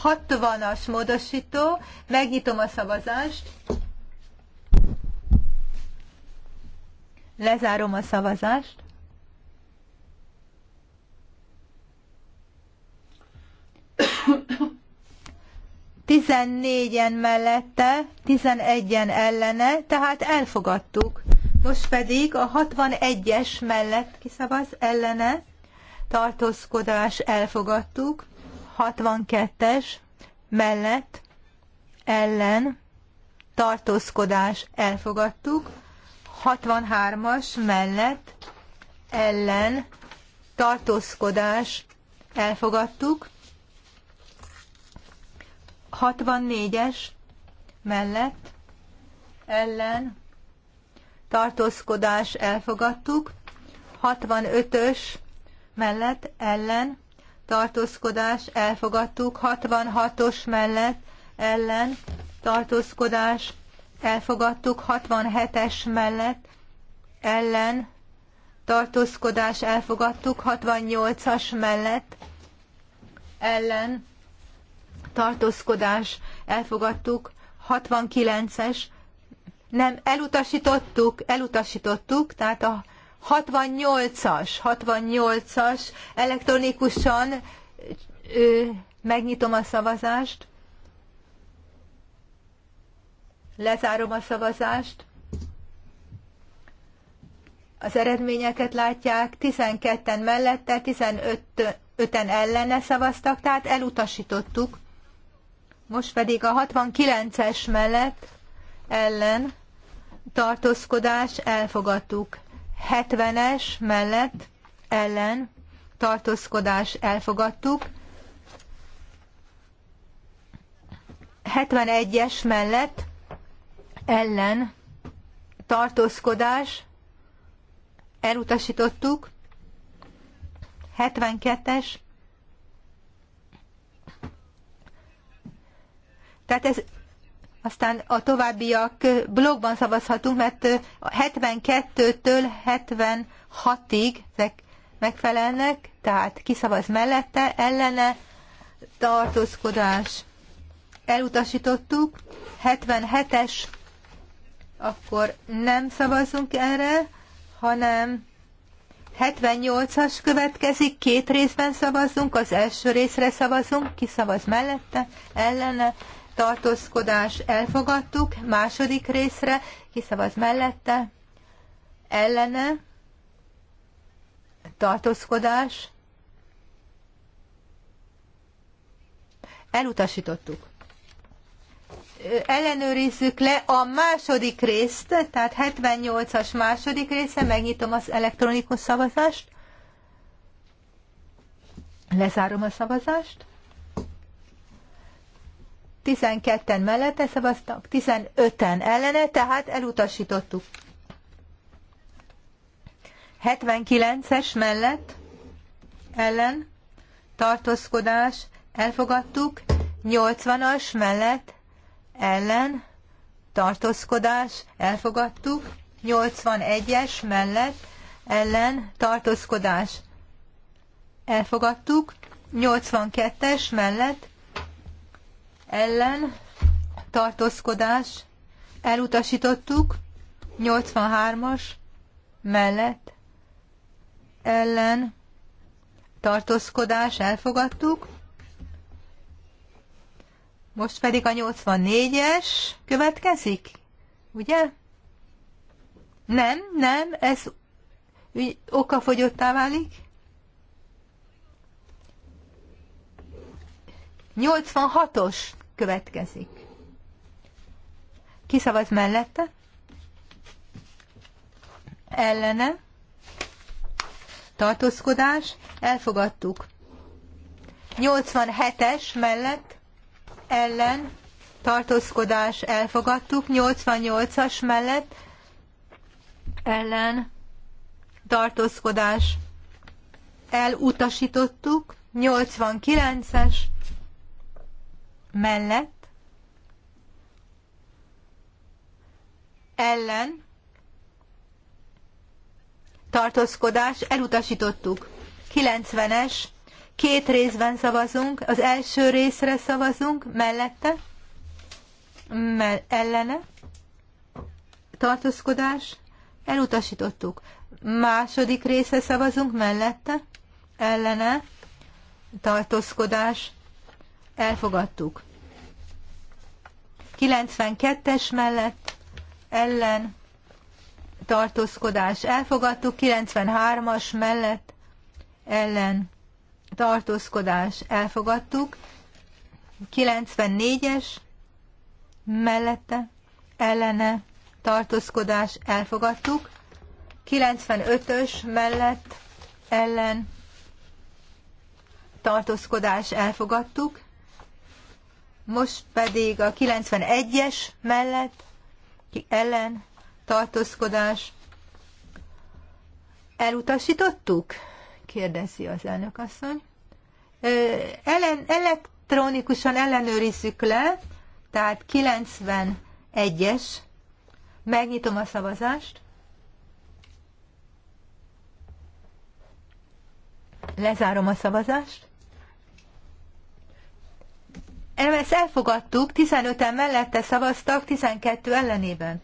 60-as módosító. Megnyitom a szavazást. Lezárom a szavazást. Tizennégyen mellette, tizenegyen ellene, tehát elfogadtuk. Most pedig a 61-es mellett kiszavaz ellene, tartózkodás elfogadtuk, 62-es mellett, ellen, tartózkodás elfogadtuk, 63-as mellett ellen tartózkodás elfogadtuk. 64-es mellett ellen tartózkodás elfogadtuk. 65-ös mellett ellen tartózkodás elfogadtuk. 66-os mellett ellen tartózkodás elfogadtuk, 67-es mellett ellen tartózkodás elfogadtuk, 68-as mellett ellen tartózkodás elfogadtuk, 69-es nem, elutasítottuk, elutasítottuk, tehát a 68-as, 68-as elektronikusan ö, megnyitom a szavazást. Lezárom a szavazást. Az eredményeket látják, 12-en mellette, 15-en ellene szavaztak, tehát elutasítottuk. Most pedig a 69-es mellett ellen tartózkodás elfogadtuk. 70-es mellett ellen tartózkodás elfogadtuk. 71-es mellett ellen tartózkodás elutasítottuk. 72-es. Tehát ez aztán a továbbiak blogban szavazhatunk, mert 72-től 76-ig ezek megfelelnek, tehát kiszavaz mellette, ellene tartózkodás elutasítottuk. 77-es akkor nem szavazunk erre, hanem 78-as következik, két részben szavazunk, az első részre szavazunk, ki szavaz mellette, ellene, tartózkodás elfogadtuk, második részre, ki szavaz mellette, ellene, tartózkodás, elutasítottuk ellenőrizzük le a második részt, tehát 78-as második része, megnyitom az elektronikus szavazást. Lezárom a szavazást. 12-en mellette szavaztak, 15-en ellene, tehát elutasítottuk. 79-es mellett ellen tartózkodás elfogadtuk, 80-as mellett ellen, tartózkodás, elfogadtuk. 81-es mellett, ellen, tartózkodás, elfogadtuk. 82-es mellett, ellen, tartózkodás, elutasítottuk. 83-as mellett, ellen, tartózkodás, elfogadtuk. Most pedig a 84-es következik, ugye? Nem, nem, ez okafogyottá válik. 86-os következik. Kiszavaz mellette? Ellene? Tartózkodás? Elfogadtuk. 87-es mellett? ellen tartózkodás elfogadtuk, 88-as mellett ellen tartózkodás elutasítottuk, 89-es mellett ellen tartózkodás elutasítottuk. 90-es Két részben szavazunk. Az első részre szavazunk, mellette, mell ellene, tartózkodás, elutasítottuk. Második része szavazunk, mellette, ellene, tartózkodás, elfogadtuk. 92-es mellett, ellen, tartózkodás, elfogadtuk. 93-as mellett, ellen, tartózkodás elfogadtuk, 94-es mellette ellene tartózkodás elfogadtuk, 95-ös mellett ellen tartózkodás elfogadtuk, most pedig a 91-es mellett ellen tartózkodás elutasítottuk? kérdezi az asszony. Ellen, elektronikusan ellenőrizzük le, tehát 91-es. Megnyitom a szavazást. Lezárom a szavazást. Ezt elfogadtuk, 15-en mellette szavaztak, 12 ellenében.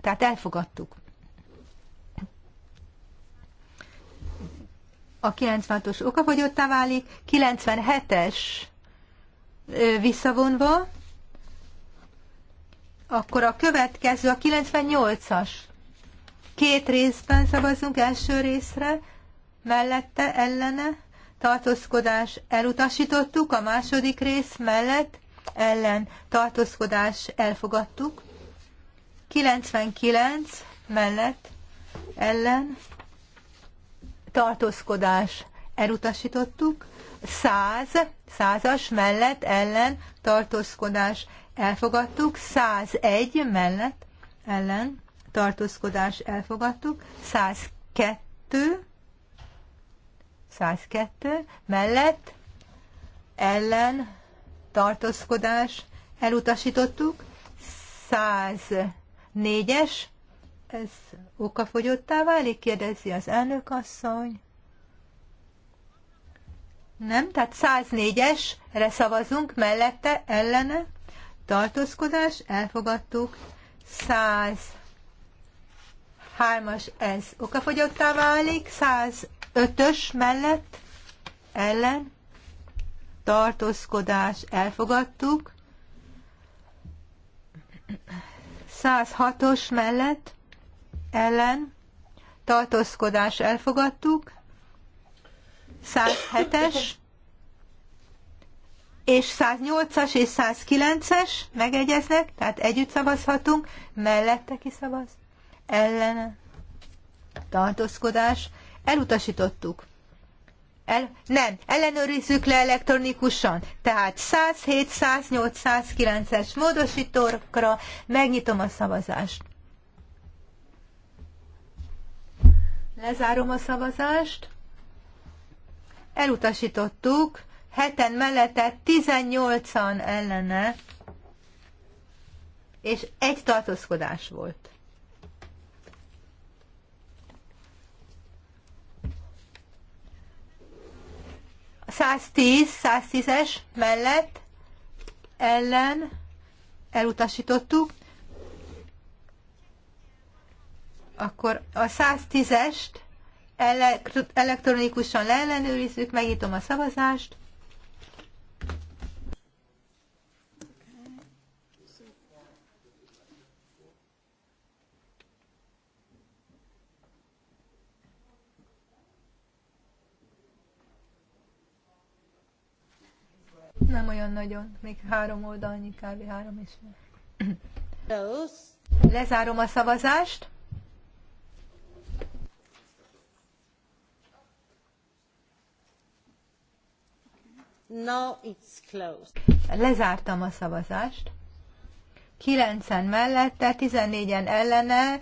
Tehát elfogadtuk. a 96-os okafogyottá válik, 97-es visszavonva, akkor a következő a 98-as. Két részben szavazunk, első részre, mellette, ellene, tartózkodás elutasítottuk, a második rész mellett, ellen, tartózkodás elfogadtuk, 99 mellett, ellen, tartózkodás elutasítottuk, Száz százas mellett ellen tartózkodás elfogadtuk, egy mellett ellen tartózkodás elfogadtuk, száz kettő mellett ellen tartózkodás elutasítottuk, Száz négyes ez okafogyottá válik? kérdezi az asszony. Nem, tehát 104-esre szavazunk, mellette, ellene, tartózkodás, elfogadtuk, 103-as ez okafogyottá válik, 105-ös mellett, ellen, tartózkodás, elfogadtuk, 106-os mellett, ellen tartózkodás elfogadtuk, 107-es, és 108-as és 109-es megegyeznek, tehát együtt szavazhatunk, mellette kiszavaz, ellene tartózkodás, elutasítottuk. El, nem, ellenőrizzük le elektronikusan. Tehát 107, 108, 109-es módosítókra megnyitom a szavazást. Lezárom a szavazást. Elutasítottuk. Heten mellette 18-an ellene, és egy tartózkodás volt. A 110, 110-es mellett ellen elutasítottuk, Akkor a 110-est elektronikusan leellenőrizzük, megnyitom a szavazást. Nem olyan nagyon, még három oldalnyi, kb. három és fél. Lezárom a szavazást. Now it's closed. Lezártam a szavazást. 9-en mellette, 14-en ellene,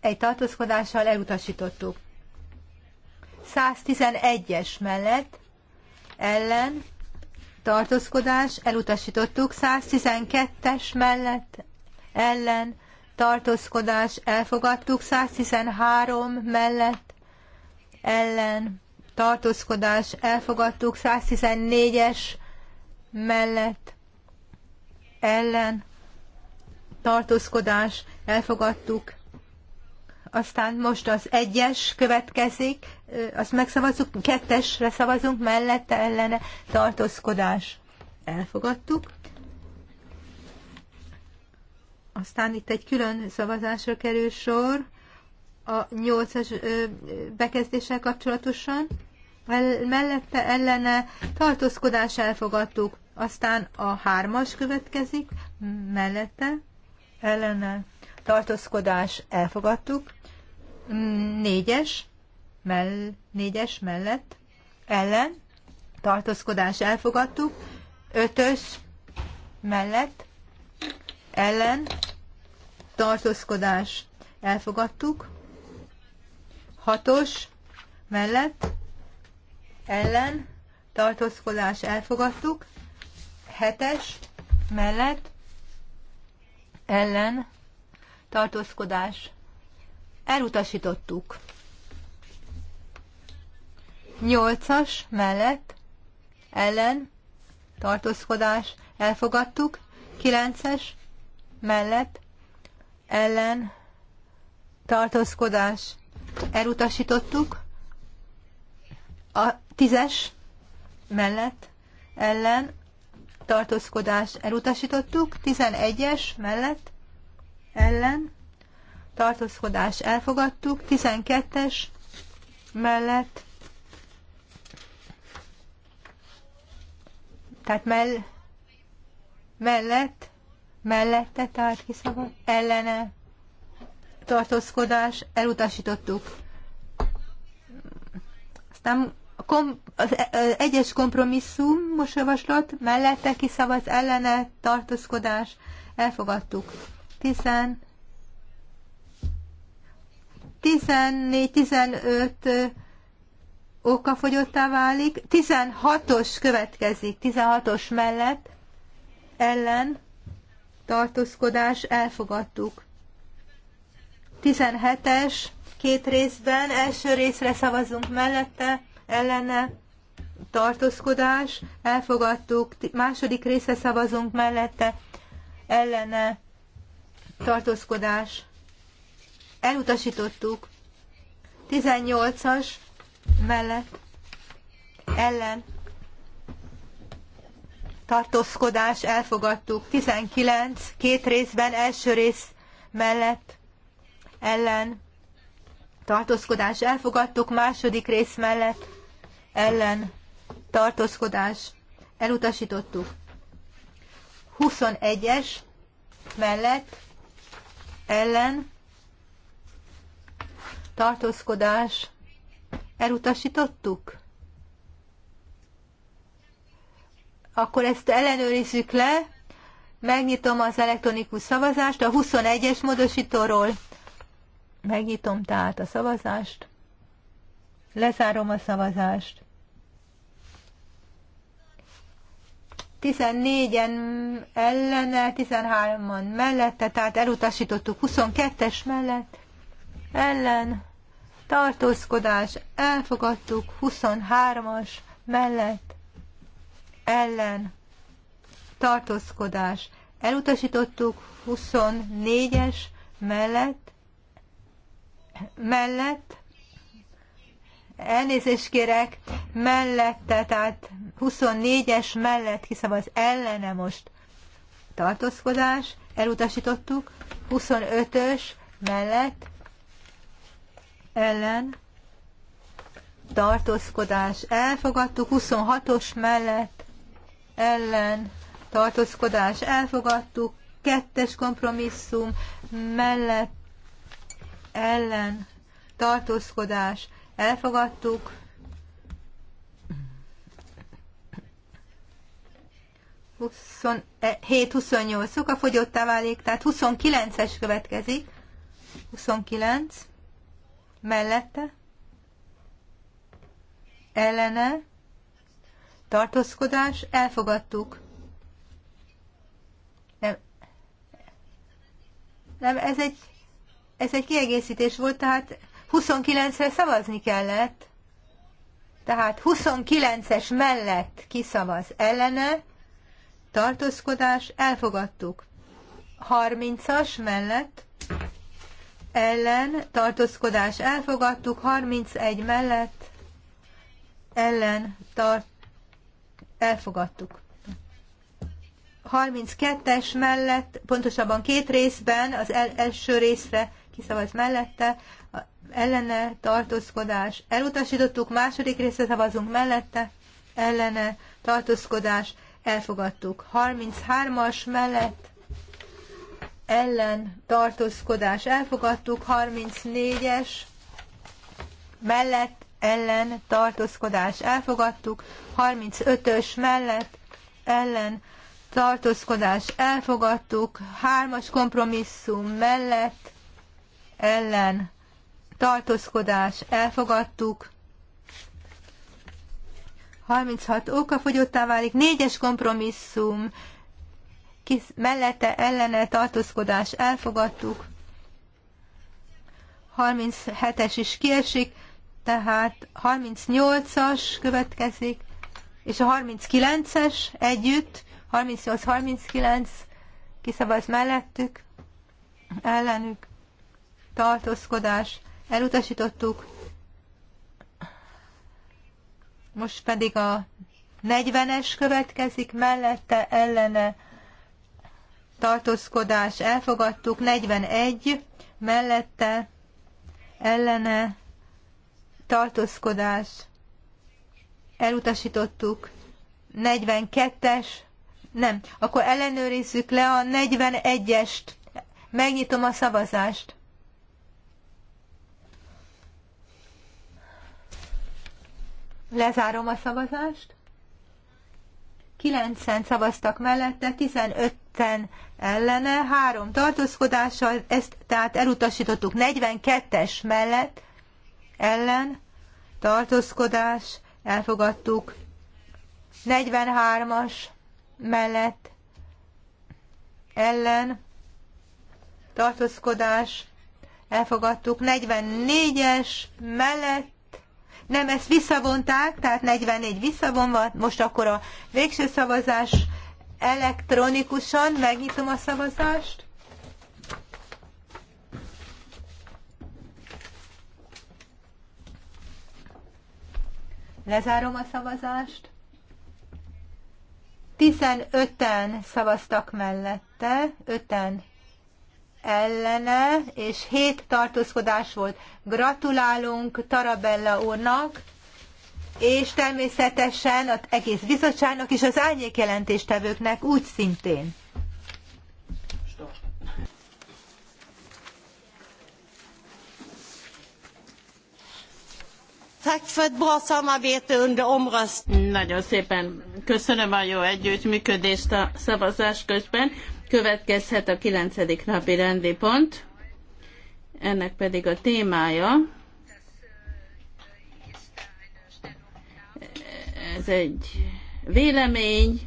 egy tartózkodással elutasítottuk. 111-es mellett ellen tartózkodás elutasítottuk, 112-es mellett ellen tartózkodás elfogadtuk, 113 mellett ellen tartózkodás elfogadtuk, 114-es mellett ellen tartózkodás elfogadtuk, aztán most az egyes következik, azt megszavazunk, kettesre szavazunk, mellette ellene tartózkodás. Elfogadtuk. Aztán itt egy külön szavazásra kerül sor a nyolcas bekezdéssel kapcsolatosan el, mellette ellene tartózkodás elfogadtuk, aztán a hármas következik, mellette ellene tartózkodás elfogadtuk, négyes, mell, négyes mellett ellen tartózkodás elfogadtuk, ötös mellett ellen tartózkodás elfogadtuk, hatos mellett ellen, tartózkodás elfogadtuk, hetes mellett, ellen, tartózkodás elutasítottuk. Nyolcas mellett, ellen, tartózkodás elfogadtuk, kilences mellett, ellen, tartózkodás elutasítottuk, a Tízes mellett ellen tartózkodást elutasítottuk, 11-es mellett ellen tartózkodást elfogadtuk, 12-es mellett tehát mell, mellett mellette, tehát kiszabad, ellene tartózkodás elutasítottuk. Aztán kom, az e, egyes kompromisszumos javaslat mellette kiszavaz ellene tartózkodás. Elfogadtuk. 10, 14, 15 okafogyottá válik. 16-os következik. 16-os mellett ellen tartózkodás elfogadtuk. 17-es két részben, első részre szavazunk mellette, ellene tartózkodás, elfogadtuk, második része szavazunk mellette, ellene tartózkodás, elutasítottuk, 18-as mellett, ellen tartózkodás, elfogadtuk, 19, két részben, első rész mellett, ellen tartózkodás, elfogadtuk, második rész mellett, ellen tartózkodás elutasítottuk. 21-es mellett ellen tartózkodás elutasítottuk? Akkor ezt ellenőrizzük le, megnyitom az elektronikus szavazást, a 21-es módosítóról megnyitom tehát a szavazást, lezárom a szavazást, 14-en ellene, 13-an mellette, tehát elutasítottuk 22-es mellett, ellen, tartózkodás, elfogadtuk 23-as mellett, ellen, tartózkodás, elutasítottuk 24-es mellett, mellett, elnézést kérek, mellette, tehát 24-es mellett az ellene most tartózkodás, elutasítottuk, 25-ös mellett ellen tartózkodás, elfogadtuk, 26-os mellett ellen tartózkodás, elfogadtuk, kettes kompromisszum mellett ellen tartózkodás, elfogadtuk, 27-28 szokafogyottá eh, válik, tehát 29-es következik. 29 mellette ellene tartózkodás elfogadtuk. Nem, nem ez, egy, ez egy kiegészítés volt, tehát 29-re szavazni kellett. Tehát 29-es mellett kiszavaz ellene, tartózkodás, elfogadtuk. 30-as mellett ellen tartózkodás elfogadtuk, 31 mellett ellen tart elfogadtuk. 32-es mellett, pontosabban két részben, az el, első részre kiszavaz mellette, ellene tartózkodás elutasítottuk, második részre szavazunk mellette, ellene tartózkodás elfogadtuk. 33-as mellett ellen tartózkodás elfogadtuk, 34-es mellett ellen tartózkodás elfogadtuk, 35-ös mellett ellen tartózkodás elfogadtuk, 3-as kompromisszum mellett ellen tartózkodás elfogadtuk, 36 okafogyottá válik, 4 kompromisszum, kis, mellette ellene tartózkodás elfogadtuk, 37-es is kiesik, tehát 38-as következik, és a 39-es együtt, 38-39 kiszavaz mellettük, ellenük, tartózkodás, elutasítottuk, most pedig a 40-es következik, mellette ellene tartózkodás elfogadtuk, 41 mellette ellene tartózkodás elutasítottuk, 42-es, nem, akkor ellenőrizzük le a 41-est, megnyitom a szavazást. Lezárom a szavazást. 9-en szavaztak mellette, 15-en ellene, három tartózkodással, ezt tehát elutasítottuk 42-es mellett, ellen, tartózkodás, elfogadtuk 43-as mellett, ellen, tartózkodás, elfogadtuk 44-es mellett, nem, ezt visszavonták, tehát 44 visszavonva, most akkor a végső szavazás elektronikusan, megnyitom a szavazást. Lezárom a szavazást. 15-en szavaztak mellette, 5-en ellene, és hét tartózkodás volt. Gratulálunk Tarabella úrnak, és természetesen az egész bizottságnak és az árnyék jelentéstevőknek úgy szintén. under Nagyon szépen köszönöm a jó együttműködést a szavazás közben. Következhet a kilencedik napi rendi pont, ennek pedig a témája, ez egy vélemény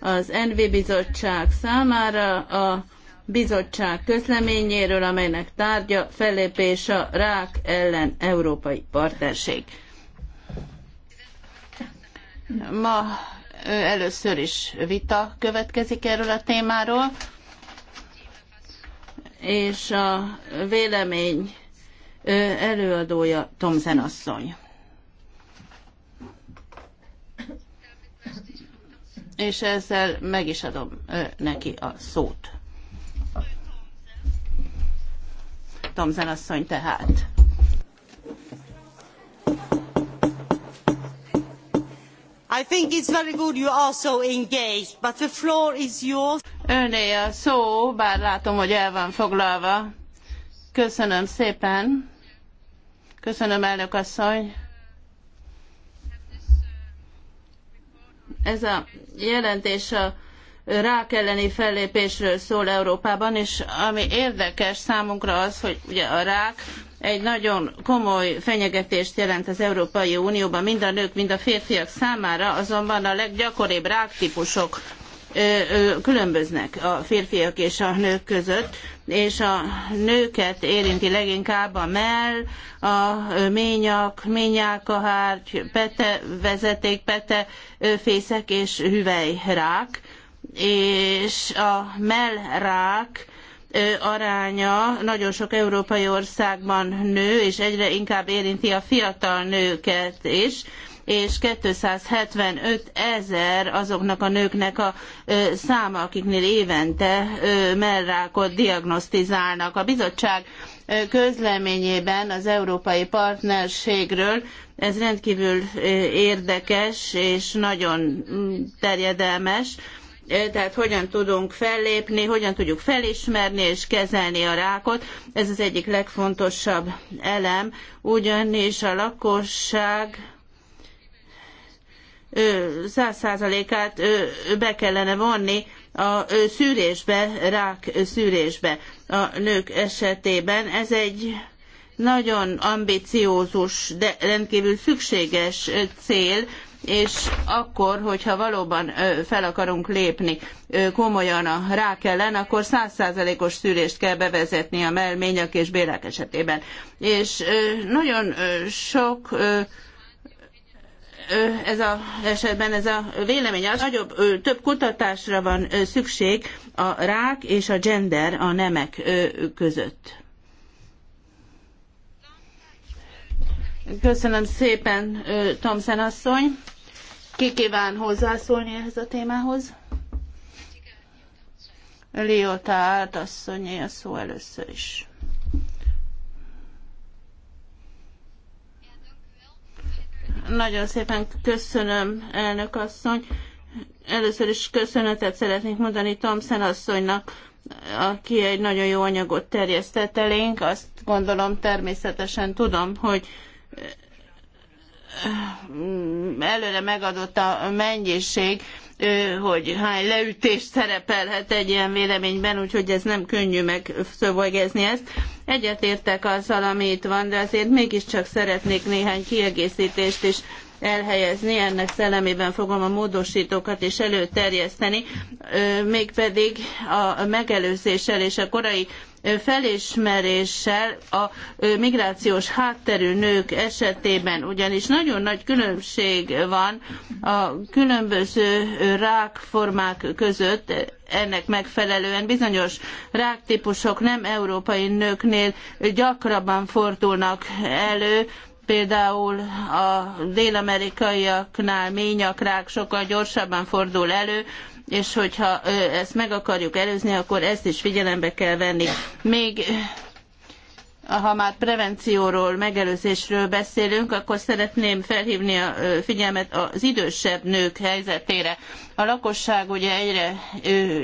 az NV Bizottság számára a bizottság közleményéről, amelynek tárgya fellépés a rák ellen európai partnerség. Ma Először is vita következik erről a témáról, és a vélemény előadója Tomzen asszony. És ezzel meg is adom neki a szót. Tomzen asszony tehát. I think it's very good you are so engaged, but the floor is yours. Öné a szó, bár látom, hogy el van foglalva. Köszönöm szépen. Köszönöm, elnök asszony. Ez a jelentés a rák elleni fellépésről szól Európában, és ami érdekes számunkra az, hogy ugye a rák egy nagyon komoly fenyegetést jelent az Európai Unióban mind a nők, mind a férfiak számára, azonban a leggyakoribb ráktípusok különböznek a férfiak és a nők között, és a nőket érinti leginkább a mell, a ményak, ményákahárty, pete, vezeték, pete, fészek és hüvelyrák, és a mellrák aránya nagyon sok európai országban nő, és egyre inkább érinti a fiatal nőket is és 275 ezer azoknak a nőknek a száma, akiknél évente mellrákot diagnosztizálnak. A bizottság közleményében az európai partnerségről ez rendkívül érdekes és nagyon mm, terjedelmes tehát hogyan tudunk fellépni, hogyan tudjuk felismerni és kezelni a rákot. Ez az egyik legfontosabb elem, ugyanis a lakosság száz százalékát be kellene vonni a szűrésbe, rák szűrésbe a nők esetében. Ez egy nagyon ambiciózus, de rendkívül szükséges cél, és akkor, hogyha valóban fel akarunk lépni komolyan a rák ellen, akkor százszázalékos szűrést kell bevezetni a melmények és bélek esetében. És nagyon sok ez a esetben ez a vélemény az nagyobb, több kutatásra van szükség a rák és a gender a nemek között. Köszönöm szépen, Tomszen asszony. Ki kíván hozzászólni ehhez a témához? Liotárt asszonyé a szó először is. Nagyon szépen köszönöm, elnök asszony. Először is köszönetet szeretnék mondani Tomszen asszonynak, aki egy nagyon jó anyagot terjesztett elénk. Azt gondolom természetesen tudom, hogy előre megadott a mennyiség, hogy hány leütés szerepelhet egy ilyen véleményben, úgyhogy ez nem könnyű megszövegezni ezt. Egyetértek azzal, ami itt van, de azért mégiscsak szeretnék néhány kiegészítést is elhelyezni, ennek szellemében fogom a módosítókat is előterjeszteni, mégpedig a megelőzéssel és a korai felismeréssel a migrációs hátterű nők esetében, ugyanis nagyon nagy különbség van a különböző rákformák között, ennek megfelelően bizonyos ráktípusok nem európai nőknél gyakrabban fordulnak elő, például a dél-amerikaiaknál ményakrák sokkal gyorsabban fordul elő, és hogyha ezt meg akarjuk előzni, akkor ezt is figyelembe kell venni. Még ha már prevencióról, megelőzésről beszélünk, akkor szeretném felhívni a figyelmet az idősebb nők helyzetére. A lakosság ugye egyre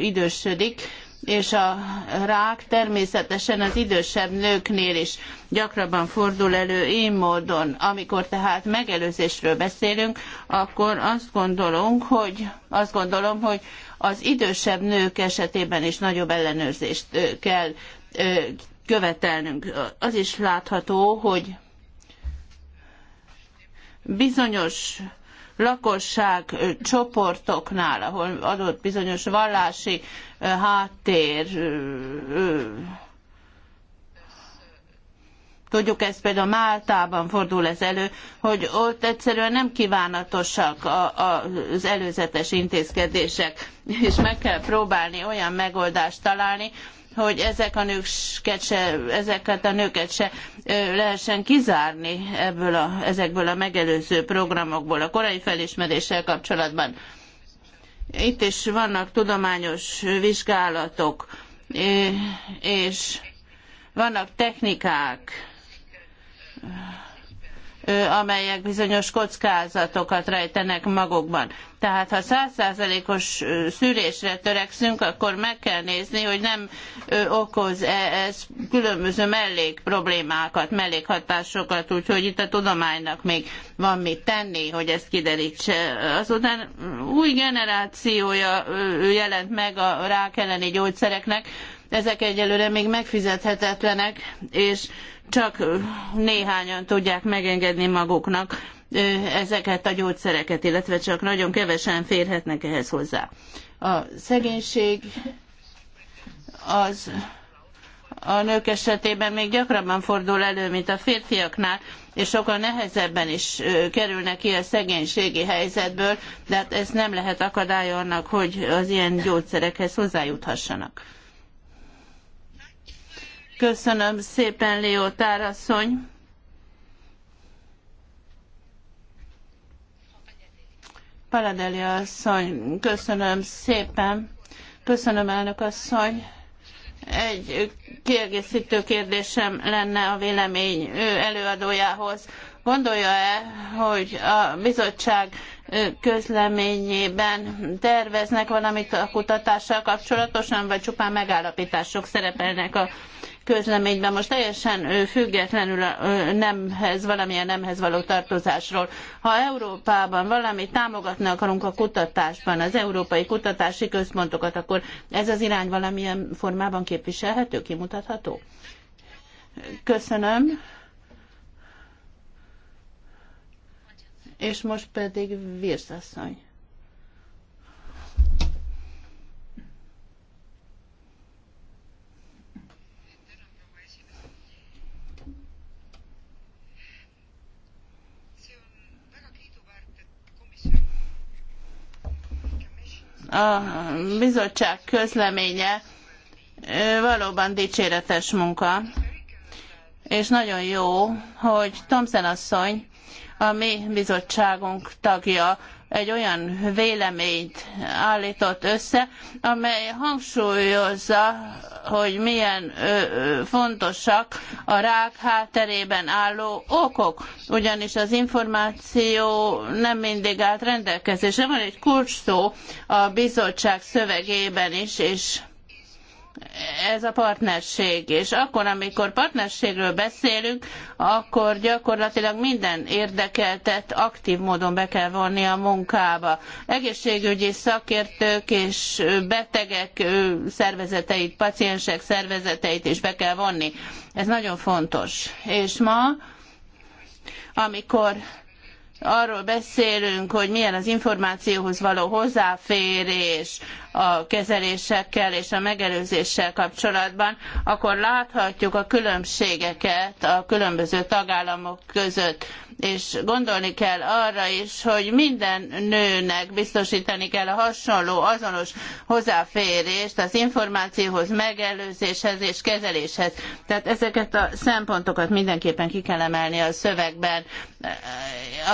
idősödik, és a rák természetesen az idősebb nőknél is gyakrabban fordul elő így módon. Amikor tehát megelőzésről beszélünk, akkor azt gondolunk, hogy azt gondolom, hogy az idősebb nők esetében is nagyobb ellenőrzést kell követelnünk. Az is látható, hogy bizonyos lakosság csoportoknál, ahol adott bizonyos vallási háttér Tudjuk ezt például Máltában fordul ez elő, hogy ott egyszerűen nem kívánatosak a, a, az előzetes intézkedések, és meg kell próbálni olyan megoldást találni, hogy ezek a nőket se, ezeket a nőket se lehessen kizárni ebből a, ezekből a megelőző programokból a korai felismeréssel kapcsolatban. Itt is vannak tudományos vizsgálatok, és vannak technikák, amelyek bizonyos kockázatokat rejtenek magukban. Tehát ha százszázalékos szűrésre törekszünk, akkor meg kell nézni, hogy nem okoz -e ez különböző mellék problémákat, mellékhatásokat, úgyhogy itt a tudománynak még van mit tenni, hogy ezt kiderítse. Azután új generációja jelent meg a rák elleni gyógyszereknek, ezek egyelőre még megfizethetetlenek, és csak néhányan tudják megengedni maguknak ezeket a gyógyszereket, illetve csak nagyon kevesen férhetnek ehhez hozzá. A szegénység az a nők esetében még gyakrabban fordul elő, mint a férfiaknál, és sokkal nehezebben is kerülnek ki a szegénységi helyzetből, de hát ez nem lehet akadálya annak, hogy az ilyen gyógyszerekhez hozzájuthassanak. Köszönöm szépen, Lió tárasszony. Paladeli asszony, köszönöm szépen. Köszönöm, elnök asszony. Egy kiegészítő kérdésem lenne a vélemény előadójához. Gondolja-e, hogy a bizottság közleményében terveznek valamit a kutatással kapcsolatosan, vagy csupán megállapítások szerepelnek a közleményben most teljesen függetlenül a nemhez, valamilyen nemhez való tartozásról. Ha Európában valamit támogatni akarunk a kutatásban, az európai kutatási központokat, akkor ez az irány valamilyen formában képviselhető, kimutatható? Köszönöm. És most pedig Virsz asszony. a bizottság közleménye valóban dicséretes munka, és nagyon jó, hogy Thomsen asszony, a mi bizottságunk tagja, egy olyan véleményt állított össze, amely hangsúlyozza, hogy milyen ö, fontosak a rák hátterében álló okok, ugyanis az információ nem mindig állt rendelkezésre. Van egy kulcs szó a bizottság szövegében is, és ez a partnerség. És akkor, amikor partnerségről beszélünk, akkor gyakorlatilag minden érdekeltet aktív módon be kell vonni a munkába. Egészségügyi szakértők és betegek szervezeteit, paciensek szervezeteit is be kell vonni. Ez nagyon fontos. És ma, amikor arról beszélünk, hogy milyen az információhoz való hozzáférés a kezelésekkel és a megelőzéssel kapcsolatban, akkor láthatjuk a különbségeket a különböző tagállamok között. És gondolni kell arra is, hogy minden nőnek biztosítani kell a hasonló, azonos hozzáférést az információhoz, megelőzéshez és kezeléshez. Tehát ezeket a szempontokat mindenképpen ki kell emelni a szövegben.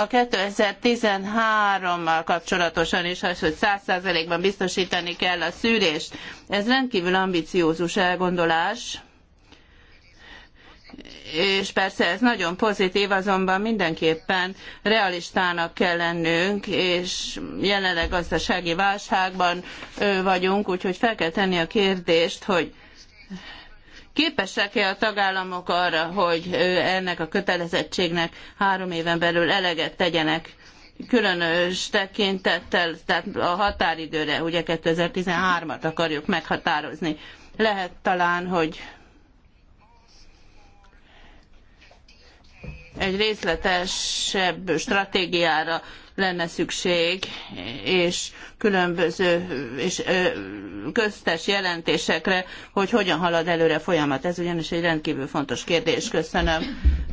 A 2013-mal kapcsolatosan is az, hogy 100%-ban biztosítani kell a szűrést. Ez rendkívül ambiciózus elgondolás, és persze ez nagyon pozitív, azonban mindenképpen realistának kell lennünk, és jelenleg gazdasági válságban vagyunk, úgyhogy fel kell tenni a kérdést, hogy Képesek-e a tagállamok arra, hogy ennek a kötelezettségnek három éven belül eleget tegyenek? különös tekintettel, tehát a határidőre, ugye 2013-at akarjuk meghatározni. Lehet talán, hogy egy részletesebb stratégiára lenne szükség, és különböző és köztes jelentésekre, hogy hogyan halad előre a folyamat. Ez ugyanis egy rendkívül fontos kérdés. Köszönöm.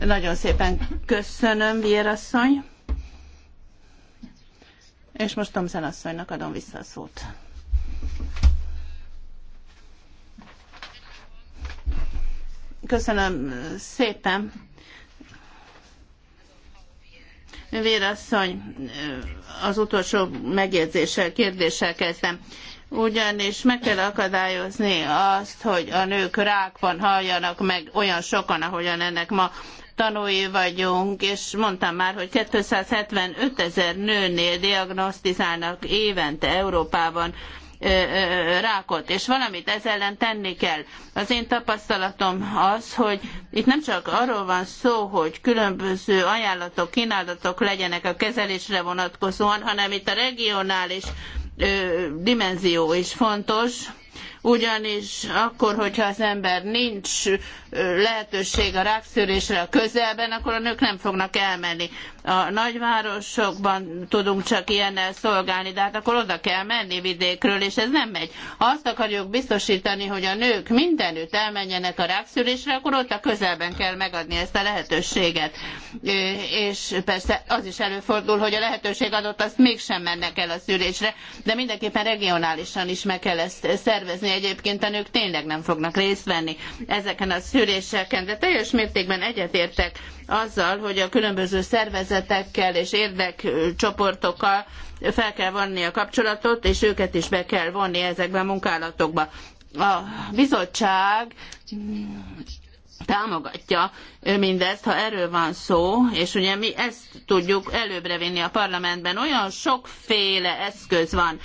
Nagyon szépen köszönöm, Bier asszony. És most Tomszen asszonynak adom vissza a szót. Köszönöm szépen Vérasszony, az utolsó megjegyzéssel, kérdéssel kezdem ugyanis meg kell akadályozni azt, hogy a nők rákban halljanak meg olyan sokan, ahogyan ennek ma tanúi vagyunk, és mondtam már, hogy 275 ezer nőnél diagnosztizálnak évente Európában rákot, és valamit ez ellen tenni kell. Az én tapasztalatom az, hogy itt nem csak arról van szó, hogy különböző ajánlatok, kínálatok legyenek a kezelésre vonatkozóan, hanem itt a regionális dimenzió is fontos, ugyanis akkor, hogyha az ember nincs lehetőség a rákszűrésre a közelben, akkor a nők nem fognak elmenni a nagyvárosokban tudunk csak ilyennel szolgálni, de hát akkor oda kell menni vidékről, és ez nem megy. Ha azt akarjuk biztosítani, hogy a nők mindenütt elmenjenek a rákszülésre, akkor ott a közelben kell megadni ezt a lehetőséget. És persze az is előfordul, hogy a lehetőség adott, azt mégsem mennek el a szülésre, de mindenképpen regionálisan is meg kell ezt szervezni. Egyébként a nők tényleg nem fognak részt venni ezeken a szüléseken, de teljes mértékben egyetértek azzal, hogy a különböző szervezetekkel és érdekcsoportokkal fel kell vonni a kapcsolatot, és őket is be kell vonni ezekbe a munkálatokba. A bizottság támogatja mindezt, ha erről van szó, és ugye mi ezt tudjuk előbbre vinni a parlamentben. Olyan sokféle eszköz van,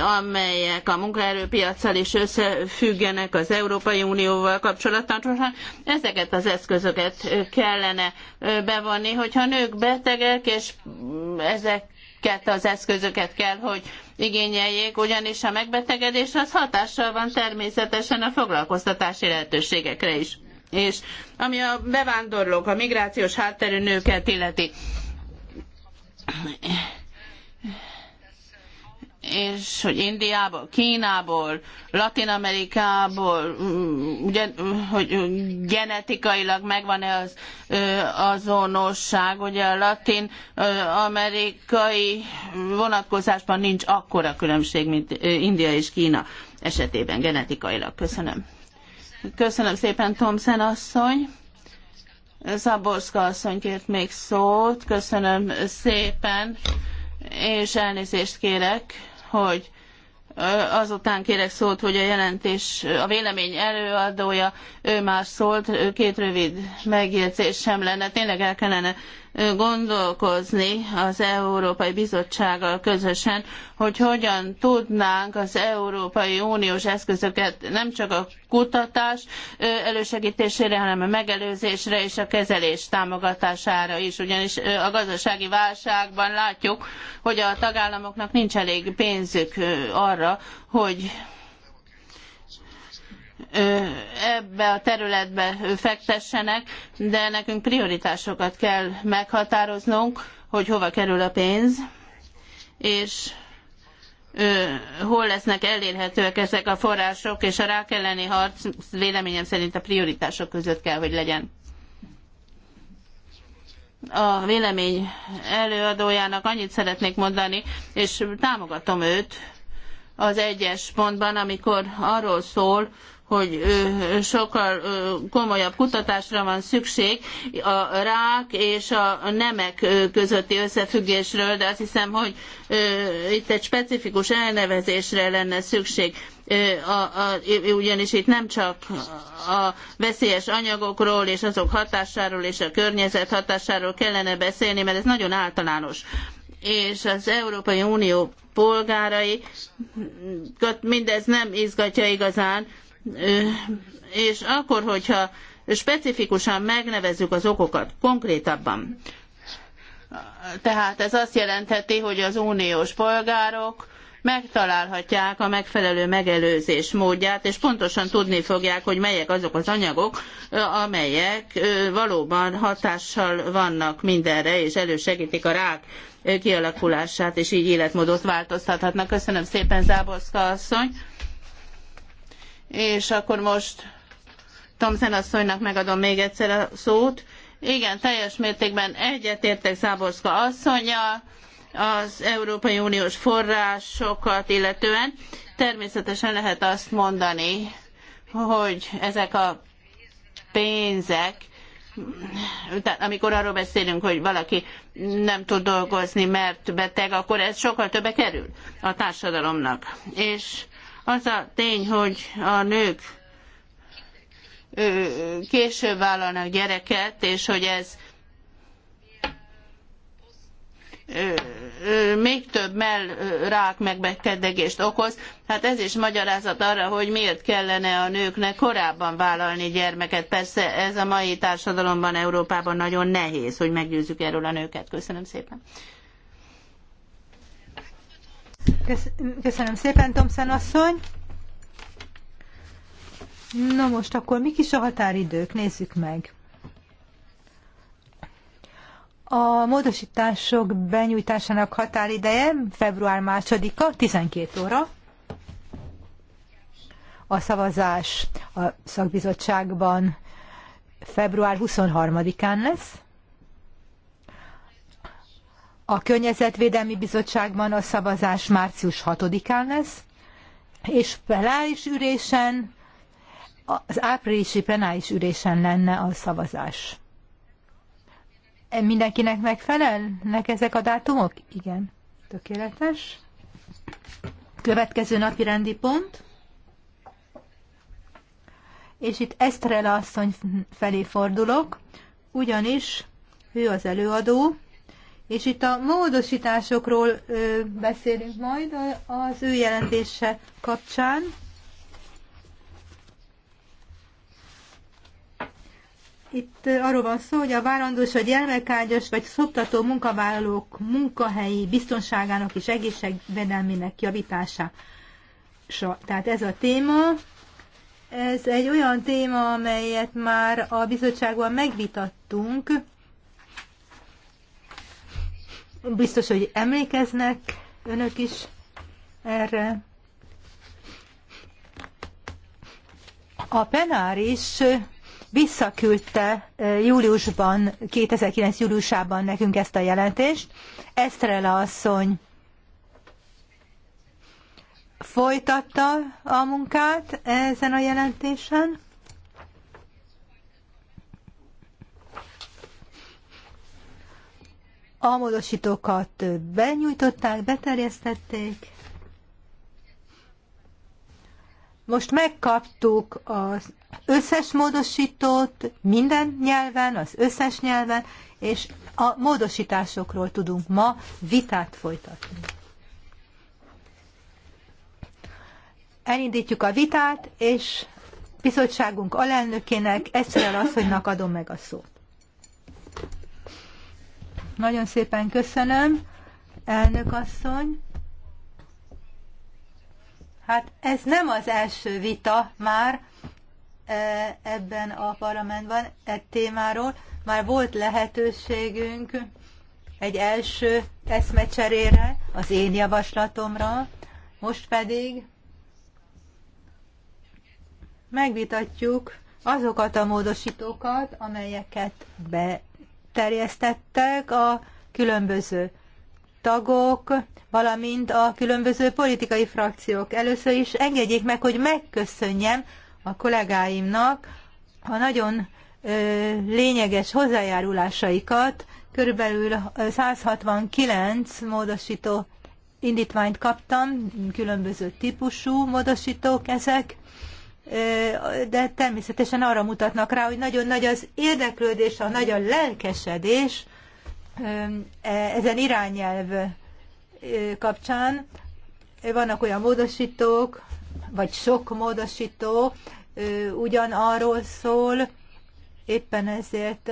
amelyek a munkaerőpiacsal is összefüggenek az Európai Unióval kapcsolatosan, hát ezeket az eszközöket kellene bevonni, hogyha nők betegek, és mm, ezeket az eszközöket kell, hogy igényeljék, ugyanis a megbetegedés az hatással van természetesen a foglalkoztatási lehetőségekre is. És ami a bevándorlók, a migrációs hátterű nőket illeti és hogy Indiából, Kínából, Latin Amerikából, mm, hogy genetikailag megvan-e az azonosság, ugye a latin amerikai vonatkozásban nincs akkora különbség, mint India és Kína esetében genetikailag. Köszönöm. Köszönöm szépen, Thomsen asszony. Zaborszka asszony kért még szót. Köszönöm szépen, és elnézést kérek hogy azután kérek szót, hogy a jelentés, a vélemény előadója, ő már szólt, két rövid megjegyzés sem lenne. Tényleg el kellene gondolkozni az Európai Bizottsággal közösen, hogy hogyan tudnánk az Európai Uniós eszközöket nem csak a kutatás elősegítésére, hanem a megelőzésre és a kezelés támogatására is, ugyanis a gazdasági válságban látjuk, hogy a tagállamoknak nincs elég pénzük arra, hogy ebbe a területbe fektessenek, de nekünk prioritásokat kell meghatároznunk, hogy hova kerül a pénz, és hol lesznek elérhetőek ezek a források, és a rák elleni harc véleményem szerint a prioritások között kell, hogy legyen. A vélemény előadójának annyit szeretnék mondani, és támogatom őt az egyes pontban, amikor arról szól, hogy sokkal komolyabb kutatásra van szükség a rák és a nemek közötti összefüggésről, de azt hiszem, hogy itt egy specifikus elnevezésre lenne szükség. A, a, ugyanis itt nem csak a veszélyes anyagokról és azok hatásáról és a környezet hatásáról kellene beszélni, mert ez nagyon általános és az Európai Unió polgárai mindez nem izgatja igazán, és akkor, hogyha specifikusan megnevezzük az okokat konkrétabban, tehát ez azt jelentheti, hogy az uniós polgárok megtalálhatják a megfelelő megelőzés módját, és pontosan tudni fogják, hogy melyek azok az anyagok, amelyek valóban hatással vannak mindenre, és elősegítik a rák kialakulását, és így életmódot változtathatnak. Köszönöm szépen, Záborszka asszony! és akkor most Tomszen asszonynak megadom még egyszer a szót. Igen, teljes mértékben egyetértek Záborszka asszonya az Európai Uniós forrásokat illetően. Természetesen lehet azt mondani, hogy ezek a pénzek tehát amikor arról beszélünk, hogy valaki nem tud dolgozni, mert beteg, akkor ez sokkal többe kerül a társadalomnak. És az a tény, hogy a nők később vállalnak gyereket, és hogy ez még több mellrák megbetegedést okoz. Hát ez is magyarázat arra, hogy miért kellene a nőknek korábban vállalni gyermeket. Persze ez a mai társadalomban, Európában nagyon nehéz, hogy meggyőzzük erről a nőket. Köszönöm szépen. Köszönöm szépen, Tomszen asszony. Na most akkor mik is a határidők? Nézzük meg. A módosítások benyújtásának határideje február 2-a, 12 óra. A szavazás a szakbizottságban február 23-án lesz. A Környezetvédelmi Bizottságban a szavazás március 6-án lesz, és plenáris ürésen, az áprilisi plenáris ürésen lenne a szavazás. Mindenkinek megfelelnek ezek a dátumok? Igen, tökéletes. Következő napi rendi pont. És itt Esztrela asszony felé fordulok, ugyanis ő az előadó, és itt a módosításokról beszélünk majd az ő jelentése kapcsán. Itt arról van szó, hogy a várandós vagy gyermekágyas vagy szoptató munkavállalók munkahelyi biztonságának és egészségvedelmének javítása. Tehát ez a téma. Ez egy olyan téma, amelyet már a bizottságban megvitattunk, Biztos, hogy emlékeznek önök is erre. A penáris visszaküldte eh, júliusban, 2009. júliusában nekünk ezt a jelentést. Esztrela asszony folytatta a munkát ezen a jelentésen. A módosítókat benyújtották, beterjesztették. Most megkaptuk az összes módosítót minden nyelven, az összes nyelven, és a módosításokról tudunk ma vitát folytatni. Elindítjuk a vitát, és bizottságunk alelnökének, egyszerűen asszonynak adom meg a szót. Nagyon szépen köszönöm, elnök asszony. Hát ez nem az első vita már e, ebben a parlamentben, e témáról. Már volt lehetőségünk egy első eszmecserére, az én javaslatomra, most pedig megvitatjuk azokat a módosítókat, amelyeket be terjesztettek a különböző tagok, valamint a különböző politikai frakciók. Először is engedjék meg, hogy megköszönjem a kollégáimnak a nagyon lényeges hozzájárulásaikat. Körülbelül 169 módosító indítványt kaptam, különböző típusú módosítók ezek de természetesen arra mutatnak rá, hogy nagyon nagy az érdeklődés, a nagy a lelkesedés e, ezen irányelv kapcsán. Vannak olyan módosítók, vagy sok módosító ugyanarról szól, éppen ezért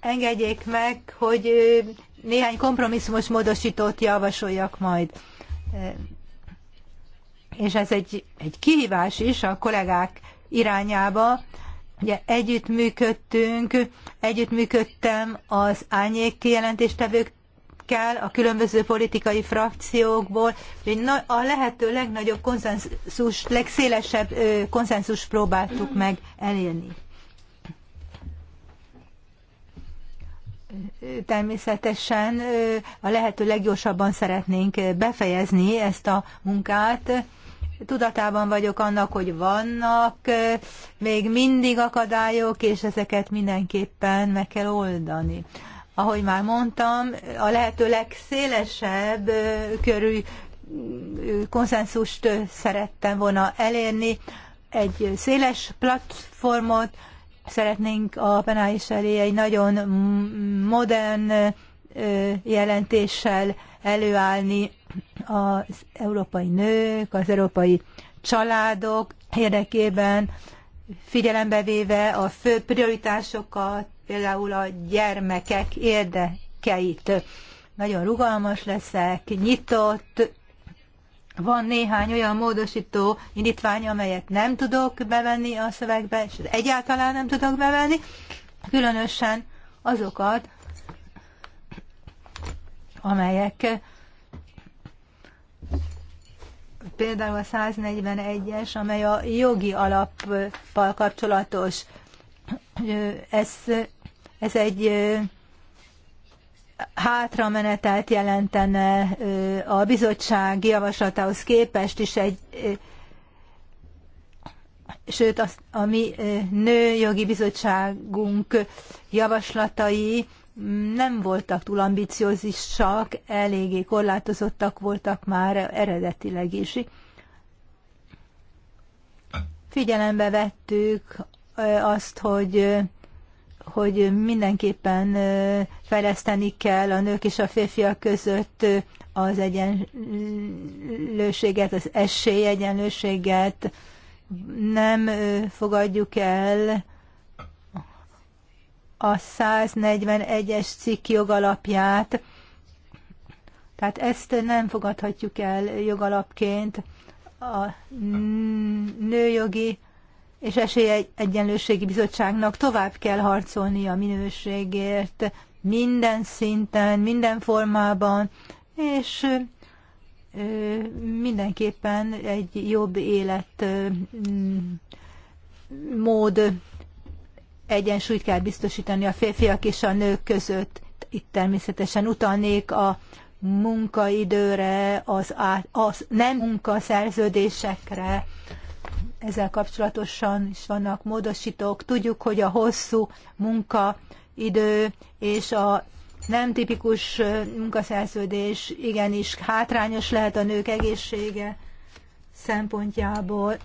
engedjék meg, hogy néhány kompromisszumos módosítót javasoljak majd és ez egy, egy kihívás is a kollégák irányába. Ugye együttműködtünk, együttműködtem az ányék kell a különböző politikai frakciókból, hogy a lehető legnagyobb konszenzus, legszélesebb konszenzus próbáltuk meg elérni. természetesen a lehető leggyorsabban szeretnénk befejezni ezt a munkát, Tudatában vagyok annak, hogy vannak még mindig akadályok, és ezeket mindenképpen meg kell oldani. Ahogy már mondtam, a lehető legszélesebb körű konszenzust szerettem volna elérni, egy széles platformot, szeretnénk a penális elé egy nagyon modern jelentéssel előállni, az európai nők, az európai családok érdekében, figyelembe véve a fő prioritásokat, például a gyermekek érdekeit. Nagyon rugalmas leszek, nyitott, van néhány olyan módosító indítvány, amelyet nem tudok bevenni a szövegbe, és egyáltalán nem tudok bevenni, különösen azokat, amelyek például a 141-es, amely a jogi alappal kapcsolatos. Ez, ez egy hátramenetelt jelentene a bizottság javaslatához képest is egy sőt, az, a mi nőjogi bizottságunk javaslatai nem voltak túl ambiciózisak, eléggé korlátozottak voltak már eredetileg is. Figyelembe vettük azt, hogy hogy mindenképpen fejleszteni kell a nők és a férfiak között az egyenlőséget, az esélyegyenlőséget. Nem fogadjuk el a 141-es cikk jogalapját. Tehát ezt nem fogadhatjuk el jogalapként a nőjogi és esélyegyenlőségi bizottságnak tovább kell harcolni a minőségért minden szinten, minden formában, és mindenképpen egy jobb élet mód egyensúlyt kell biztosítani a férfiak és a nők között. Itt természetesen utalnék a munkaidőre, az, át, az nem munkaszerződésekre, ezzel kapcsolatosan is vannak módosítók. Tudjuk, hogy a hosszú munkaidő és a nem tipikus munkaszerződés igenis hátrányos lehet a nők egészsége szempontjából.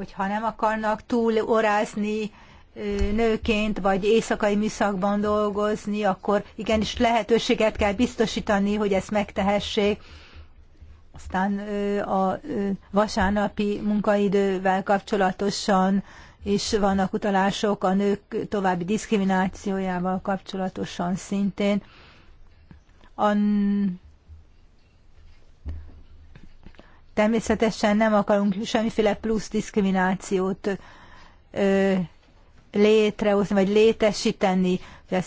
hogyha nem akarnak túl orázni nőként, vagy éjszakai műszakban dolgozni, akkor igenis lehetőséget kell biztosítani, hogy ezt megtehessék. Aztán a vasárnapi munkaidővel kapcsolatosan is vannak utalások a nők további diszkriminációjával kapcsolatosan szintén. A Természetesen nem akarunk semmiféle plusz diszkriminációt ö, létrehozni, vagy létesíteni. Ez,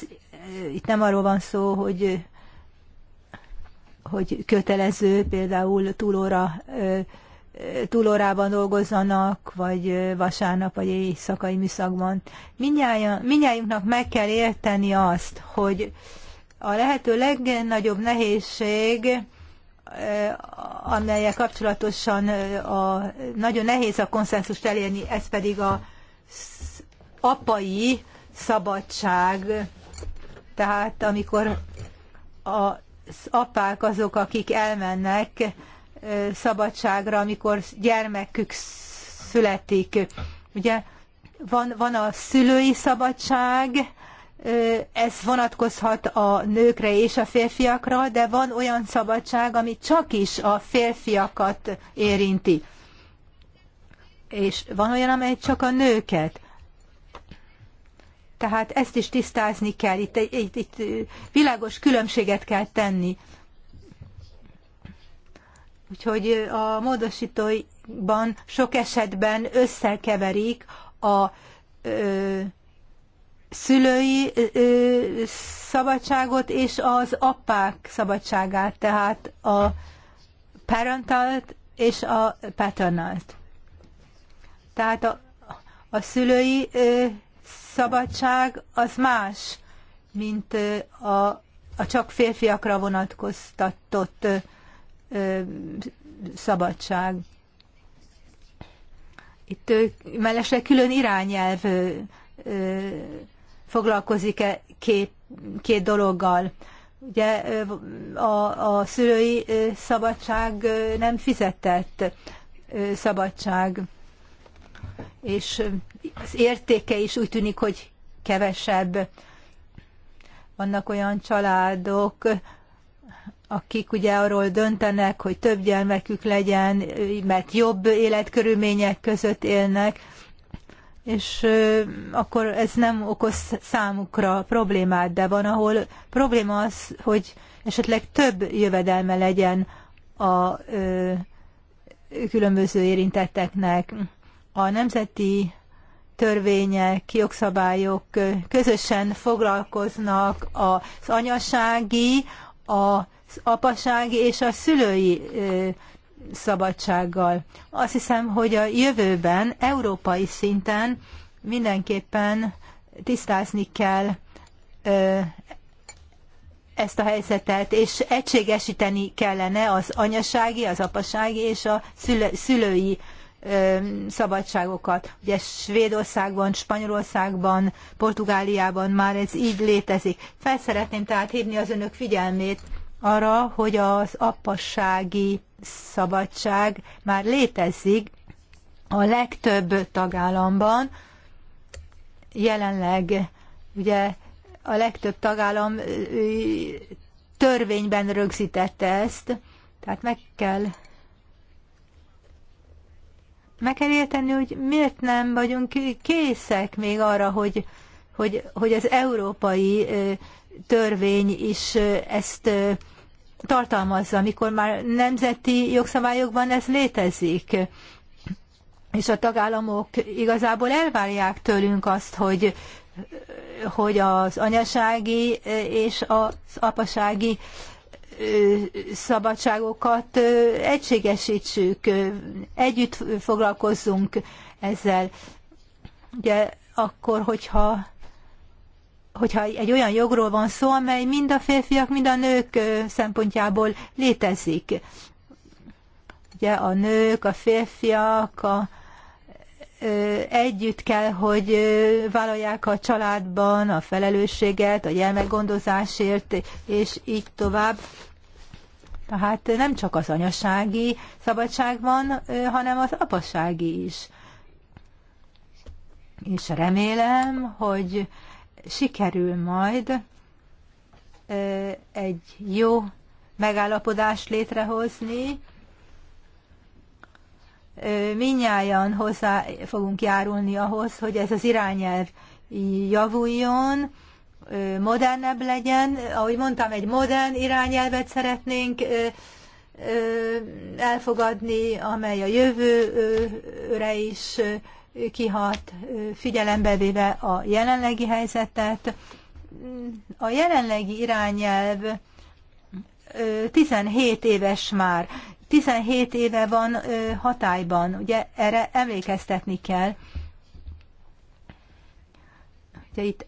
itt nem arról van szó, hogy hogy kötelező például túlóra, túlórában dolgozzanak, vagy vasárnap, vagy éjszakai műszakban. Mindjájunknak meg kell érteni azt, hogy a lehető legnagyobb nehézség Eh, amelyek kapcsolatosan eh, a, nagyon nehéz a konszenzust elérni, ez pedig a apai szabadság. Tehát amikor az apák azok, akik elmennek eh, szabadságra, amikor gyermekük születik. Ugye van, van a szülői szabadság, ez vonatkozhat a nőkre és a férfiakra, de van olyan szabadság, ami csak is a férfiakat érinti. És van olyan, amely csak a nőket. Tehát ezt is tisztázni kell, itt, itt, itt világos különbséget kell tenni. Úgyhogy a módosítóiban sok esetben összekeverik a ö, szülői szabadságot és az apák szabadságát, tehát a parentalt és a paternalt. Tehát a, a szülői szabadság az más, mint a, a csak férfiakra vonatkoztatott szabadság. Itt mellesleg külön irányelv foglalkozik-e két, két dologgal. Ugye a, a szülői szabadság nem fizetett szabadság, és az értéke is úgy tűnik, hogy kevesebb. Vannak olyan családok, akik ugye arról döntenek, hogy több gyermekük legyen, mert jobb életkörülmények között élnek, és akkor ez nem okoz számukra problémát, de van, ahol probléma az, hogy esetleg több jövedelme legyen a különböző érintetteknek. A nemzeti törvények, jogszabályok közösen foglalkoznak az anyasági, az apasági és a szülői szabadsággal. Azt hiszem, hogy a jövőben európai szinten mindenképpen tisztázni kell ezt a helyzetet, és egységesíteni kellene az anyasági, az apasági és a szülői szabadságokat. Ugye Svédországban, Spanyolországban, Portugáliában már ez így létezik. Felszeretném tehát hívni az önök figyelmét arra, hogy az apassági szabadság már létezik a legtöbb tagállamban. Jelenleg ugye a legtöbb tagállam törvényben rögzítette ezt, tehát meg kell meg kell érteni, hogy miért nem vagyunk készek még arra, hogy, hogy, hogy az európai törvény is ezt tartalmazza, mikor már nemzeti jogszabályokban ez létezik. És a tagállamok igazából elvárják tőlünk azt, hogy hogy az anyasági és az apasági szabadságokat egységesítsük, együtt foglalkozzunk ezzel. Ugye akkor, hogyha hogyha egy olyan jogról van szó, amely mind a férfiak, mind a nők szempontjából létezik. Ugye a nők, a férfiak a, ö, együtt kell, hogy ö, vállalják a családban a felelősséget, a gyermekgondozásért, és így tovább. Tehát nem csak az anyasági szabadság van, ö, hanem az apasági is. És remélem, hogy ö, sikerül majd egy jó megállapodást létrehozni, minnyáján hozzá fogunk járulni ahhoz, hogy ez az irányelv javuljon, modernebb legyen. Ahogy mondtam, egy modern irányelvet szeretnénk elfogadni, amely a jövőre is kihat, figyelembe véve a jelenlegi helyzetet. A jelenlegi irányelv 17 éves már. 17 éve van hatályban, ugye erre emlékeztetni kell. Ugye itt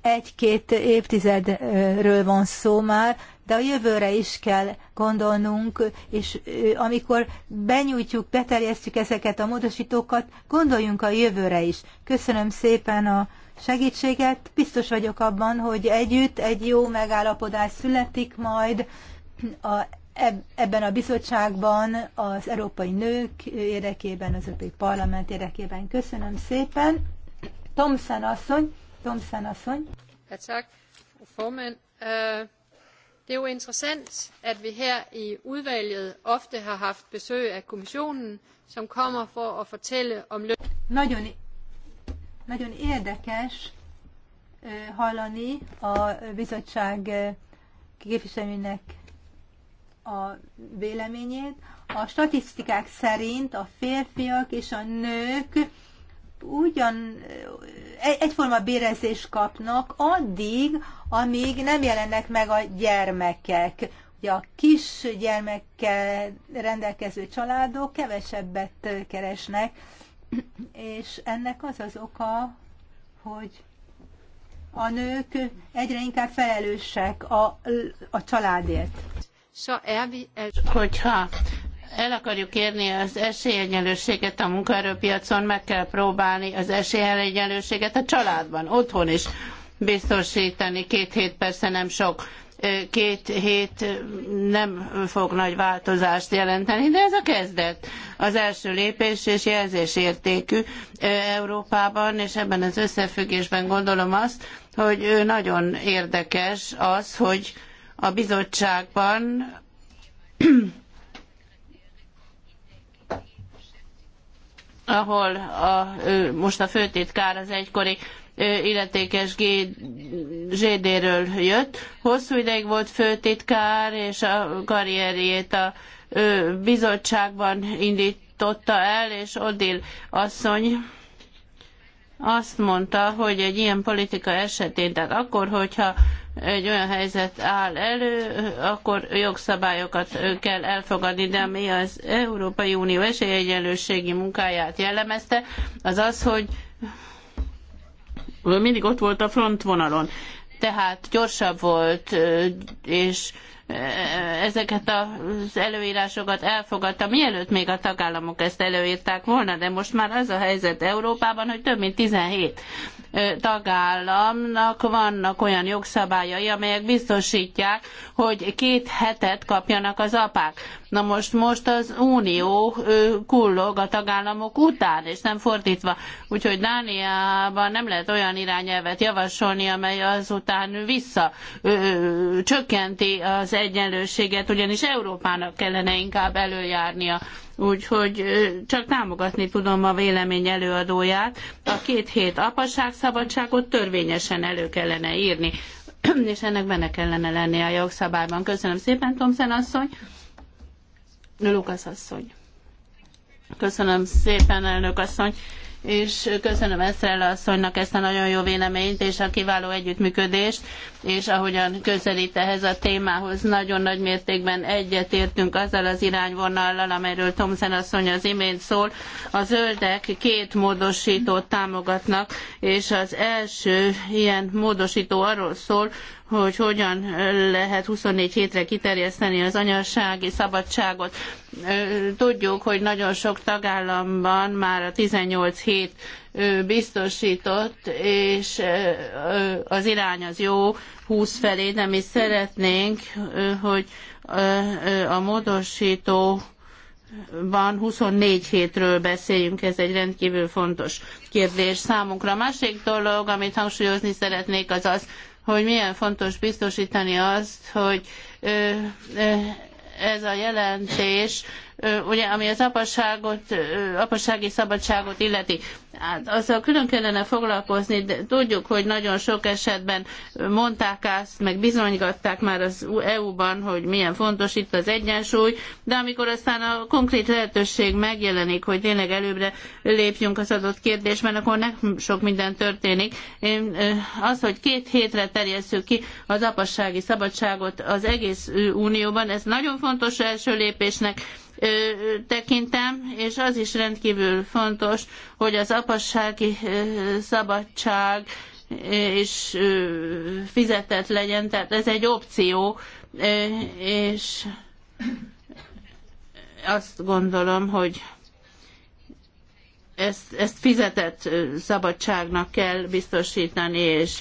egy-két évtizedről van szó már, de a jövőre is kell gondolnunk, és amikor benyújtjuk, beterjesztjük ezeket a módosítókat, gondoljunk a jövőre is. Köszönöm szépen a segítséget, biztos vagyok abban, hogy együtt egy jó megállapodás születik majd a, ebben a bizottságban az európai nők érdekében, az európai parlament érdekében. Köszönöm szépen. Thomson asszony, Thomson asszony. Hát csak, Det er jo interessant, at vi her i udvalget ofte har haft besøg af kommissionen, som kommer for at fortælle om løn. Nagyon, nagyon érdekes hallani a bizottság képviselőinek a véleményét. A statisztikák szerint a férfiak és a nők ugyan e, egyforma bérezést kapnak addig, amíg nem jelennek meg a gyermekek. Ugye a kis gyermekkel rendelkező családok kevesebbet keresnek, és ennek az az oka, hogy a nők egyre inkább felelősek a, a családért. Hogyha el akarjuk érni az esélyegyenlőséget a munkaerőpiacon, meg kell próbálni az esélyegyenlőséget a családban, otthon is biztosítani. Két hét persze nem sok, két hét nem fog nagy változást jelenteni, de ez a kezdet. Az első lépés és jelzésértékű Európában, és ebben az összefüggésben gondolom azt, hogy nagyon érdekes az, hogy a bizottságban ahol a, most a főtitkár az egykori illetékes GD-ről jött. Hosszú ideig volt főtitkár, és a karrierjét a bizottságban indította el, és Odil asszony azt mondta, hogy egy ilyen politika esetén, tehát akkor, hogyha egy olyan helyzet áll elő, akkor jogszabályokat kell elfogadni, de ami az Európai Unió esélyegyenlőségi munkáját jellemezte, az az, hogy mindig ott volt a frontvonalon. Tehát gyorsabb volt, és ezeket az előírásokat elfogadta, mielőtt még a tagállamok ezt előírták volna, de most már az a helyzet Európában, hogy több mint 17 tagállamnak vannak olyan jogszabályai, amelyek biztosítják, hogy két hetet kapjanak az apák. Na most, most az Unió kullog a tagállamok után, és nem fordítva. Úgyhogy Dániában nem lehet olyan irányelvet javasolni, amely azután vissza ö, csökkenti az egyenlőséget, ugyanis Európának kellene inkább előjárnia. Úgyhogy csak támogatni tudom a vélemény előadóját. A két hét apasságszabadságot törvényesen elő kellene írni, és ennek benne kellene lennie a jogszabályban. Köszönöm szépen, Tomszen asszony. Lukasz asszony. Köszönöm szépen, elnök asszony és köszönöm Eszrel asszonynak ezt a nagyon jó véleményt és a kiváló együttműködést és ahogyan közelít ehhez a témához, nagyon nagy mértékben egyetértünk azzal az irányvonallal, amelyről Thomsen asszony az imént szól. A zöldek két módosítót támogatnak, és az első ilyen módosító arról szól, hogy hogyan lehet 24 hétre kiterjeszteni az anyasági szabadságot. Tudjuk, hogy nagyon sok tagállamban már a 18 hét biztosított, és az irány az jó, 20 felé, de mi szeretnénk, hogy a módosító van 24 hétről beszéljünk, ez egy rendkívül fontos kérdés számunkra. A másik dolog, amit hangsúlyozni szeretnék, az az, hogy milyen fontos biztosítani azt, hogy ez a jelentés ugye, ami az apasságot, apassági szabadságot illeti. Hát azzal külön kellene foglalkozni, de tudjuk, hogy nagyon sok esetben mondták azt, meg bizonygatták már az EU-ban, hogy milyen fontos itt az egyensúly, de amikor aztán a konkrét lehetőség megjelenik, hogy tényleg előbbre lépjünk az adott kérdésben, akkor nem sok minden történik. Én, az, hogy két hétre terjesszük ki az apassági szabadságot az egész Unióban, ez nagyon fontos első lépésnek, tekintem, és az is rendkívül fontos, hogy az apassági szabadság és fizetett legyen, tehát ez egy opció, és azt gondolom, hogy ezt, ezt fizetett szabadságnak kell biztosítani, és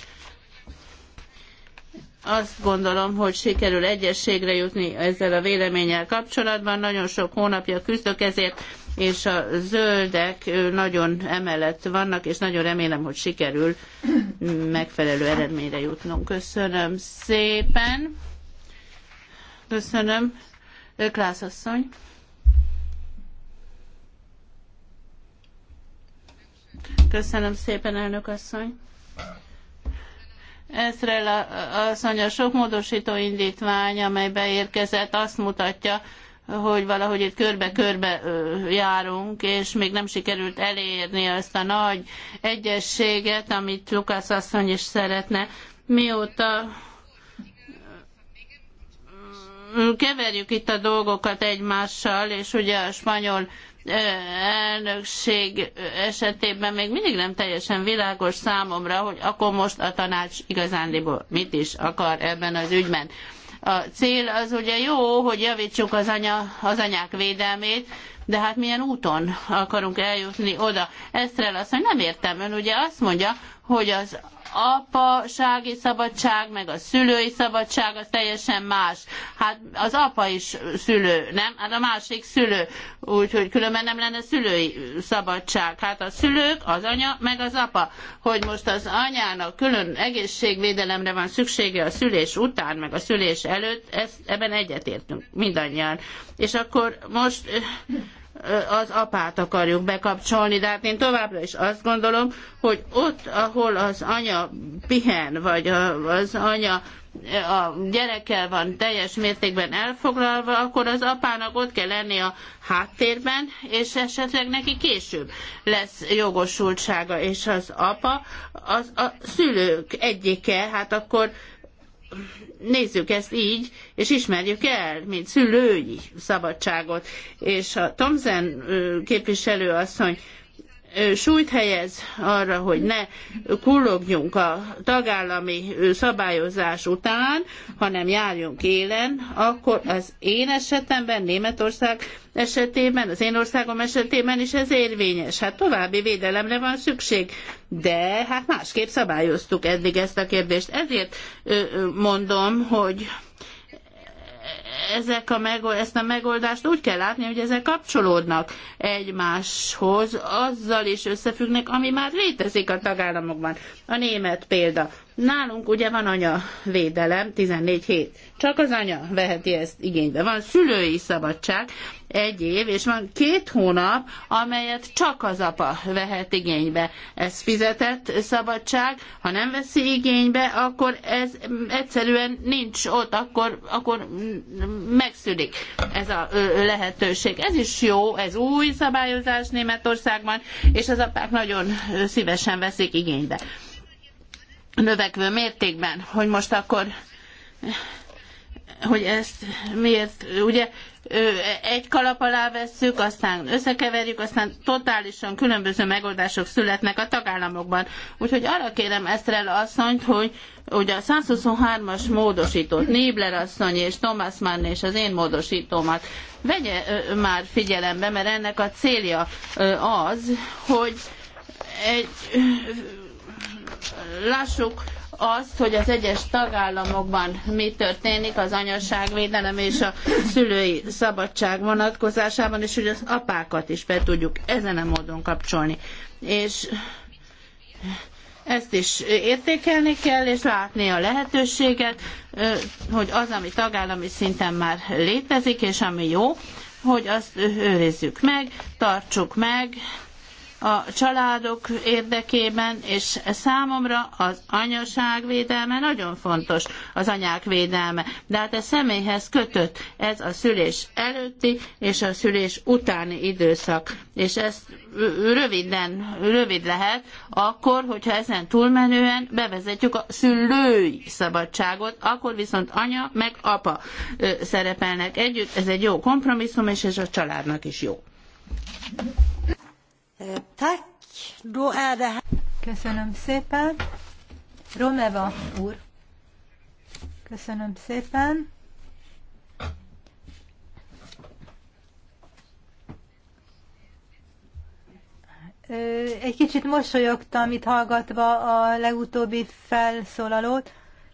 azt gondolom, hogy sikerül egyességre jutni ezzel a véleménnyel kapcsolatban. Nagyon sok hónapja küzdök ezért, és a zöldek nagyon emellett vannak, és nagyon remélem, hogy sikerül megfelelő eredményre jutnunk. Köszönöm szépen. Köszönöm. Klász asszony. Köszönöm szépen, elnök asszony. Ezrel asszony a sok módosító indítvány, amely beérkezett, azt mutatja, hogy valahogy itt körbe-körbe járunk, és még nem sikerült elérni azt a nagy egyességet, amit Lukasz asszony is szeretne. Mióta keverjük itt a dolgokat egymással, és ugye a spanyol elnökség esetében még mindig nem teljesen világos számomra, hogy akkor most a tanács igazándiból mit is akar ebben az ügyben. A cél az ugye jó, hogy javítsuk az, anya, az anyák védelmét, de hát milyen úton akarunk eljutni oda. Esztrel azt, hogy nem értem, ön ugye azt mondja, hogy az apasági szabadság, meg a szülői szabadság az teljesen más. Hát az apa is szülő, nem? Hát a másik szülő. Úgyhogy különben nem lenne szülői szabadság. Hát a szülők, az anya, meg az apa. Hogy most az anyának külön egészségvédelemre van szüksége a szülés után, meg a szülés előtt, ezt, ebben egyetértünk mindannyian. És akkor most az apát akarjuk bekapcsolni, de hát én továbbra is azt gondolom, hogy ott, ahol az anya pihen, vagy az anya a gyerekkel van teljes mértékben elfoglalva, akkor az apának ott kell lenni a háttérben, és esetleg neki később lesz jogosultsága, és az apa az a szülők egyike, hát akkor nézzük ezt így, és ismerjük el, mint szülői szabadságot. És a Tomzen képviselő asszony súlyt helyez arra, hogy ne kullogjunk a tagállami szabályozás után, hanem járjunk élen, akkor az én esetemben, Németország esetében, az én országom esetében is ez érvényes. Hát további védelemre van szükség, de hát másképp szabályoztuk eddig ezt a kérdést. Ezért mondom, hogy ezek a meg, ezt a megoldást úgy kell látni, hogy ezek kapcsolódnak egymáshoz, azzal is összefüggnek, ami már létezik a tagállamokban. A német példa. Nálunk ugye van anya védelem, 14 hét. Csak az anya veheti ezt igénybe. Van szülői szabadság, egy év, és van két hónap, amelyet csak az apa vehet igénybe. Ez fizetett szabadság, ha nem veszi igénybe, akkor ez egyszerűen nincs ott, akkor, akkor megszűnik ez a lehetőség. Ez is jó, ez új szabályozás Németországban, és az apák nagyon szívesen veszik igénybe növekvő mértékben, hogy most akkor hogy ezt miért, ugye egy kalap alá vesszük, aztán összekeverjük, aztán totálisan különböző megoldások születnek a tagállamokban. Úgyhogy arra kérem Esztrel asszonyt, hogy, hogy a 123-as módosítót, Nébler asszony és Thomas Mann és az én módosítómat vegye már figyelembe, mert ennek a célja az, hogy egy lássuk azt, hogy az egyes tagállamokban mi történik az anyaságvédelem és a szülői szabadság vonatkozásában, és hogy az apákat is be tudjuk ezen a módon kapcsolni. És ezt is értékelni kell, és látni a lehetőséget, hogy az, ami tagállami szinten már létezik, és ami jó, hogy azt őrizzük meg, tartsuk meg, a családok érdekében, és számomra az anyaság védelme nagyon fontos, az anyák védelme. De hát ez személyhez kötött, ez a szülés előtti és a szülés utáni időszak. És ez röviden, rövid lehet, akkor, hogyha ezen túlmenően bevezetjük a szülői szabadságot, akkor viszont anya meg apa szerepelnek együtt. Ez egy jó kompromisszum, és ez a családnak is jó. Eh, Köszönöm szépen. Romeva úr. Köszönöm szépen. Egy kicsit mosolyogtam itt hallgatva a legutóbbi felszólalót,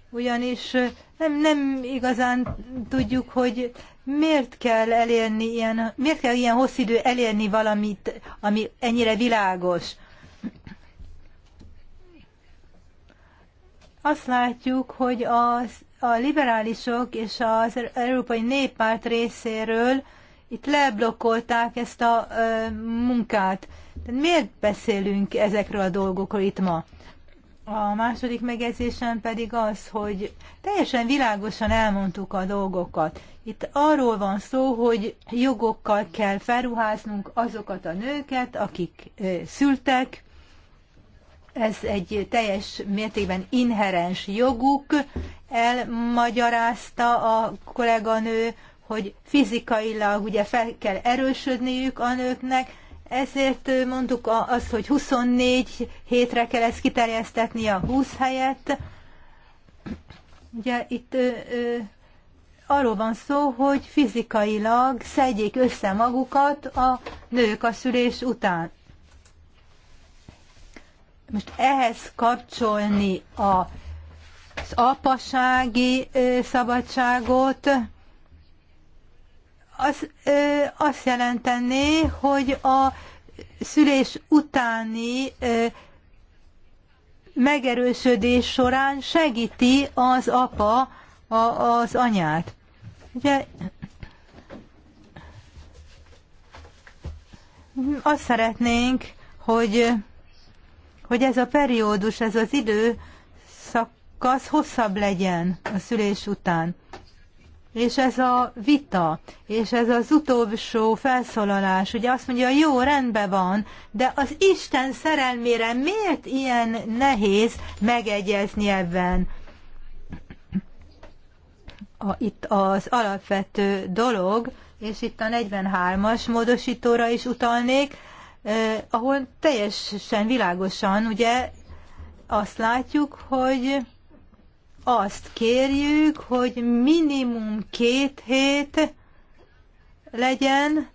ugyanis nem, nem igazán tudjuk, hogy miért kell elérni ilyen, miért kell ilyen hosszú idő elérni valamit, ami ennyire világos? Azt látjuk, hogy az, a liberálisok és az Európai Néppárt részéről itt leblokkolták ezt a ö, munkát. De miért beszélünk ezekről a dolgokról itt ma? A második megjegyzésem pedig az, hogy teljesen világosan elmondtuk a dolgokat. Itt arról van szó, hogy jogokkal kell felruháznunk azokat a nőket, akik szültek. Ez egy teljes mértékben inherens joguk. Elmagyarázta a kolléganő, hogy fizikailag ugye fel kell erősödniük a nőknek, ezért mondtuk azt, hogy 24 hétre kell ezt kiterjesztetni a 20 helyet. Ugye itt ö, ö, arról van szó, hogy fizikailag szedjék össze magukat a nők a szülés után. Most ehhez kapcsolni a, az apasági ö, szabadságot, az ö, azt jelentené, hogy a szülés utáni ö, megerősödés során segíti az apa a, az anyát. Ugye azt szeretnénk, hogy, hogy ez a periódus, ez az idő szakasz hosszabb legyen a szülés után és ez a vita, és ez az utolsó felszólalás, ugye azt mondja, jó, rendben van, de az Isten szerelmére miért ilyen nehéz megegyezni ebben? A, itt az alapvető dolog, és itt a 43-as módosítóra is utalnék, eh, ahol teljesen világosan ugye azt látjuk, hogy azt kérjük, hogy minimum két hét legyen,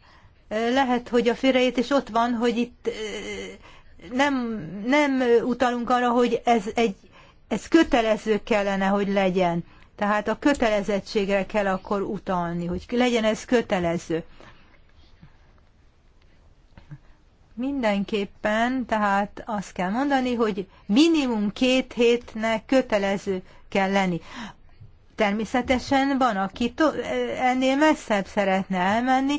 lehet, hogy a félreértés ott van, hogy itt nem, nem utalunk arra, hogy ez, egy, ez kötelező kellene, hogy legyen. Tehát a kötelezettségre kell akkor utalni, hogy legyen ez kötelező. Mindenképpen, tehát azt kell mondani, hogy minimum két hétnek kötelező kell lenni. Természetesen van, aki ennél messzebb szeretne elmenni,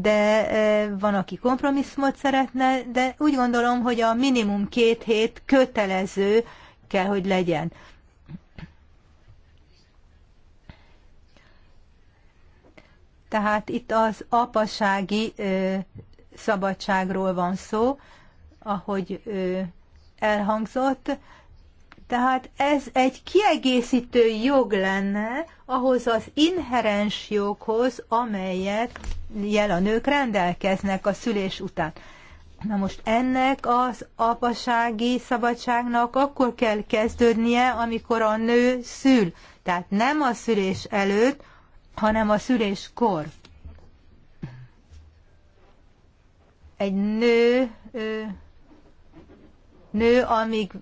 de e, van, aki kompromisszumot szeretne, de úgy gondolom, hogy a minimum két hét kötelező kell, hogy legyen. Tehát itt az apasági ö, e, szabadságról van szó, ahogy ö, e, elhangzott. Tehát ez egy kiegészítő jog lenne ahhoz az inherens joghoz, amelyet jel a nők rendelkeznek a szülés után. Na most ennek az apasági szabadságnak akkor kell kezdődnie, amikor a nő szül. Tehát nem a szülés előtt, hanem a szüléskor. Egy nő, nő amíg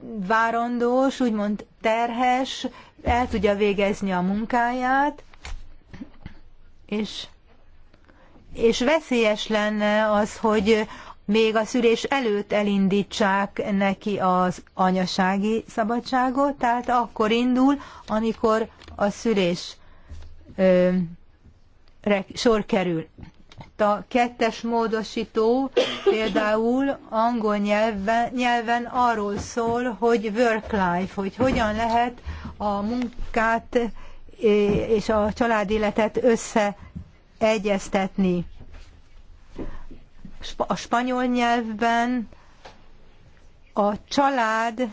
várandós, úgymond terhes, el tudja végezni a munkáját, és, és veszélyes lenne az, hogy még a szülés előtt elindítsák neki az anyasági szabadságot, tehát akkor indul, amikor a szülés ö, sor kerül a kettes módosító például angol nyelven, nyelven arról szól, hogy work-life, hogy hogyan lehet a munkát és a család életet összeegyeztetni. A spanyol nyelvben a család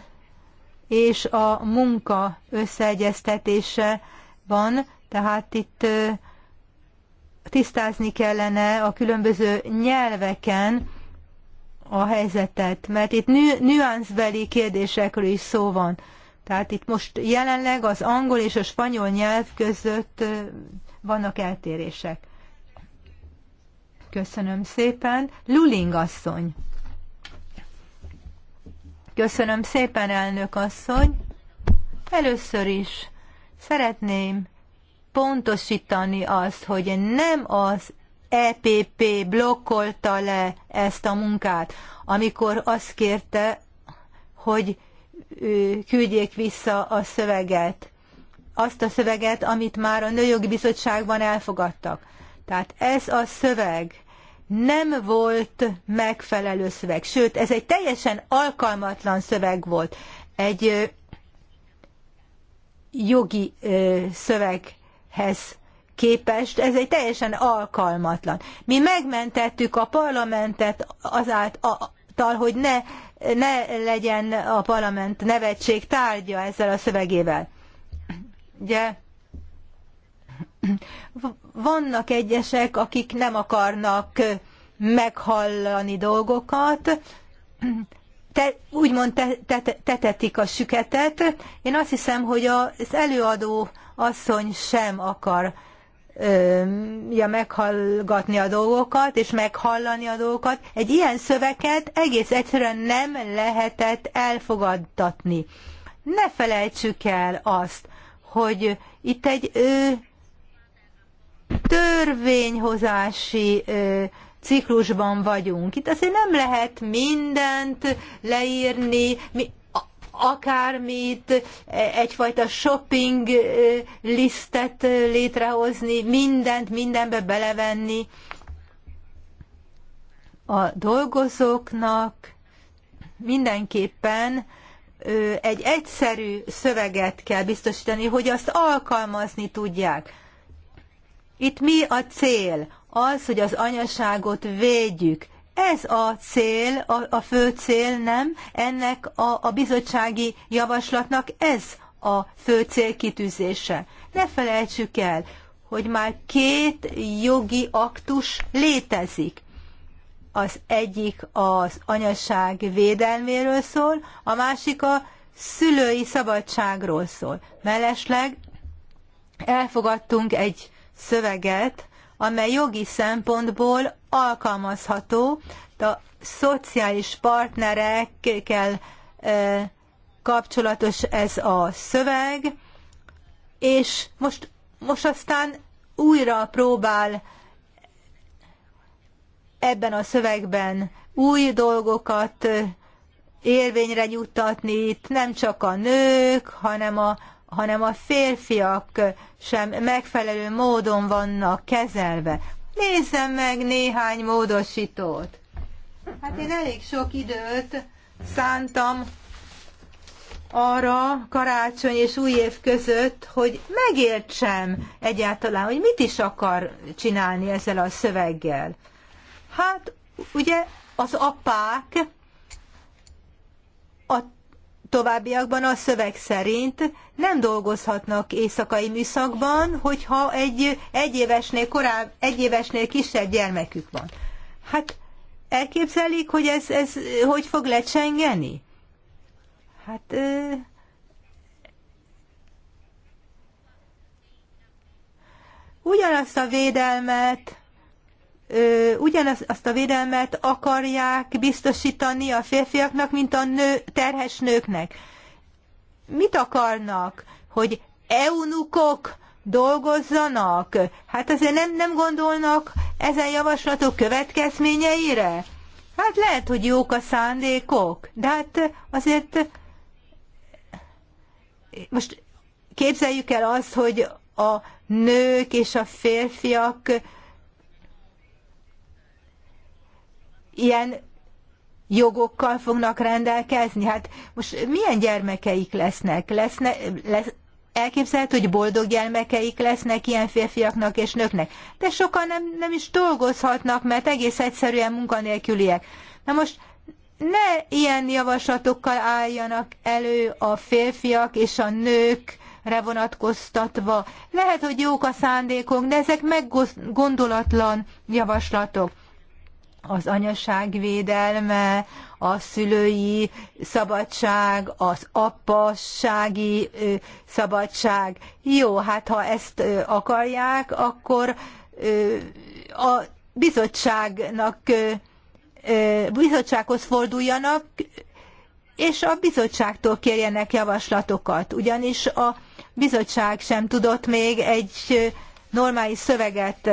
és a munka összeegyeztetése van, tehát itt tisztázni kellene a különböző nyelveken a helyzetet, mert itt nü- nüanszbeli kérdésekről is szó van. Tehát itt most jelenleg az angol és a spanyol nyelv között vannak eltérések. Köszönöm szépen. Luling asszony. Köszönöm szépen, elnök asszony. Először is szeretném pontosítani azt, hogy nem az EPP blokkolta le ezt a munkát, amikor azt kérte, hogy küldjék vissza a szöveget, azt a szöveget, amit már a Nőjogi Bizottságban elfogadtak. Tehát ez a szöveg nem volt megfelelő szöveg, sőt, ez egy teljesen alkalmatlan szöveg volt. Egy jogi szöveg hez képest ez egy teljesen alkalmatlan. Mi megmentettük a parlamentet azáltal, hogy ne, ne legyen a parlament nevetség tárgya ezzel a szövegével. Ugye vannak egyesek, akik nem akarnak meghallani dolgokat, te, úgymond te, te, tetetik a süketet. Én azt hiszem, hogy az előadó asszony sem akar ja, meghallgatni a dolgokat, és meghallani a dolgokat. Egy ilyen szöveget egész egyszerűen nem lehetett elfogadtatni. Ne felejtsük el azt, hogy itt egy ö, törvényhozási ö, ciklusban vagyunk. Itt azért nem lehet mindent leírni, mi, akármit, egyfajta shopping listet létrehozni, mindent mindenbe belevenni. A dolgozóknak mindenképpen egy egyszerű szöveget kell biztosítani, hogy azt alkalmazni tudják. Itt mi a cél? Az, hogy az anyaságot védjük, ez a cél, a, a fő cél, nem? Ennek a, a bizottsági javaslatnak ez a fő célkitűzése. Ne felejtsük el, hogy már két jogi aktus létezik. Az egyik az anyaság védelméről szól, a másik a szülői szabadságról szól. Mellesleg elfogadtunk egy szöveget, amely jogi szempontból alkalmazható, a szociális partnerekkel kapcsolatos ez a szöveg, és most, most aztán újra próbál ebben a szövegben új dolgokat érvényre juttatni, itt nem csak a nők, hanem a hanem a férfiak sem megfelelő módon vannak kezelve. Nézzem meg néhány módosítót. Hát én elég sok időt szántam arra karácsony és új év között, hogy megértsem egyáltalán, hogy mit is akar csinálni ezzel a szöveggel. Hát ugye az apák a továbbiakban a szöveg szerint nem dolgozhatnak éjszakai műszakban, hogyha egy egyévesnél, koráb, egyévesnél kisebb gyermekük van. Hát elképzelik, hogy ez, ez hogy fog lecsengeni? Hát... Ö... Ugyanazt a védelmet ugyanazt a védelmet akarják biztosítani a férfiaknak, mint a nő, terhes nőknek. Mit akarnak? Hogy eunukok dolgozzanak? Hát azért nem, nem gondolnak ezen javaslatok következményeire? Hát lehet, hogy jók a szándékok, de hát azért most képzeljük el azt, hogy a nők és a férfiak ilyen jogokkal fognak rendelkezni? Hát most milyen gyermekeik lesznek? Leszne, lesz, elképzelhet, hogy boldog gyermekeik lesznek ilyen férfiaknak és nőknek, de sokan nem, nem is dolgozhatnak, mert egész egyszerűen munkanélküliek. Na most ne ilyen javaslatokkal álljanak elő a férfiak és a nők, re vonatkoztatva. Lehet, hogy jók a szándékok, de ezek meggondolatlan javaslatok az anyaság védelme, a szülői szabadság, az apassági szabadság. Jó, hát ha ezt akarják, akkor a bizottságnak, bizottsághoz forduljanak, és a bizottságtól kérjenek javaslatokat, ugyanis a bizottság sem tudott még egy normális szöveget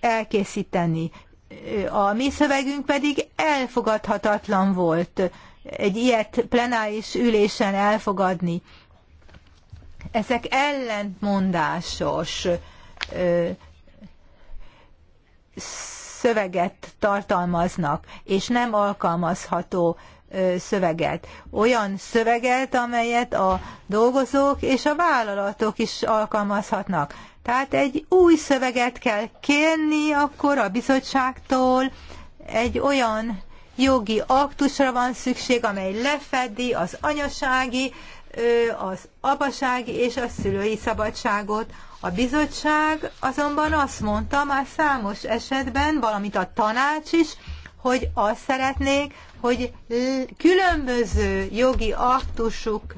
elkészíteni a mi szövegünk pedig elfogadhatatlan volt egy ilyet plenáris ülésen elfogadni. Ezek ellentmondásos szöveget tartalmaznak, és nem alkalmazható szöveget. Olyan szöveget, amelyet a dolgozók és a vállalatok is alkalmazhatnak. Tehát egy új szöveget kell kérni akkor a bizottságtól, egy olyan jogi aktusra van szükség, amely lefedi az anyasági, az apasági és a szülői szabadságot. A bizottság azonban azt mondta már számos esetben, valamint a tanács is, hogy azt szeretnék, hogy különböző jogi aktusuk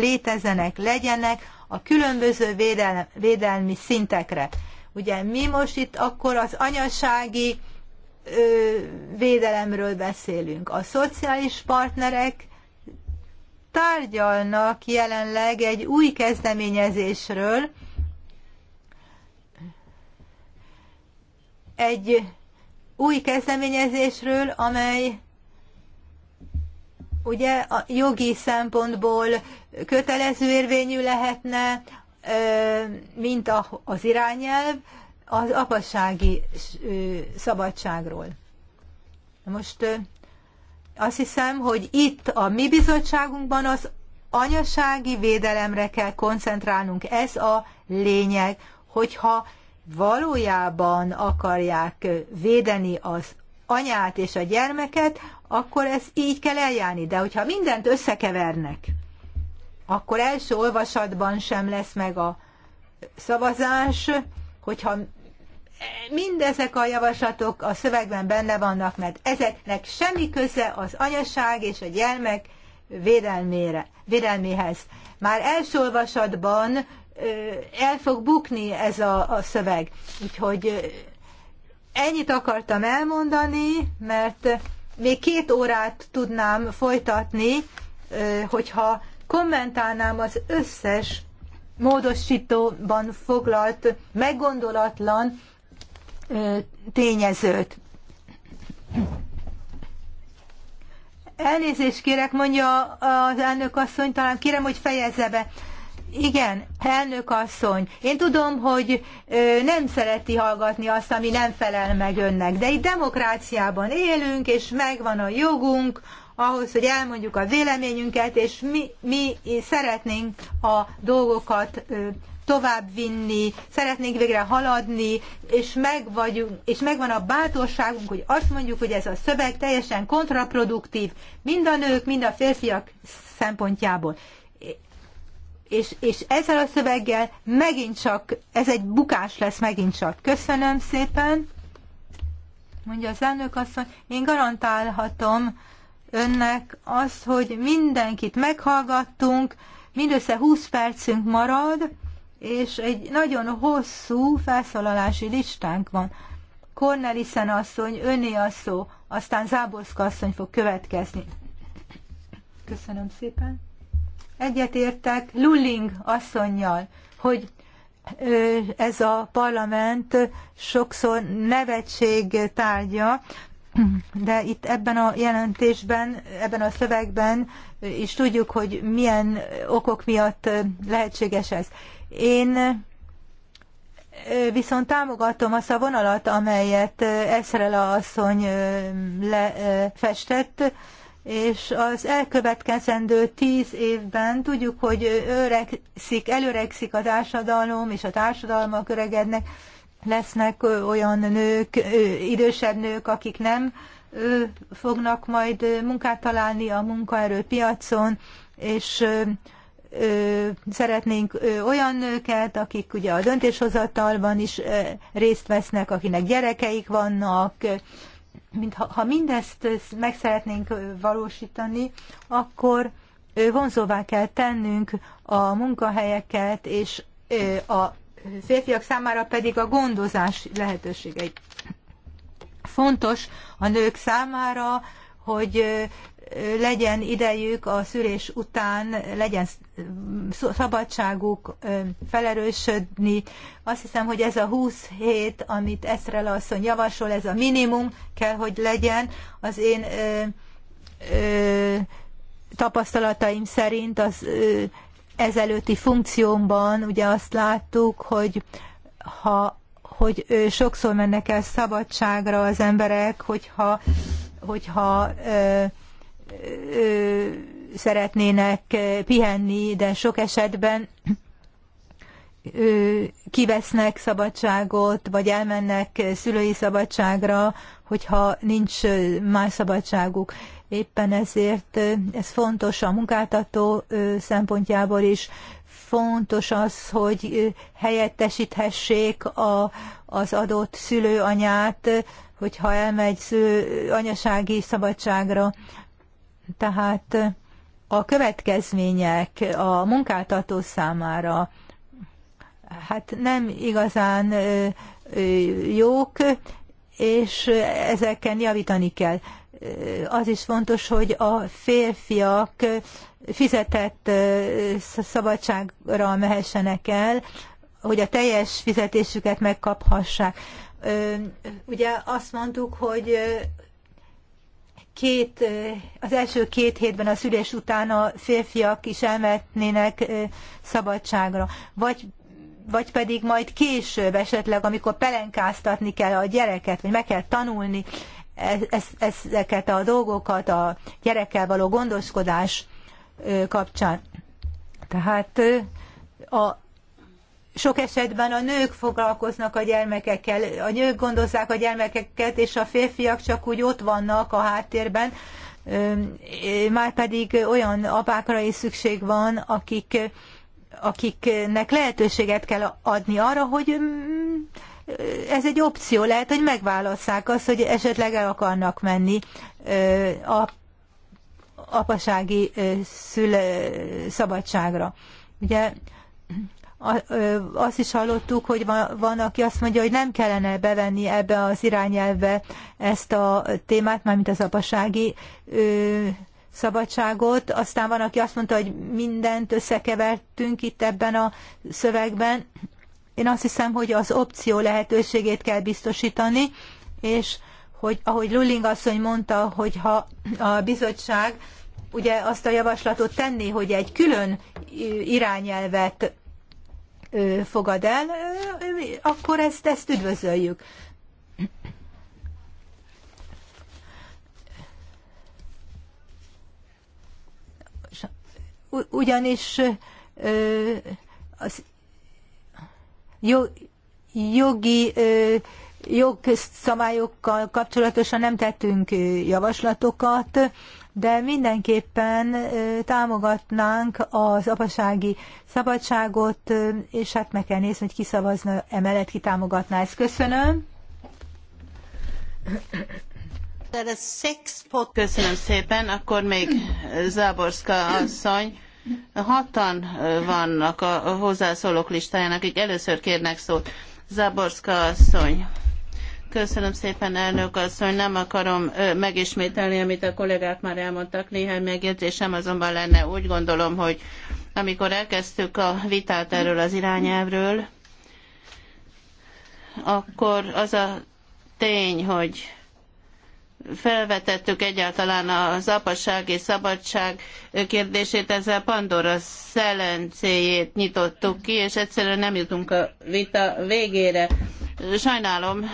létezenek, legyenek, a különböző védelmi, védelmi szintekre. Ugye mi most itt akkor az anyasági ö, védelemről beszélünk. A szociális partnerek tárgyalnak jelenleg egy új kezdeményezésről, egy új kezdeményezésről, amely ugye a jogi szempontból kötelező érvényű lehetne, mint az irányelv az apassági szabadságról. Most azt hiszem, hogy itt a mi bizottságunkban az anyasági védelemre kell koncentrálnunk. Ez a lényeg, hogyha valójában akarják védeni az anyát és a gyermeket, akkor ez így kell eljárni. De hogyha mindent összekevernek, akkor első olvasatban sem lesz meg a szavazás, hogyha mindezek a javaslatok a szövegben benne vannak, mert ezeknek semmi köze az anyaság és a gyermek védelmére, védelméhez. Már első olvasatban el fog bukni ez a, a szöveg. Úgyhogy Ennyit akartam elmondani, mert még két órát tudnám folytatni, hogyha kommentálnám az összes módosítóban foglalt, meggondolatlan tényezőt. Elnézést kérek, mondja az elnök asszony, talán kérem, hogy fejezze be. Igen, elnök asszony, én tudom, hogy ö, nem szereti hallgatni azt, ami nem felel meg önnek, de itt demokráciában élünk, és megvan a jogunk ahhoz, hogy elmondjuk a véleményünket, és mi, mi szeretnénk a dolgokat ö, továbbvinni, szeretnénk végre haladni, és, meg vagyunk, és megvan a bátorságunk, hogy azt mondjuk, hogy ez a szöveg teljesen kontraproduktív, mind a nők, mind a férfiak szempontjából és, és ezzel a szöveggel megint csak, ez egy bukás lesz megint csak. Köszönöm szépen, mondja az elnök asszony, én garantálhatom önnek azt, hogy mindenkit meghallgattunk, mindössze 20 percünk marad, és egy nagyon hosszú felszólalási listánk van. Cornelissen asszony, öné a szó, aztán Záborszka asszony fog következni. Köszönöm szépen. Egyetértek Lulling asszonynal, hogy ez a parlament sokszor nevetség tárgya, de itt ebben a jelentésben, ebben a szövegben is tudjuk, hogy milyen okok miatt lehetséges ez. Én viszont támogatom azt a vonalat, amelyet Eszrela asszony lefestett, és az elkövetkezendő tíz évben tudjuk, hogy öregszik, előregszik a társadalom, és a társadalmak öregednek, lesznek olyan nők, idősebb nők, akik nem fognak majd munkát találni a munkaerőpiacon, és szeretnénk olyan nőket, akik ugye a döntéshozatalban is részt vesznek, akinek gyerekeik vannak, mint ha, ha mindezt meg szeretnénk valósítani, akkor vonzóvá kell tennünk a munkahelyeket, és a férfiak számára pedig a gondozás lehetőségeit. Fontos a nők számára, hogy legyen idejük a szülés után, legyen szabadságuk felerősödni. Azt hiszem, hogy ez a 20 hét, amit Eszrel asszony javasol, ez a minimum kell, hogy legyen. Az én ö, ö, tapasztalataim szerint az ö, ezelőtti funkciómban ugye azt láttuk, hogy ha hogy ö, sokszor mennek el szabadságra az emberek, hogyha hogyha ö, szeretnének pihenni, de sok esetben kivesznek szabadságot, vagy elmennek szülői szabadságra, hogyha nincs más szabadságuk. Éppen ezért ez fontos a munkáltató szempontjából is. Fontos az, hogy helyettesíthessék a, az adott szülőanyát, hogyha elmegy szülő anyasági szabadságra. Tehát a következmények a munkáltató számára hát nem igazán jók, és ezeken javítani kell. Az is fontos, hogy a férfiak fizetett szabadságra mehessenek el, hogy a teljes fizetésüket megkaphassák. Ugye azt mondtuk, hogy két, az első két hétben a szülés után a férfiak is elmehetnének szabadságra, vagy, vagy pedig majd később esetleg, amikor pelenkáztatni kell a gyereket, vagy meg kell tanulni ezeket a dolgokat a gyerekkel való gondoskodás kapcsán. Tehát a sok esetben a nők foglalkoznak a gyermekekkel, a nők gondozzák a gyermekeket, és a férfiak csak úgy ott vannak a háttérben, pedig olyan apákra is szükség van, akik, akiknek lehetőséget kell adni arra, hogy ez egy opció, lehet, hogy megválasszák azt, hogy esetleg el akarnak menni a apasági szüle, szabadságra. Ugye azt is hallottuk, hogy van, aki azt mondja, hogy nem kellene bevenni ebbe az irányelve ezt a témát, mármint az apasági szabadságot. Aztán van, aki azt mondta, hogy mindent összekevertünk itt ebben a szövegben. Én azt hiszem, hogy az opció lehetőségét kell biztosítani, és hogy ahogy Lulling asszony mondta, hogy ha a bizottság ugye azt a javaslatot tenni, hogy egy külön irányelvet fogad el, akkor ezt, ezt üdvözöljük. Ugyanis az jogi jogszabályokkal kapcsolatosan nem tettünk javaslatokat, de mindenképpen támogatnánk az apasági szabadságot, és hát meg kell nézni, hogy ki szavazna emellett, ki támogatná ezt. Köszönöm. Köszönöm szépen, akkor még Záborszka asszony. Hatan vannak a hozzászólók listáján, akik először kérnek szót. Záborszka asszony. Köszönöm szépen, elnök asszony. Nem akarom megismételni, amit a kollégák már elmondtak. Néhány megjegyzésem azonban lenne. Úgy gondolom, hogy amikor elkezdtük a vitát erről az irányelvről, akkor az a tény, hogy felvetettük egyáltalán az apasság és szabadság kérdését, ezzel Pandora szelencéjét nyitottuk ki, és egyszerűen nem jutunk a vita végére. Sajnálom,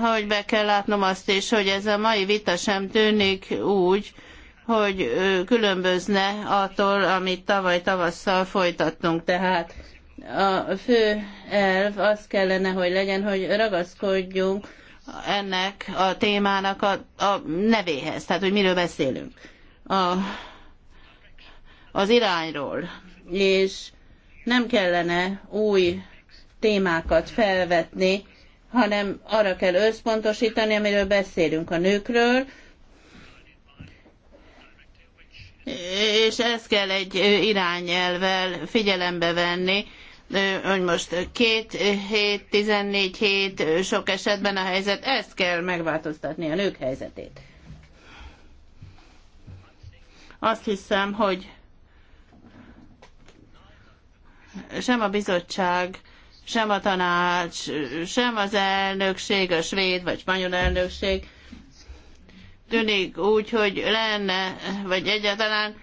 hogy be kell látnom azt is, hogy ez a mai vita sem tűnik úgy, hogy különbözne attól, amit tavaly tavasszal folytattunk. Tehát a fő elv az kellene, hogy legyen, hogy ragaszkodjunk ennek a témának a, a nevéhez, tehát hogy miről beszélünk. A, az irányról. És nem kellene új témákat felvetni, hanem arra kell összpontosítani, amiről beszélünk a nőkről, és ezt kell egy irányelvel figyelembe venni, hogy most két hét, tizennégy hét sok esetben a helyzet, ezt kell megváltoztatni a nők helyzetét. Azt hiszem, hogy sem a bizottság, sem a tanács, sem az elnökség, a svéd vagy spanyol elnökség tűnik úgy, hogy lenne, vagy egyáltalán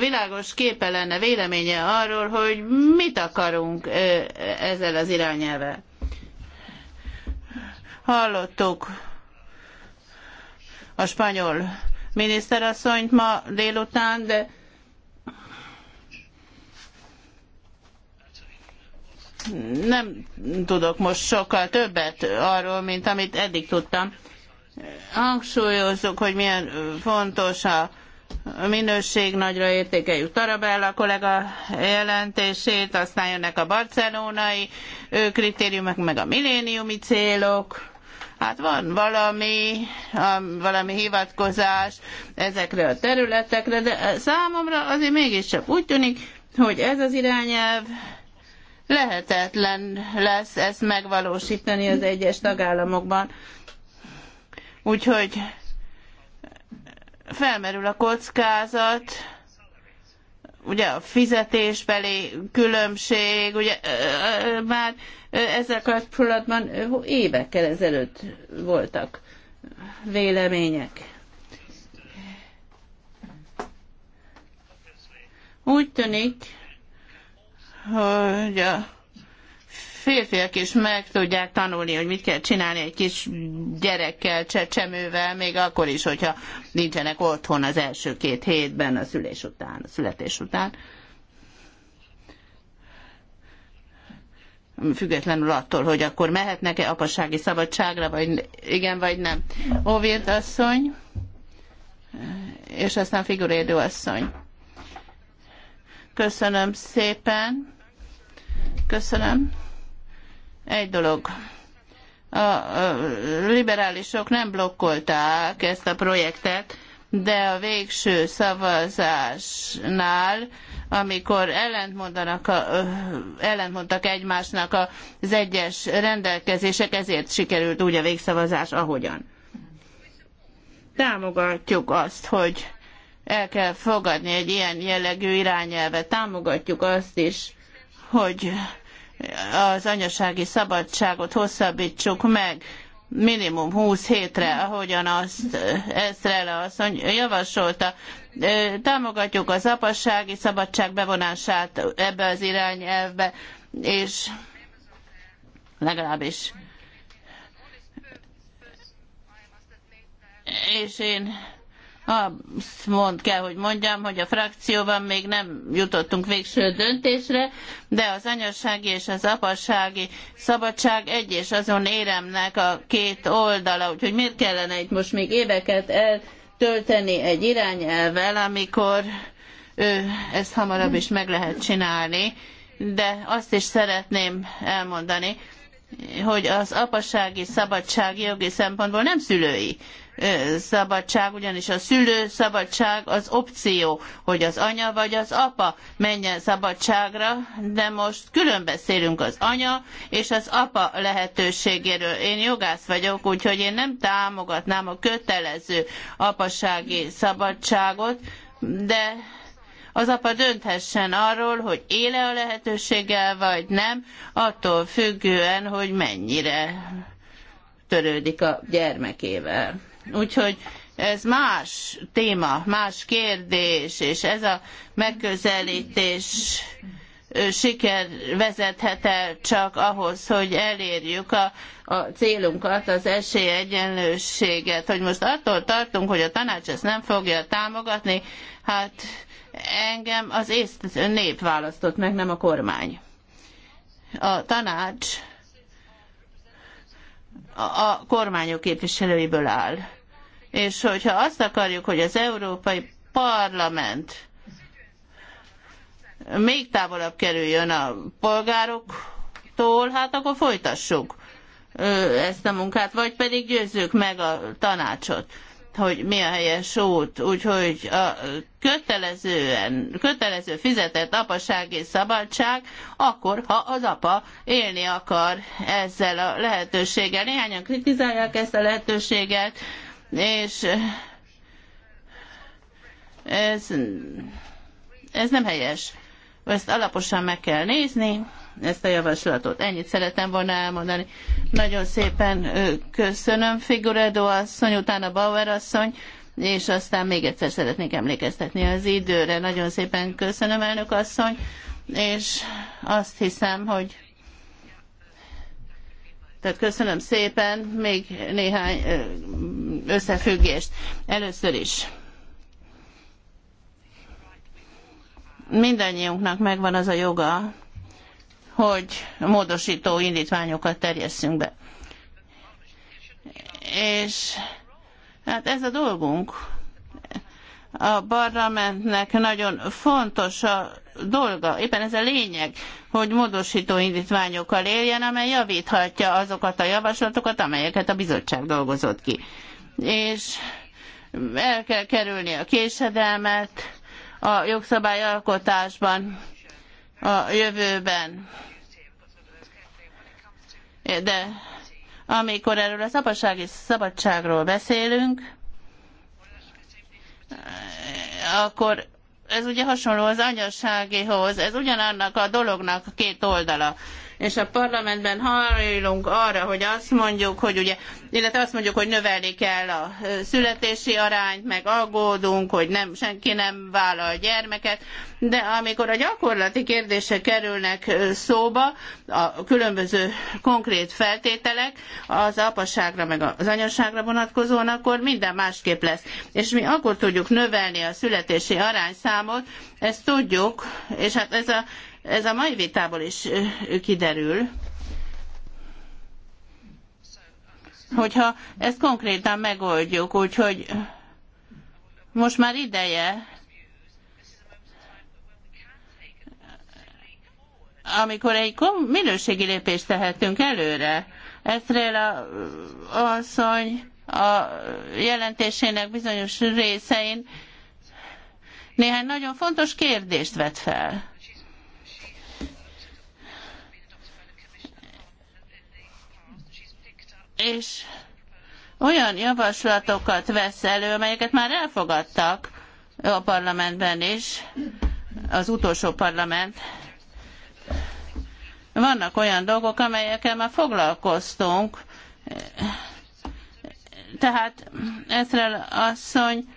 világos képe lenne, véleménye arról, hogy mit akarunk ezzel az irányelvel. Hallottuk a spanyol miniszterasszonyt ma délután, de nem tudok most sokkal többet arról, mint amit eddig tudtam. Hangsúlyozzuk, hogy milyen fontos a minőség, nagyra értékeljük Tarabella kollega jelentését, aztán jönnek a barcelonai kritériumok, meg a milléniumi célok. Hát van valami, valami hivatkozás ezekre a területekre, de számomra azért mégiscsak úgy tűnik, hogy ez az irányelv lehetetlen lesz ezt megvalósítani az egyes tagállamokban. Úgyhogy felmerül a kockázat, ugye a fizetésbeli különbség, ugye már ezzel kapcsolatban évekkel ezelőtt voltak vélemények. Úgy tűnik, hogy a férfiak is meg tudják tanulni, hogy mit kell csinálni egy kis gyerekkel, csecsemővel, még akkor is, hogyha nincsenek otthon az első két hétben a szülés után, a születés után. függetlenül attól, hogy akkor mehetnek-e apassági szabadságra, vagy igen, vagy nem. Óvért asszony, és aztán Figurédő asszony. Köszönöm szépen. Köszönöm. Egy dolog. A liberálisok nem blokkolták ezt a projektet, de a végső szavazásnál, amikor ellentmondanak a, ellentmondtak egymásnak az egyes rendelkezések, ezért sikerült úgy a végszavazás, ahogyan. Támogatjuk azt, hogy el kell fogadni egy ilyen jellegű irányelvet. Támogatjuk azt is, hogy az anyasági szabadságot hosszabbítsuk meg minimum 20 hétre, ahogyan azt Eszrele asszony javasolta. Támogatjuk az apassági szabadság bevonását ebbe az irányelvbe, és legalábbis és én azt mond, kell, hogy mondjam, hogy a frakcióban még nem jutottunk végső döntésre, de az anyasági és az apasági szabadság egy és azon éremnek a két oldala, úgyhogy miért kellene itt most még éveket eltölteni egy irányelvel, amikor ő, ezt hamarabb is meg lehet csinálni, de azt is szeretném elmondani, hogy az apasági szabadság jogi szempontból nem szülői szabadság, ugyanis a szülő szabadság az opció, hogy az anya vagy az apa menjen szabadságra, de most külön beszélünk az anya és az apa lehetőségéről. Én jogász vagyok, úgyhogy én nem támogatnám a kötelező apasági szabadságot, de az apa dönthessen arról, hogy éle a lehetőséggel, vagy nem, attól függően, hogy mennyire törődik a gyermekével. Úgyhogy ez más téma, más kérdés, és ez a megközelítés siker vezethet el csak ahhoz, hogy elérjük a, a célunkat, az esélyegyenlőséget. Hogy most attól tartunk, hogy a tanács ezt nem fogja támogatni, hát engem az észt nép választott meg, nem a kormány. A tanács a, kormányok képviselőiből áll. És hogyha azt akarjuk, hogy az Európai Parlament még távolabb kerüljön a polgároktól, hát akkor folytassuk ezt a munkát, vagy pedig győzzük meg a tanácsot hogy mi a helyes út, úgyhogy a kötelezően, kötelező fizetett apasági szabadság, akkor, ha az apa élni akar ezzel a lehetőséggel. Néhányan kritizálják ezt a lehetőséget, és ez, ez nem helyes. Ezt alaposan meg kell nézni ezt a javaslatot. Ennyit szeretem volna elmondani. Nagyon szépen köszönöm Figuredo asszony, utána Bauer asszony, és aztán még egyszer szeretnék emlékeztetni az időre. Nagyon szépen köszönöm, elnök asszony, és azt hiszem, hogy tehát köszönöm szépen még néhány összefüggést. Először is mindannyiunknak megvan az a joga, hogy módosító indítványokat terjesszünk be. És hát ez a dolgunk. A parlamentnek nagyon fontos a dolga, éppen ez a lényeg, hogy módosító indítványokkal éljen, amely javíthatja azokat a javaslatokat, amelyeket a bizottság dolgozott ki. És el kell kerülni a késedelmet a jogszabályalkotásban a jövőben. De amikor erről szabadság és szabadságról beszélünk, akkor ez ugye hasonló az anyaságihoz, ez ugyanannak a dolognak a két oldala és a parlamentben hajlunk arra, hogy azt mondjuk, hogy ugye, illetve azt mondjuk, hogy növelni kell a születési arányt, meg aggódunk, hogy nem, senki nem vállal gyermeket, de amikor a gyakorlati kérdések kerülnek szóba, a különböző konkrét feltételek az apasságra, meg az anyaságra vonatkozóan, akkor minden másképp lesz. És mi akkor tudjuk növelni a születési arányszámot, ezt tudjuk, és hát ez a ez a mai vitából is kiderül, hogyha ezt konkrétan megoldjuk, úgyhogy most már ideje, amikor egy minőségi lépést tehetünk előre. Eszrél asszony a jelentésének bizonyos részein néhány nagyon fontos kérdést vet fel. és olyan javaslatokat vesz elő, amelyeket már elfogadtak a parlamentben is, az utolsó parlament. Vannak olyan dolgok, amelyekkel már foglalkoztunk, tehát Eszrel asszony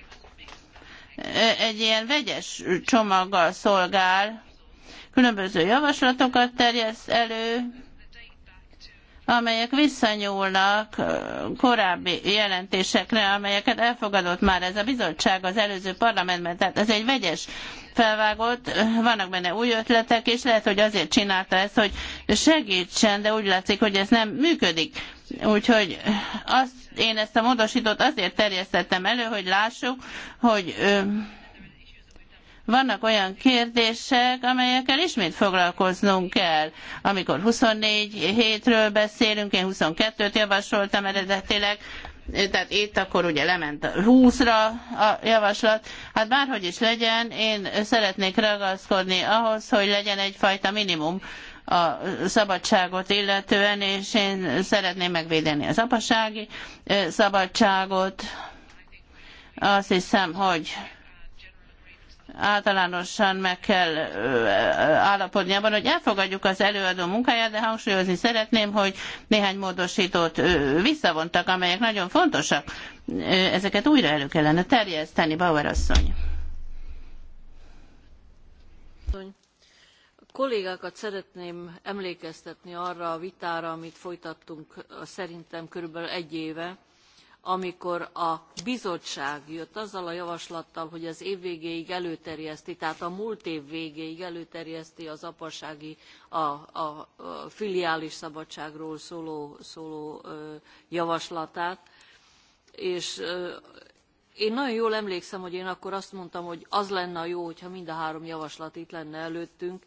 egy ilyen vegyes csomaggal szolgál, különböző javaslatokat terjeszt elő, amelyek visszanyúlnak korábbi jelentésekre, amelyeket elfogadott már ez a bizottság az előző parlamentben. Tehát ez egy vegyes felvágott, vannak benne új ötletek, és lehet, hogy azért csinálta ezt, hogy segítsen, de úgy látszik, hogy ez nem működik. Úgyhogy azt, én ezt a módosítót azért terjesztettem elő, hogy lássuk, hogy vannak olyan kérdések, amelyekkel ismét foglalkoznunk kell. Amikor 24 hétről beszélünk, én 22-t javasoltam eredetileg, tehát itt akkor ugye lement 20-ra a javaslat. Hát bárhogy is legyen, én szeretnék ragaszkodni ahhoz, hogy legyen egyfajta minimum a szabadságot illetően, és én szeretném megvédeni az apasági szabadságot. Azt hiszem, hogy általánosan meg kell állapodni abban, hogy elfogadjuk az előadó munkáját, de hangsúlyozni szeretném, hogy néhány módosítót visszavontak, amelyek nagyon fontosak. Ezeket újra elő kellene terjeszteni, Bauer asszony. kollégákat szeretném emlékeztetni arra a vitára, amit folytattunk szerintem körülbelül egy éve, amikor a bizottság jött azzal a javaslattal, hogy az év végéig előterjeszti, tehát a múlt év végéig előterjeszti az apasági, a, filiális szabadságról szóló, javaslatát, és én nagyon jól emlékszem, hogy én akkor azt mondtam, hogy az lenne a jó, hogyha mind a három javaslat itt lenne előttünk,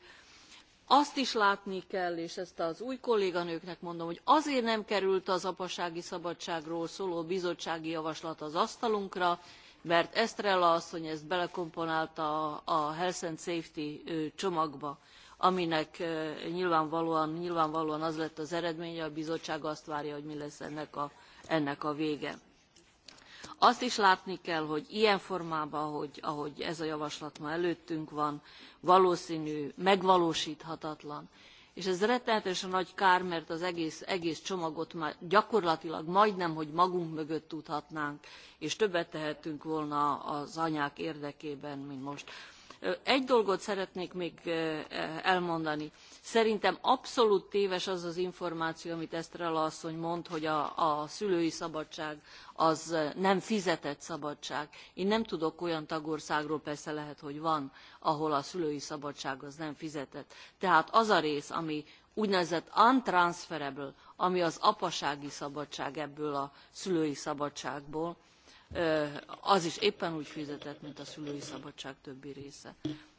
azt is látni kell és ezt az új kolléganőknek mondom hogy azért nem került az apasági szabadságról szóló bizottsági javaslat az asztalunkra mert estrela asszony ezt belekomponálta a health and safety csomagba aminek nyilvánvalóan, nyilvánvalóan az lett az eredménye a bizottság azt várja hogy mi lesz ennek a, ennek a vége azt is látni kell, hogy ilyen formában, ahogy, ez a javaslat ma előttünk van, valószínű, megvalósíthatatlan. És ez rettenetesen nagy kár, mert az egész, egész csomagot már gyakorlatilag majdnem, hogy magunk mögött tudhatnánk, és többet tehettünk volna az anyák érdekében, mint most. Egy dolgot szeretnék még elmondani Szerintem abszolút téves az az információ, amit estrela asszony mond, hogy a, a szülői szabadság az nem fizetett szabadság. Én nem tudok olyan tagországról, persze lehet, hogy van, ahol a szülői szabadság az nem fizetett. Tehát az a rész, ami úgynevezett untransferable, ami az apasági szabadság ebből a szülői szabadságból, az is éppen úgy fizetett, mint a szülői szabadság többi része.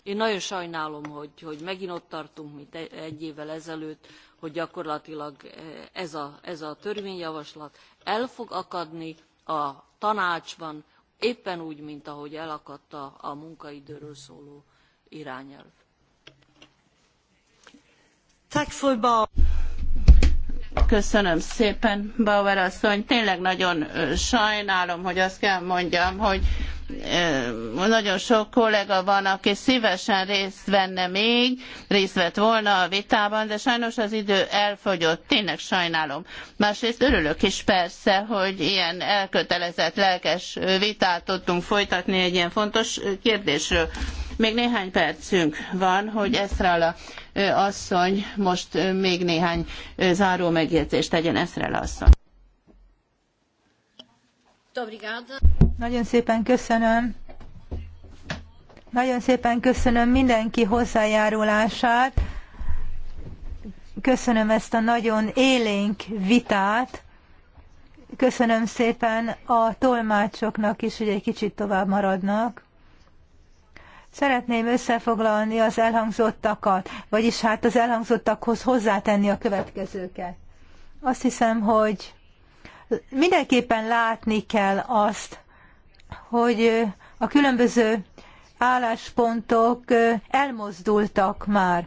Én nagyon sajnálom, hogy, hogy megint ott tartunk, mint egy évvel ezelőtt, hogy gyakorlatilag eh, ez a, ez a törvényjavaslat el fog akadni a tanácsban, éppen úgy, mint ahogy elakadt a, munkaidőről szóló irányelv. Köszönöm szépen, Bauer asszony. Tényleg nagyon sajnálom, hogy azt kell mondjam, hogy nagyon sok kollega van, aki szívesen részt venne még, részt vett volna a vitában, de sajnos az idő elfogyott, tényleg sajnálom. Másrészt örülök is persze, hogy ilyen elkötelezett, lelkes vitát tudtunk folytatni egy ilyen fontos kérdésről. Még néhány percünk van, hogy Eszrala asszony most még néhány záró megjegyzést tegyen Eszrala asszony. Nagyon szépen köszönöm. Nagyon szépen köszönöm mindenki hozzájárulását. Köszönöm ezt a nagyon élénk vitát. Köszönöm szépen a tolmácsoknak is, hogy egy kicsit tovább maradnak. Szeretném összefoglalni az elhangzottakat, vagyis hát az elhangzottakhoz hozzátenni a következőket. Azt hiszem, hogy Mindenképpen látni kell azt, hogy a különböző álláspontok elmozdultak már.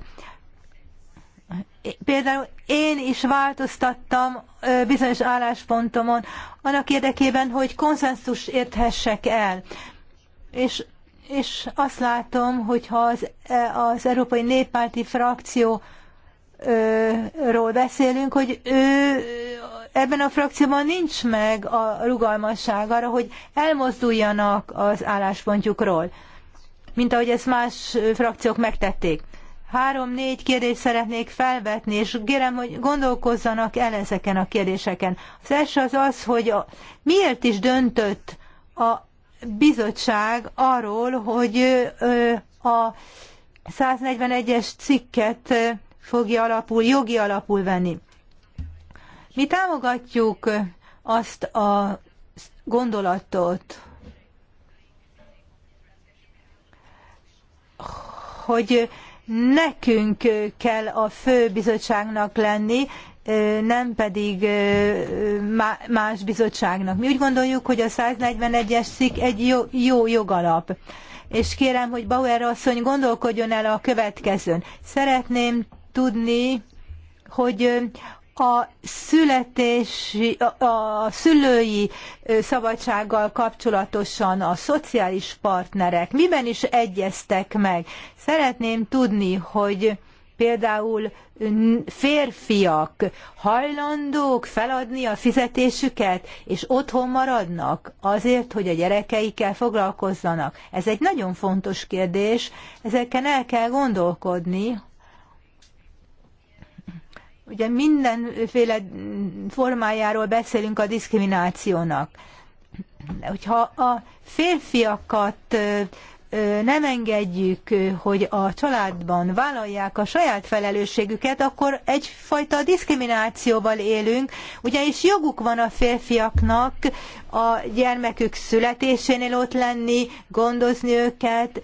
Például én is változtattam bizonyos álláspontomon annak érdekében, hogy konszenzus érthessek el. És, és azt látom, hogy ha az, e, az Európai Néppárti frakció ról beszélünk, hogy ő ebben a frakcióban nincs meg a rugalmasság arra, hogy elmozduljanak az álláspontjukról, mint ahogy ezt más frakciók megtették. Három-négy kérdést szeretnék felvetni, és kérem, hogy gondolkozzanak el ezeken a kérdéseken. Az első az az, hogy a, miért is döntött a bizottság arról, hogy a 141-es cikket fogja alapul, jogi alapul venni. Mi támogatjuk azt a gondolatot, hogy nekünk kell a fő bizottságnak lenni, nem pedig más bizottságnak. Mi úgy gondoljuk, hogy a 141-es szik egy jó, jó jogalap. És kérem, hogy Bauer asszony gondolkodjon el a következőn. Szeretném tudni, hogy a születési, a szülői szabadsággal kapcsolatosan a szociális partnerek miben is egyeztek meg. Szeretném tudni, hogy például férfiak hajlandók feladni a fizetésüket, és otthon maradnak azért, hogy a gyerekeikkel foglalkozzanak. Ez egy nagyon fontos kérdés, ezeken el kell gondolkodni, Ugye mindenféle formájáról beszélünk a diszkriminációnak. Hogyha a férfiakat nem engedjük, hogy a családban vállalják a saját felelősségüket, akkor egyfajta diszkriminációval élünk, ugyanis joguk van a férfiaknak a gyermekük születésénél ott lenni, gondozni őket,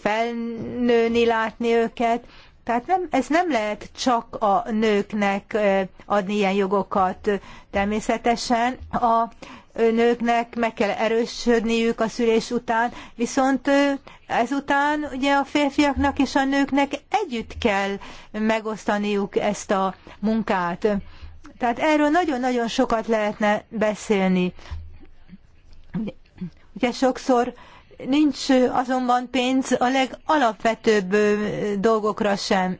felnőni, látni őket, tehát nem, ez nem lehet csak a nőknek adni ilyen jogokat. Természetesen a nőknek meg kell erősödniük a szülés után, viszont ezután ugye a férfiaknak és a nőknek együtt kell megosztaniuk ezt a munkát. Tehát erről nagyon-nagyon sokat lehetne beszélni. Ugye sokszor Nincs azonban pénz a legalapvetőbb dolgokra sem.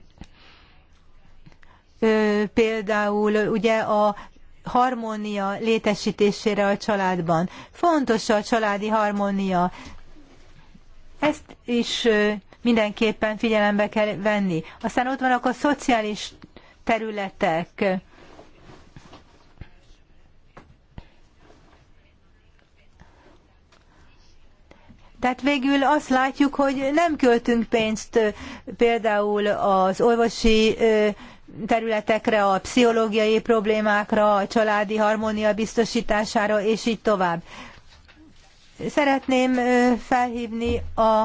Például ugye a harmónia létesítésére a családban. Fontos a családi harmónia. Ezt is mindenképpen figyelembe kell venni. Aztán ott vannak a szociális területek Tehát végül azt látjuk, hogy nem költünk pénzt például az orvosi területekre, a pszichológiai problémákra, a családi harmónia biztosítására, és így tovább. Szeretném felhívni a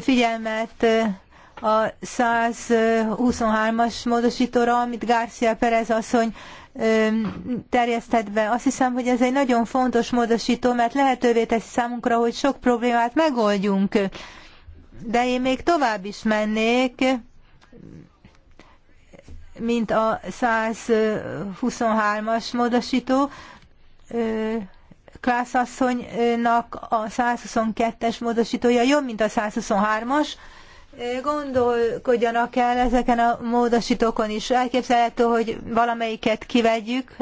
figyelmet a 123-as módosítóra, amit Garcia Perez asszony terjesztett be. Azt hiszem, hogy ez egy nagyon fontos módosító, mert lehetővé teszi számunkra, hogy sok problémát megoldjunk. De én még tovább is mennék, mint a 123-as módosító. asszonynak a 122-es módosítója jobb, mint a 123-as, gondolkodjanak el ezeken a módosítókon is. Elképzelhető, hogy valamelyiket kivegyük,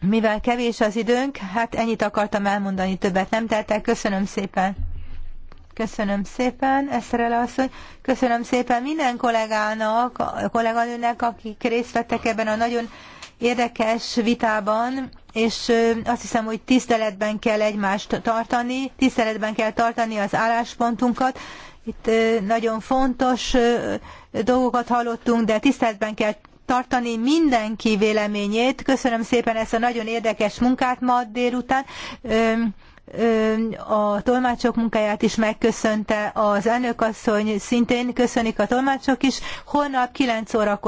mivel kevés az időnk, hát ennyit akartam elmondani, többet nem teltek. Köszönöm szépen. Köszönöm szépen, Eszterele asszony. Köszönöm szépen minden kollégának, a kolléganőnek, akik részt vettek ebben a nagyon érdekes vitában, és azt hiszem, hogy tiszteletben kell egymást tartani, tiszteletben kell tartani az álláspontunkat, itt nagyon fontos dolgokat hallottunk, de tiszteletben kell tartani mindenki véleményét. Köszönöm szépen ezt a nagyon érdekes munkát ma délután. A tolmácsok munkáját is megköszönte az asszony, szintén köszönik a tolmácsok is. Holnap 9 órakor